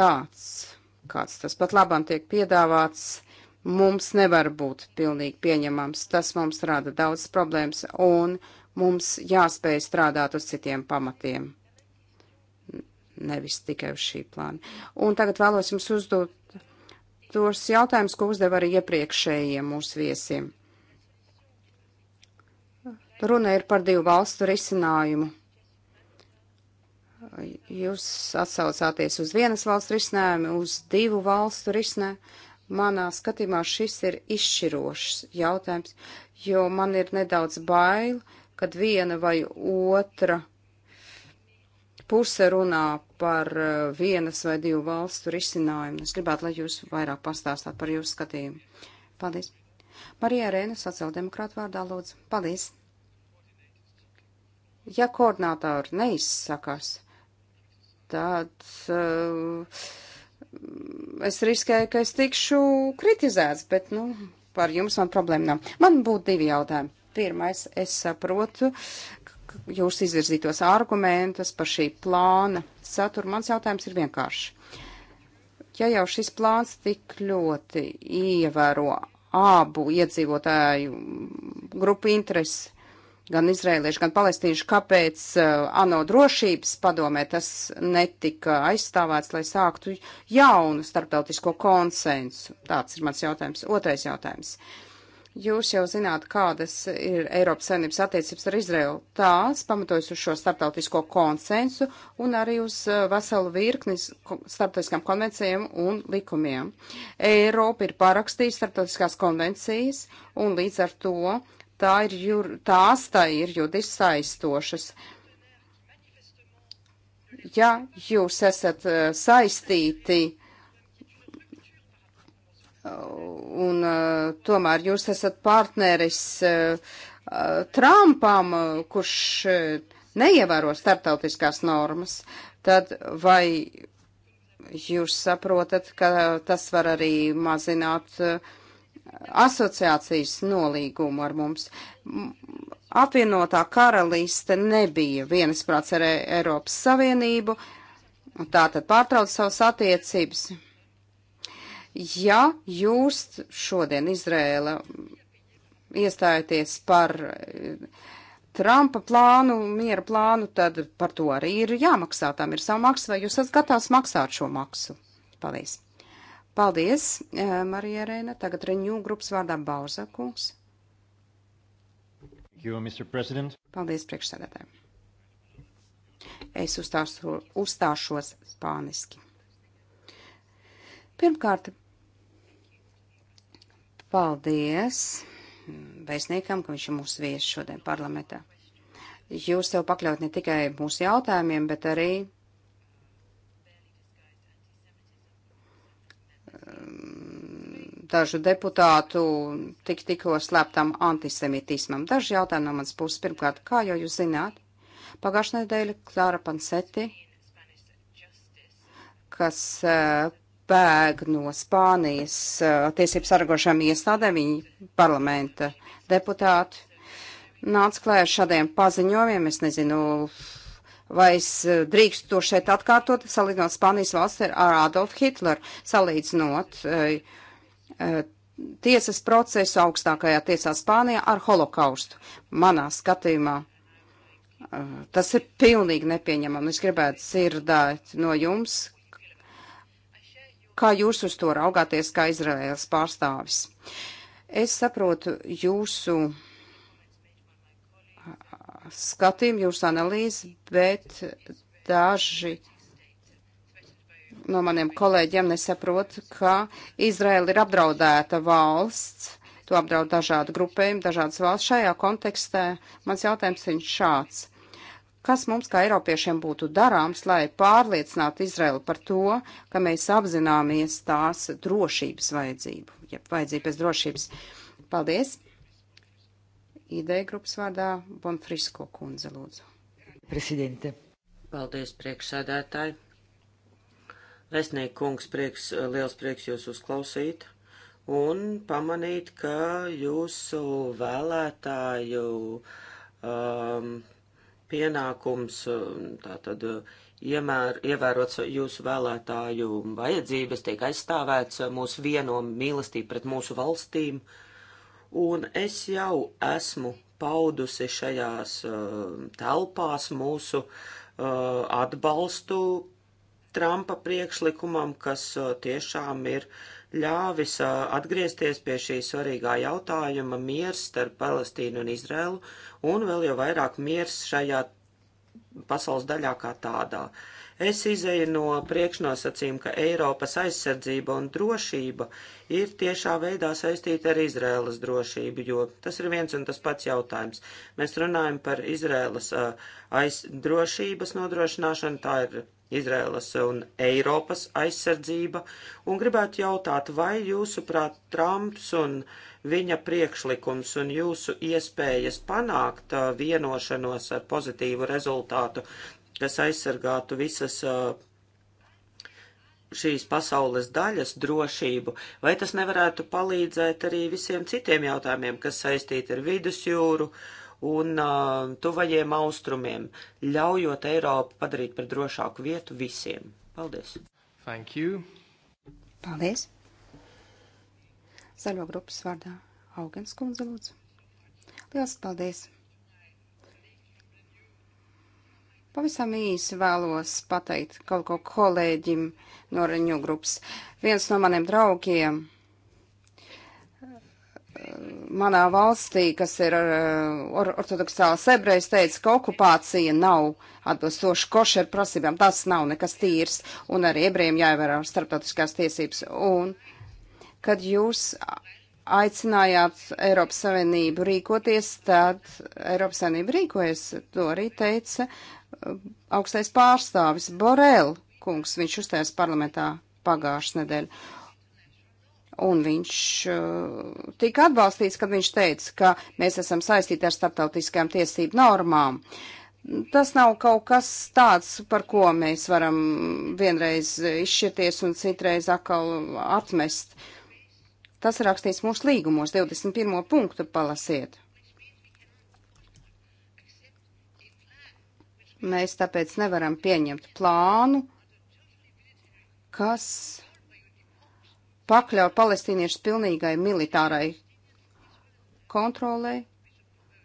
tāds, kāds tas pat labam tiek piedāvāts, mums nevar būt pilnīgi pieņemams. Tas mums rada daudz problēmas un mums jāspēj strādāt uz citiem pamatiem nevis tikai uz šī plāna. Un tagad vēlos jums uzdot tos jautājumus, ko uzdev arī iepriekšējiem mūsu viesiem. Runa ir par divu valstu risinājumu. Jūs atsaucāties uz vienas valsts risinājumu, uz divu valstu risinājumu. Manā skatījumā šis ir izšķirošs jautājums, jo man ir nedaudz bail, kad viena vai otra puse runā par eh, vienas vai divu valstu risinājumu. Es gribētu, lai jūs vairāk pastāstāt par jūsu skatījumu. Paldies. Marija Rēna, sociāldemokrāta vārdā lūdzu. Paldies. Ja koordinātori neizsakās, tad uh, es riskēju, ka es tikšu kritizēts, bet, nu, par jums man problēma nav. Man būtu divi jautājumi. Pirmais, es saprotu, jūs izvirzītos argumentus par šī plāna saturu. Mans jautājums ir vienkārši. Ja jau šis plāns tik ļoti ievēro abu iedzīvotāju grupu interesi, gan izrēliešu, gan palestīniešu, kāpēc uh, ANO drošības padomē tas netika aizstāvēts, lai sāktu jaunu starptautisko konsensu? Tāds ir mans jautājums. Otrais jautājums. Uh, Jūs jau zināt, kādas ir Eiropas Savienības attiecības ar Izraelu. Tās pamatojas uz šo starptautisko konsensu un arī uz uh, veselu virkni starptautiskām konvencijām un likumiem. Eiropa ir parakstījusi starptautiskās konvencijas un līdz ar to tā ir jur, tās tā ir judis saistošas. Ja jūs esat uh, saistīti Un uh, tomēr jūs esat partneris uh, Trumpam, uh, kurš neievēro starptautiskās normas, tad vai jūs saprotat, ka tas var arī mazināt asociācijas nolīgumu ar mums? Apvienotā karaliste nebija vienasprāts ar Eiropas Savienību, un tā tad pārtrauc savas attiecības. Ja jūs šodien Izrēla iestājaties par eh, Trumpa plānu, miera plānu, tad par to arī ir jāmaksā. Tām ir sava maksa, vai jūs esat gatavs maksāt šo maksu? Paldies! Paldies, eh, Marija Rēna. Tagad Reņū grupas vārdā Bauza kungs. Paldies, priekšsēdētāji. Es uzstāšu, uzstāšos spāniski. Pirmkārt, Paldies vēstniekam, ka viņš ir mūsu viesis šodien parlamentā. Jūs sev pakļaut ne tikai mūsu jautājumiem, bet arī mm, dažu deputātu tik tikko slēptam antisemitismam. Daži jautājumi no manas puses. Pirmkārt, kā jau jūs zināt, pagājušā nedēļa Klāra Panseti, kas eh, bēg no Spānijas uh, tiesību sargošām iestādēm, viņi parlamenta deputāti nāca klēr šādiem paziņojumiem, es nezinu, vai es uh, drīkstu to šeit atkārtot, salīdzinot Spānijas valsts ar Adolfu Hitleru, salīdzinot uh, tiesas procesu augstākajā tiesā Spānijā ar holokaustu. Manā skatījumā tas ir pilnīgi nepieņemami. Es gribētu dzirdēt no jums, Kā jūs uz to raugāties, kā Izraēlas pārstāvis? Es saprotu jūsu skatījumu, jūsu analīzi, bet daži no maniem kolēģiem nesaprot, ka Izraela ir apdraudēta valsts, to apdraud dažādu grupējumu, dažādas valsts. Šajā kontekstē mans jautājums ir šāds. Kas mums, kā Eiropiešiem, būtu darāms, lai pārliecinātu Izraelu par to, ka mēs apzināmies tās drošības vajadzību, ja vajadzību pēc drošības? Paldies! Ideja grupas vārdā Bonfrisko kundze lūdzu. Presidente. Paldies, priekšsēdētāji. Vesnieku kungs, prieks, liels prieks jūs uzklausīt un pamanīt, ka jūsu vēlētāju um, pienākums um, tātad uh, iemēr, ievērot jūsu vēlētāju vajadzības, tiek aizstāvēts uh, mūsu vieno mīlestību pret mūsu valstīm. Un es jau esmu paudusi šajās um, telpās mūsu uh, atbalstu Trumpa priekšlikumam, kas tiešām ir uh, ļāvis atgriezties pie šī svarīgā jautājuma miers starp Palestīnu un Izrēlu un vēl jau vairāk miers šajā pasaules daļā kā tādā. Es izēju no priekšnosacījuma, ka Eiropas aizsardzība un drošība ir tiešā veidā saistīta ar Izrēlas drošību, jo tas ir viens un tas pats jautājums. Mēs runājam par Izrēlas aiz drošības nodrošināšanu, tā ir Izraēlas un Eiropas aizsardzība, un gribētu jautāt, vai jūsuprāt Trumps un viņa priekšlikums un jūsu iespējas panākt uh, vienošanos ar pozitīvu rezultātu, kas aizsargātu visas uh, šīs pasaules daļas drošību, vai tas nevarētu palīdzēt arī visiem citiem jautājumiem, kas saistīti ar vidusjūru, uh, un uh, tuvajiem austrumiem, ļaujot Eiropu padarīt par drošāku vietu visiem. Paldies! Thank you! Paldies! Zaļo grupas vārdā Augens kundze lūdzu. Liels paldies! Pavisam īsi vēlos pateikt kaut ko kolēģim no Reņu grupas. Viens no maniem draugiem manā valstī, kas ir eh, or, ortodoksāls ebrejs, teica, ka okupācija nav atbilstoša košer prasībām. Tas nav nekas tīrs, un arī ebrejiem jāievēro starptautiskās tiesības. Un kad jūs aicinājāt Eiropas Savienību rīkoties, tad Eiropas Savienība rīkojas, to arī teica eh, augstais pārstāvis Borel kungs, viņš uzstājās parlamentā pagājušas nedēļa. Un viņš uh, tika atbalstīts, kad viņš teica, ka mēs esam saistīti ar starptautiskajām tiesību normām. Tas nav kaut kas tāds, par ko mēs varam vienreiz izšķirties un citreiz atkal atmest. Tas ir rakstīts mūsu līgumos, 21. punktu palasiet. Mēs tāpēc nevaram pieņemt plānu, kas pakļauj palestīniešus pilnīgai militārai kontrolē,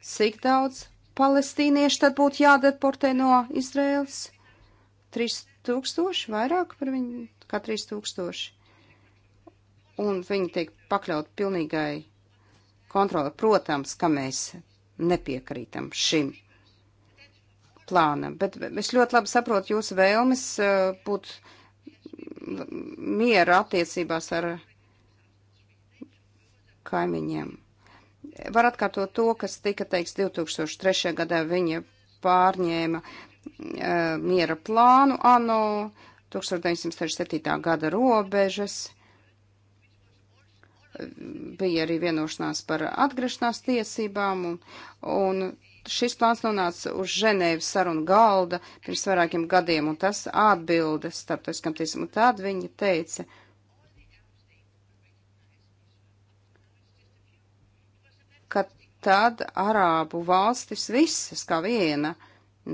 cik daudz palestīniešu tad būtu jādeportē no Izraels? 3000 vairāk par viņu, kā 3000. Un viņi tiek pakļaut pilnīgai kontrolē. Protams, ka mēs nepiekrītam šim plānam, bet es ļoti labi saprotu jūsu vēlmes eh, būt. Uh, miera attiecībās ar kaimiņiem. Var atkārtot to, kas tika teiks 2003. gadā viņa pārņēma uh, miera plānu ANO 1967. gada robežas. Bija arī vienošanās par atgriešanās tiesībām un, un šis plāns nonāca uz Ženēvas sarunu galda pirms vairākiem gadiem, un tas atbilda starptautiskam tiesam. Un tad viņa teica, ka tad Arābu valstis visas kā viena,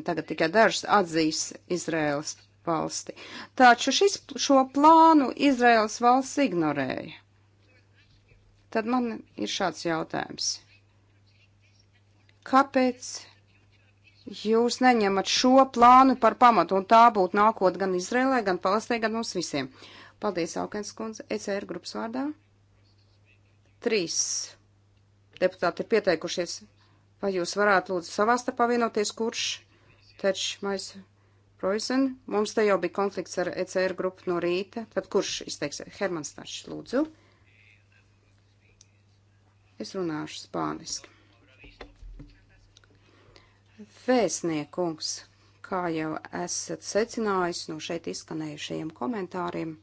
tagad tikai dažas atzīs Izraēlas valsti. Taču šis, šo plānu Izraēlas valsts ignorēja. Tad man ir šāds jautājums Kāpēc jūs neņemat šo plānu par pamatu, un tā būtu nākot gan Izrēlē, gan Palestai, gan mums visiem? Paldies, Aukens kundze, ECR grupas vārdā. Trīs deputāti ir pieteikušies. Vai jūs varētu lūdzu savā starpā vienoties, kurš taču mēs Roisen, mums te jau bija konflikts ar ECR grupu no rīta, tad kurš izteiks Hermans Tačs, lūdzu? Es runāšu spāniski. Vēstniekungs, kā jau esat secinājis no šeit izskanējušajiem komentāriem,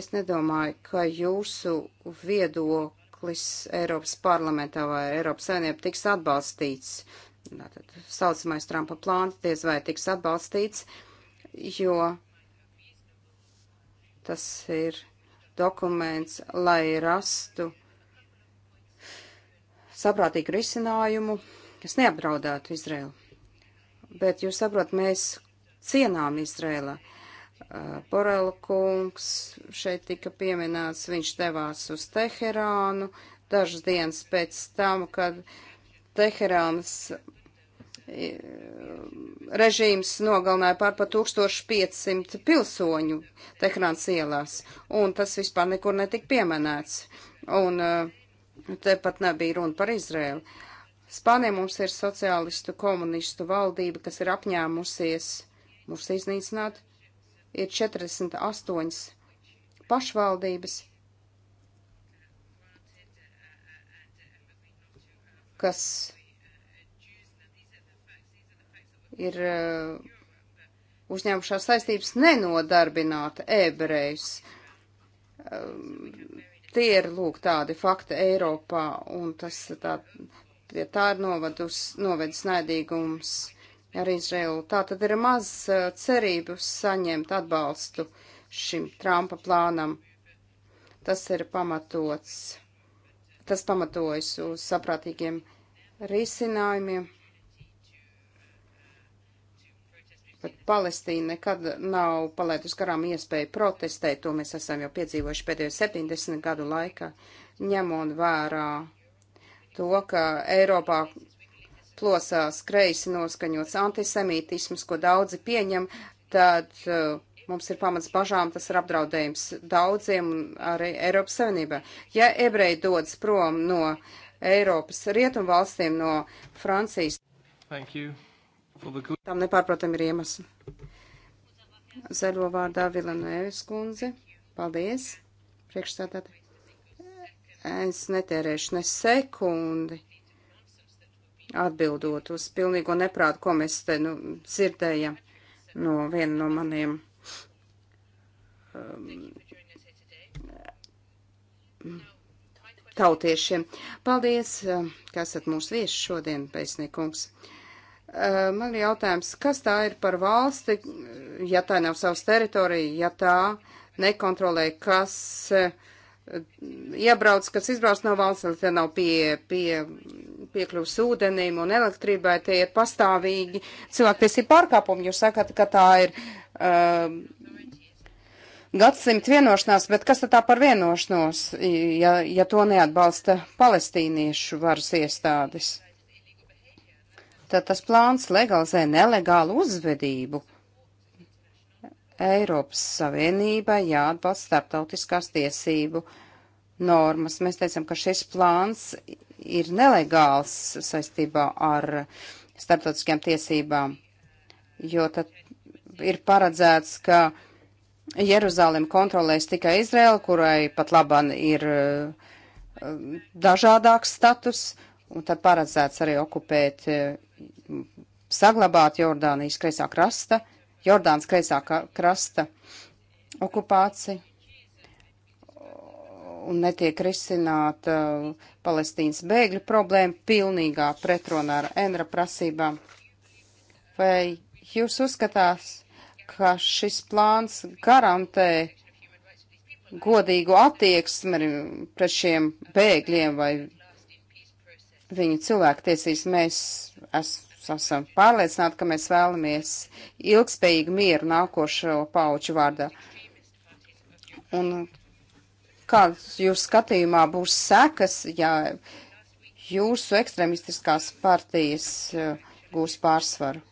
es nedomāju, ka jūsu viedoklis Eiropas parlamentā vai Eiropas saimnieba tiks atbalstīts. Tātad saucamais Trumpa plāns diez vai tiks atbalstīts, jo tas ir dokuments, lai rastu saprātīgu risinājumu, kas neapdraudētu Izraelu. Bet jūs saprotat, mēs cienām Izraela. Borela uh, kungs šeit tika pieminēts, viņš devās uz Teherānu dažas dienas pēc tam, kad Teherānas uh, režīms nogalināja pār pa 1500 pilsoņu Teherāns ielās, un tas vispār nekur netika pieminēts. Un uh, Te pat nebija runa par Izrēlu. Spānijā mums ir sociālistu komunistu valdība, kas ir apņēmusies mūs iznīcināt. Ir 48 pašvaldības, kas ir uh, uzņēmušās saistības nenodarbināt ebrejus um, Tie ir, lūk, tādi fakti Eiropā, un tas tā, pie tā ir novadus, novedis naidīgums ar Izraelu. Tā tad ir maz eh, cerību saņemt atbalstu šim Trumpa plānam. Tas ir pamatots. Tas pamatojas uz saprātīgiem risinājumiem. Bet Palestīna nekad nav palaidusi garām iespēju protestēt, to mēs esam jau piedzīvojuši pēdējo 70 gadu laikā, ņemot vērā to, ka Eiropā plosās kreisi noskaņots antisemītisms, ko daudzi pieņem, tad uh, mums ir pamats bažām, tas ir apdraudējums daudziem un arī Eiropas Savienībā. Ja ebreji dodas prom no Eiropas rietumvalstīm, no Francijas. Thank you. Tam nepārprotam ir iemesli. Zaļo vārdā Vilanēvis kundze. Paldies, priekšstādātāji. Es netērēšu ne sekundi atbildot uz pilnīgo neprātu, ko mēs te nu, dzirdējam no viena no maniem um, tautiešiem. Paldies, um, ka esat mūsu vieši šodien, Pēcniekungs. kungs. Eh, man ir jautājums, kas tā ir par valsti, ja tā nav savas teritorija, ja tā nekontrolē, kas eh, iebrauc, kas izbrauc no valsts, tad nav pie, pie, piekļuvs ūdenim un elektrībai, tie ir pastāvīgi cilvēktiesību pārkāpumi. Jūs sakat, ka tā ir um, gadsimta vienošanās, bet kas tad tā par vienošanos, ja, ja to neatbalsta palestīniešu varas iestādes? Tad tas plāns legalizē nelegālu uzvedību. Eiropas Savienībai jāatbalsta starptautiskās tiesību normas. Mēs teicam, ka šis plāns ir nelegāls saistībā ar starptautiskajām tiesībām, jo tad ir paredzēts, ka Jeruzālēm kontrolēs tikai Izraela, kurai pat laban ir eh, dažādāks status, un tad paredzēts arī okupēt eh, saglabāt Jordānijas kreisā krasta, Jordānas kreisā krasta okupāciju un netiek risināta uh, Palestīnas bēgļu problēma pilnīgā pretrunā ar Enra prasībām. Vai jūs uzskatās, ka šis plāns garantē godīgu attieksmi pret šiem bēgļiem vai viņu cilvēktiesīs? Mēs es, esam pārliecināti, ka mēs vēlamies ilgspējīgu mieru nākošo pauču vārdā. Un kāds jūs skatījumā būs sekas, ja jūsu ekstremistiskās partijas eh, gūs pārsvaru?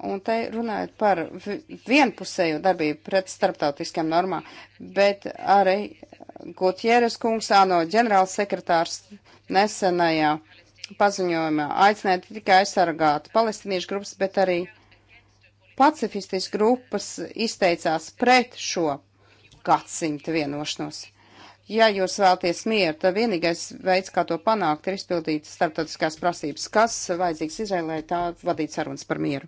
un te runājot par vienpusēju darbību pret starptautiskām normām, bet arī Gutieres kungs, ANO ģenerāls sekretārs nesenajā paziņojumā aicināt tikai aizsargāt palestīniešu grupas, bet arī pacifistiskas grupas izteicās pret šo gadsimtu vienošanos. Ja jūs vēlaties mieru, tad vienīgais veids, kā to panākt, ir izpildīt starptautiskās prasības, kas vajadzīgs Izraēlē, tā vadīt sarunas par mieru.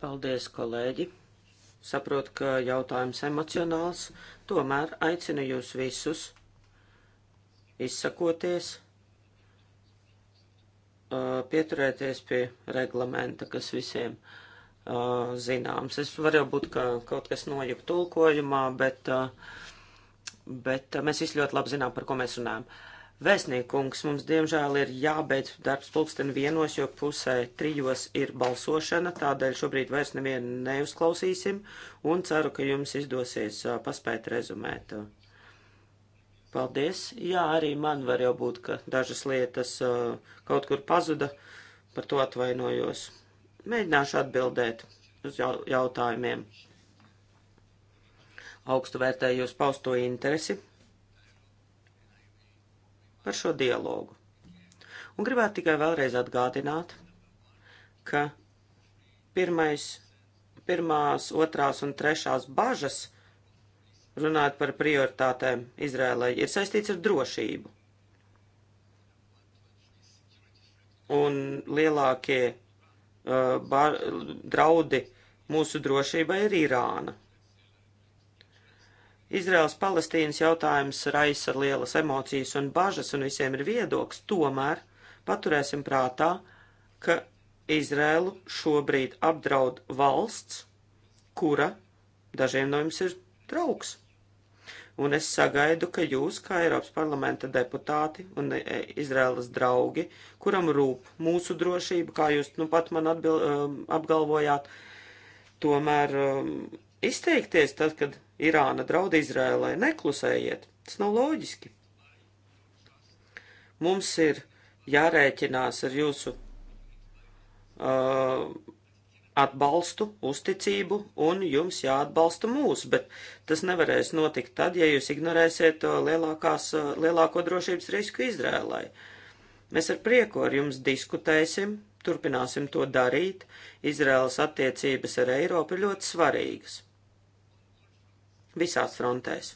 Paldies, kolēģi! Saprotu, ka jautājums emocionāls, tomēr aicinu jūs visus izsakoties uh, pieturēties pie reglamenta, kas visiem uh, zināms. Es varu būt, ka kaut kas nojub tulkojumā, bet, uh, bet uh, mēs visi ļoti labi zinām, par ko mēs runājam. Vēstniekungs, mums diemžēl ir jābeidz darbs pulksten vienos, jo pusē trijos ir balsošana, tādēļ šobrīd vairs nevienu neuzklausīsim un ceru, ka jums izdosies uh, paspēt rezumēt. Uh, Paldies. Jā, arī man var jau būt, ka dažas lietas uh, kaut kur pazuda, par to atvainojos. Mēģināšu atbildēt uz jautājumiem. Augstu vērtēju jūs pausto interesi par šo dialogu. Un gribētu tikai vēlreiz atgādināt, ka pirmais, pirmās, otrās un trešās bažas – runāt par prioritātēm Izrēlai, ir saistīts ar drošību. Un lielākie uh, bar, draudi mūsu drošībai ir Irāna. Izraels-Palestīnas jautājums raisa lielas emocijas un bažas, un visiem ir viedoklis. Tomēr paturēsim prātā, ka Izrēlu šobrīd apdraud valsts, kura dažiem no jums ir draugs un es sagaidu, ka jūs, kā Eiropas parlamenta deputāti un e, Izraēlas draugi, kuram rūp mūsu drošība, kā jūs nu pat man atbil, um, apgalvojāt, tomēr um, izteikties tad, kad Irāna draud Izraēlai, neklusējiet. Tas nav loģiski. Mums ir jārēķinās ar jūsu uh, atbalstu, uzticību, un jums jāatbalsta mūs, bet tas nevarēs notikt tad, ja jūs ignorēsiet uh, lielākās, uh, lielāko drošības risku Izrēlai. Mēs ar prieku ar jums diskutēsim, turpināsim to darīt, Izrēlas attiecības ar Eiropu ir ļoti svarīgas. Visās frontēs,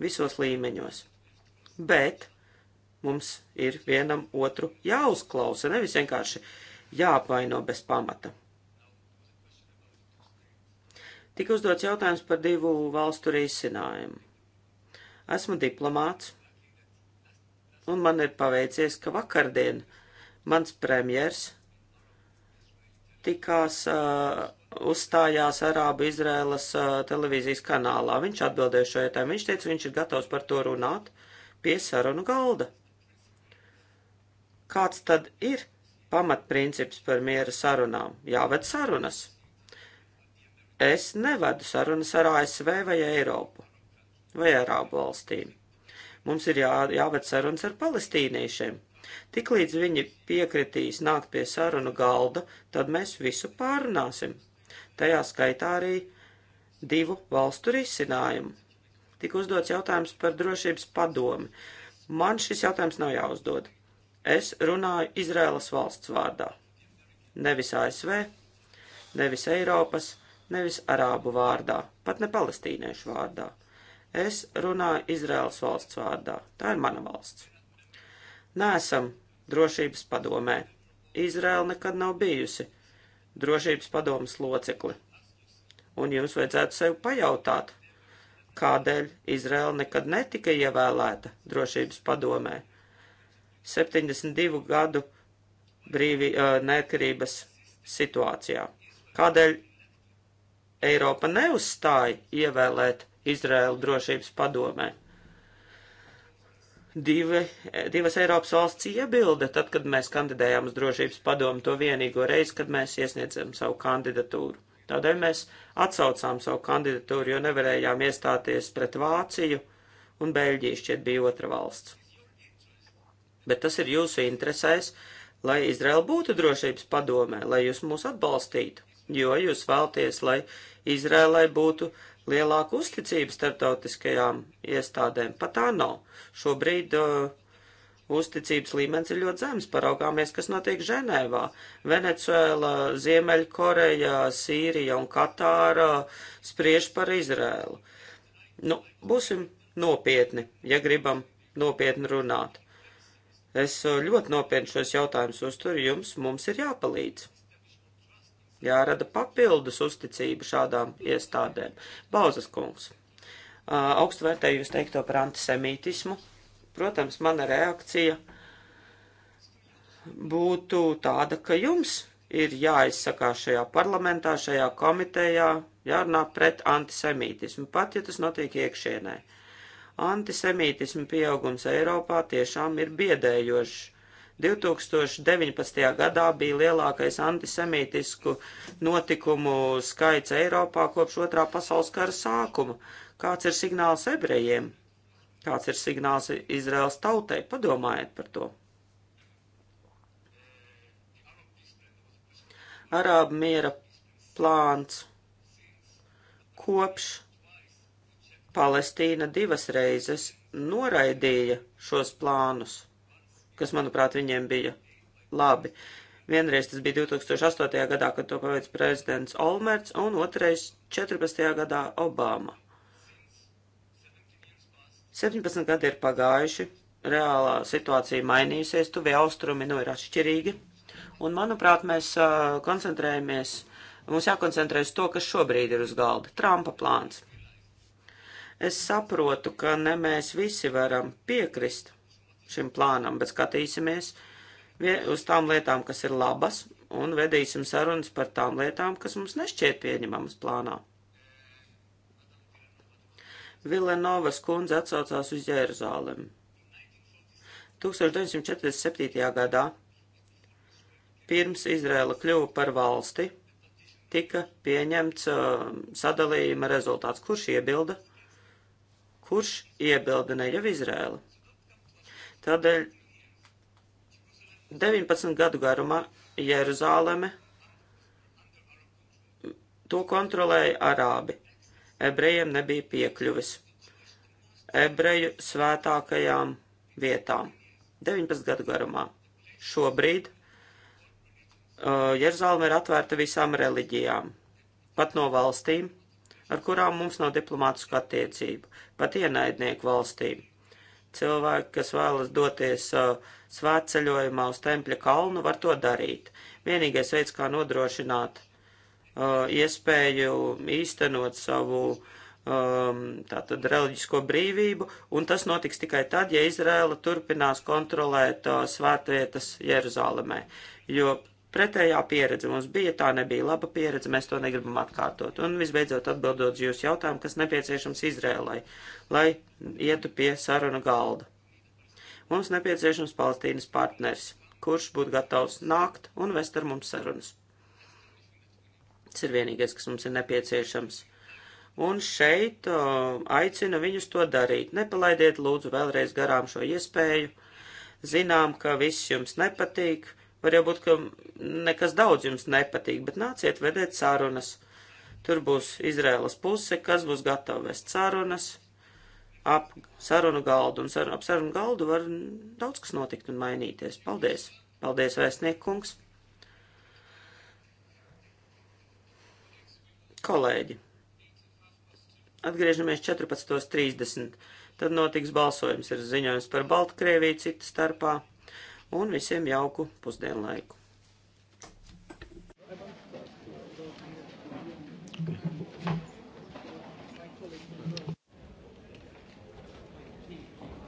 visos līmeņos. Bet mums ir vienam otru jāuzklausa, nevis vienkārši jāapvaino bez pamata. Tika uzdots jautājums par divu valstu risinājumu. Esmu diplomāts, un man ir paveicies, ka vakardien mans premjers tikās uh, uzstājās Arābu Izrēlas uh, televīzijas kanālā. Viņš atbildēja šo jautājumu. Viņš teica, viņš ir gatavs par to runāt pie sarunu galda. Kāds tad ir pamatprincips par miera sarunām? Jāved sarunas. Es nevadu sarunas ar ASV vai Eiropu vai Arābu valstīm. Mums ir jā, jāved sarunas ar palestīniešiem. Tiklīdz viņi piekritīs nākt pie sarunu galda, tad mēs visu pārunāsim. Tajā skaitā arī divu valstu risinājumu. Tik uzdots jautājums par drošības padomi. Man šis jautājums nav jāuzdod. Es runāju Izraēlas valsts vārdā. Nevis ASV, nevis Eiropas, nevis arābu vārdā, pat ne palestīniešu vārdā. Es runāju Izraels valsts vārdā. Tā ir mana valsts. Nēsam drošības padomē. Izraela nekad nav bijusi drošības padomas locekli. Un jums vajadzētu sev pajautāt, kādēļ Izraela nekad netika ievēlēta drošības padomē. 72 gadu brīvi, uh, neatkarības situācijā. Kādēļ Eiropa neuzstāja ievēlēt Izraēlu drošības padomē. Divi, divas Eiropas valsts iebilda tad, kad mēs kandidējām uz drošības padomu to vienīgo reizi, kad mēs iesniedzam savu kandidatūru. Tādēļ mēs atsaucām savu kandidatūru, jo nevarējām iestāties pret Vāciju, un Beļģija šķiet bija otra valsts. Bet tas ir jūsu interesēs, lai Izraela būtu drošības padomē, lai jūs mūs atbalstītu jo jūs vēlties, lai Izrēlai būtu lielāka uzticība starptautiskajām iestādēm. Pat tā nav. Šobrīd uh, uzticības līmenis ir ļoti zems. Paraugāmies, kas notiek Ženēvā. Venecuēla, Ziemeļkoreja, Sīrija un Katāra spriež par Izrēlu. Nu, būsim nopietni, ja gribam nopietni runāt. Es uh, ļoti nopietni šos jautājumus uzturu, jums mums ir jāpalīdz jārada papildus uzticība šādām iestādēm. Bauzes kungs, uh, augstu vērtēju jūs teikto par antisemītismu. Protams, mana reakcija būtu tāda, ka jums ir jāizsakās šajā parlamentā, šajā komitejā, jārunā pret antisemītismu, pat ja tas notiek iekšienē. Antisemītismu pieaugums Eiropā tiešām ir biedējošs 2019. gadā bija lielākais antisemītisku notikumu skaits Eiropā kopš otrā pasaules kara sākuma. Kāds ir signāls ebrejiem? Kāds ir signāls Izraels tautai? Padomājiet par to. Arābu miera plāns kopš Palestīna divas reizes noraidīja šos plānus kas, manuprāt, viņiem bija labi. Vienreiz tas bija 2008. gadā, kad to paveic prezidents Olmerts, un otrais 14. gadā Obama. 17 gadi ir pagājuši, reālā situācija mainījusies, tuvie austrumi nu ir atšķirīgi, un manuprāt, mēs uh, koncentrējamies, mums jākoncentrējas to, kas šobrīd ir uz galda - Trumpa plāns. Es saprotu, ka ne mēs visi varam piekrist šim plānam, bet skatīsimies uz tām lietām, kas ir labas, un vedīsim sarunas par tām lietām, kas mums nešķiet pieņemamas plānā. Vilenovas kundze atsaucās uz Jēruzālem. 1947. gadā, pirms Izrēla kļuva par valsti, tika pieņemts uh, sadalījuma rezultāts. Kurš iebilda? Kurš iebilda ne jau Izrēla? Tādēļ 19 gadu garumā Jeruzāleme to kontrolēja arābi. Ebrejiem nebija piekļuvis ebreju svētākajām vietām 19 gadu garumā. Šobrīd uh, Jeruzāleme ir atvērta visām reliģijām, pat no valstīm, ar kurām mums nav diplomātisku attiecību, pat ienaidnieku valstīm. Cilvēki, kas vēlas doties uh, svētceļojumā uz tempļa kalnu, var to darīt. Vienīgais veids, kā nodrošināt uh, iespēju īstenot savu um, tātad reliģisko brīvību, un tas notiks tikai tad, ja Izraela turpinās kontrolēt uh, svētvietas Jeruzalemē, jo pretējā pieredze mums bija, tā nebija laba pieredze, mēs to negribam atkārtot. Un visbeidzot atbildot uz jūsu jautājumu, kas nepieciešams Izrēlai, lai ietu pie sarunu galda. Mums nepieciešams Palestīnas partners, kurš būtu gatavs nākt un vest ar mums sarunas. Tas ir vienīgais, kas mums ir nepieciešams. Un šeit o, aicinu viņus to darīt. Nepalaidiet lūdzu vēlreiz garām šo iespēju. Zinām, ka viss jums nepatīk, Var jau būt, ka nekas daudz jums nepatīk, bet nāciet vedēt sarunas. Tur būs Izrēlas puse, kas būs gatava vest sarunas ap sarunu galdu, un sarunu, ap sarunu galdu var daudz kas notikt un mainīties. Paldies! Paldies, vēstniekungs! Kolēģi! Atgriežamies 14.30. Tad notiks balsojums, ir ziņojums par Baltkrieviju citu starpā un visiem jauku pusdienlaiku!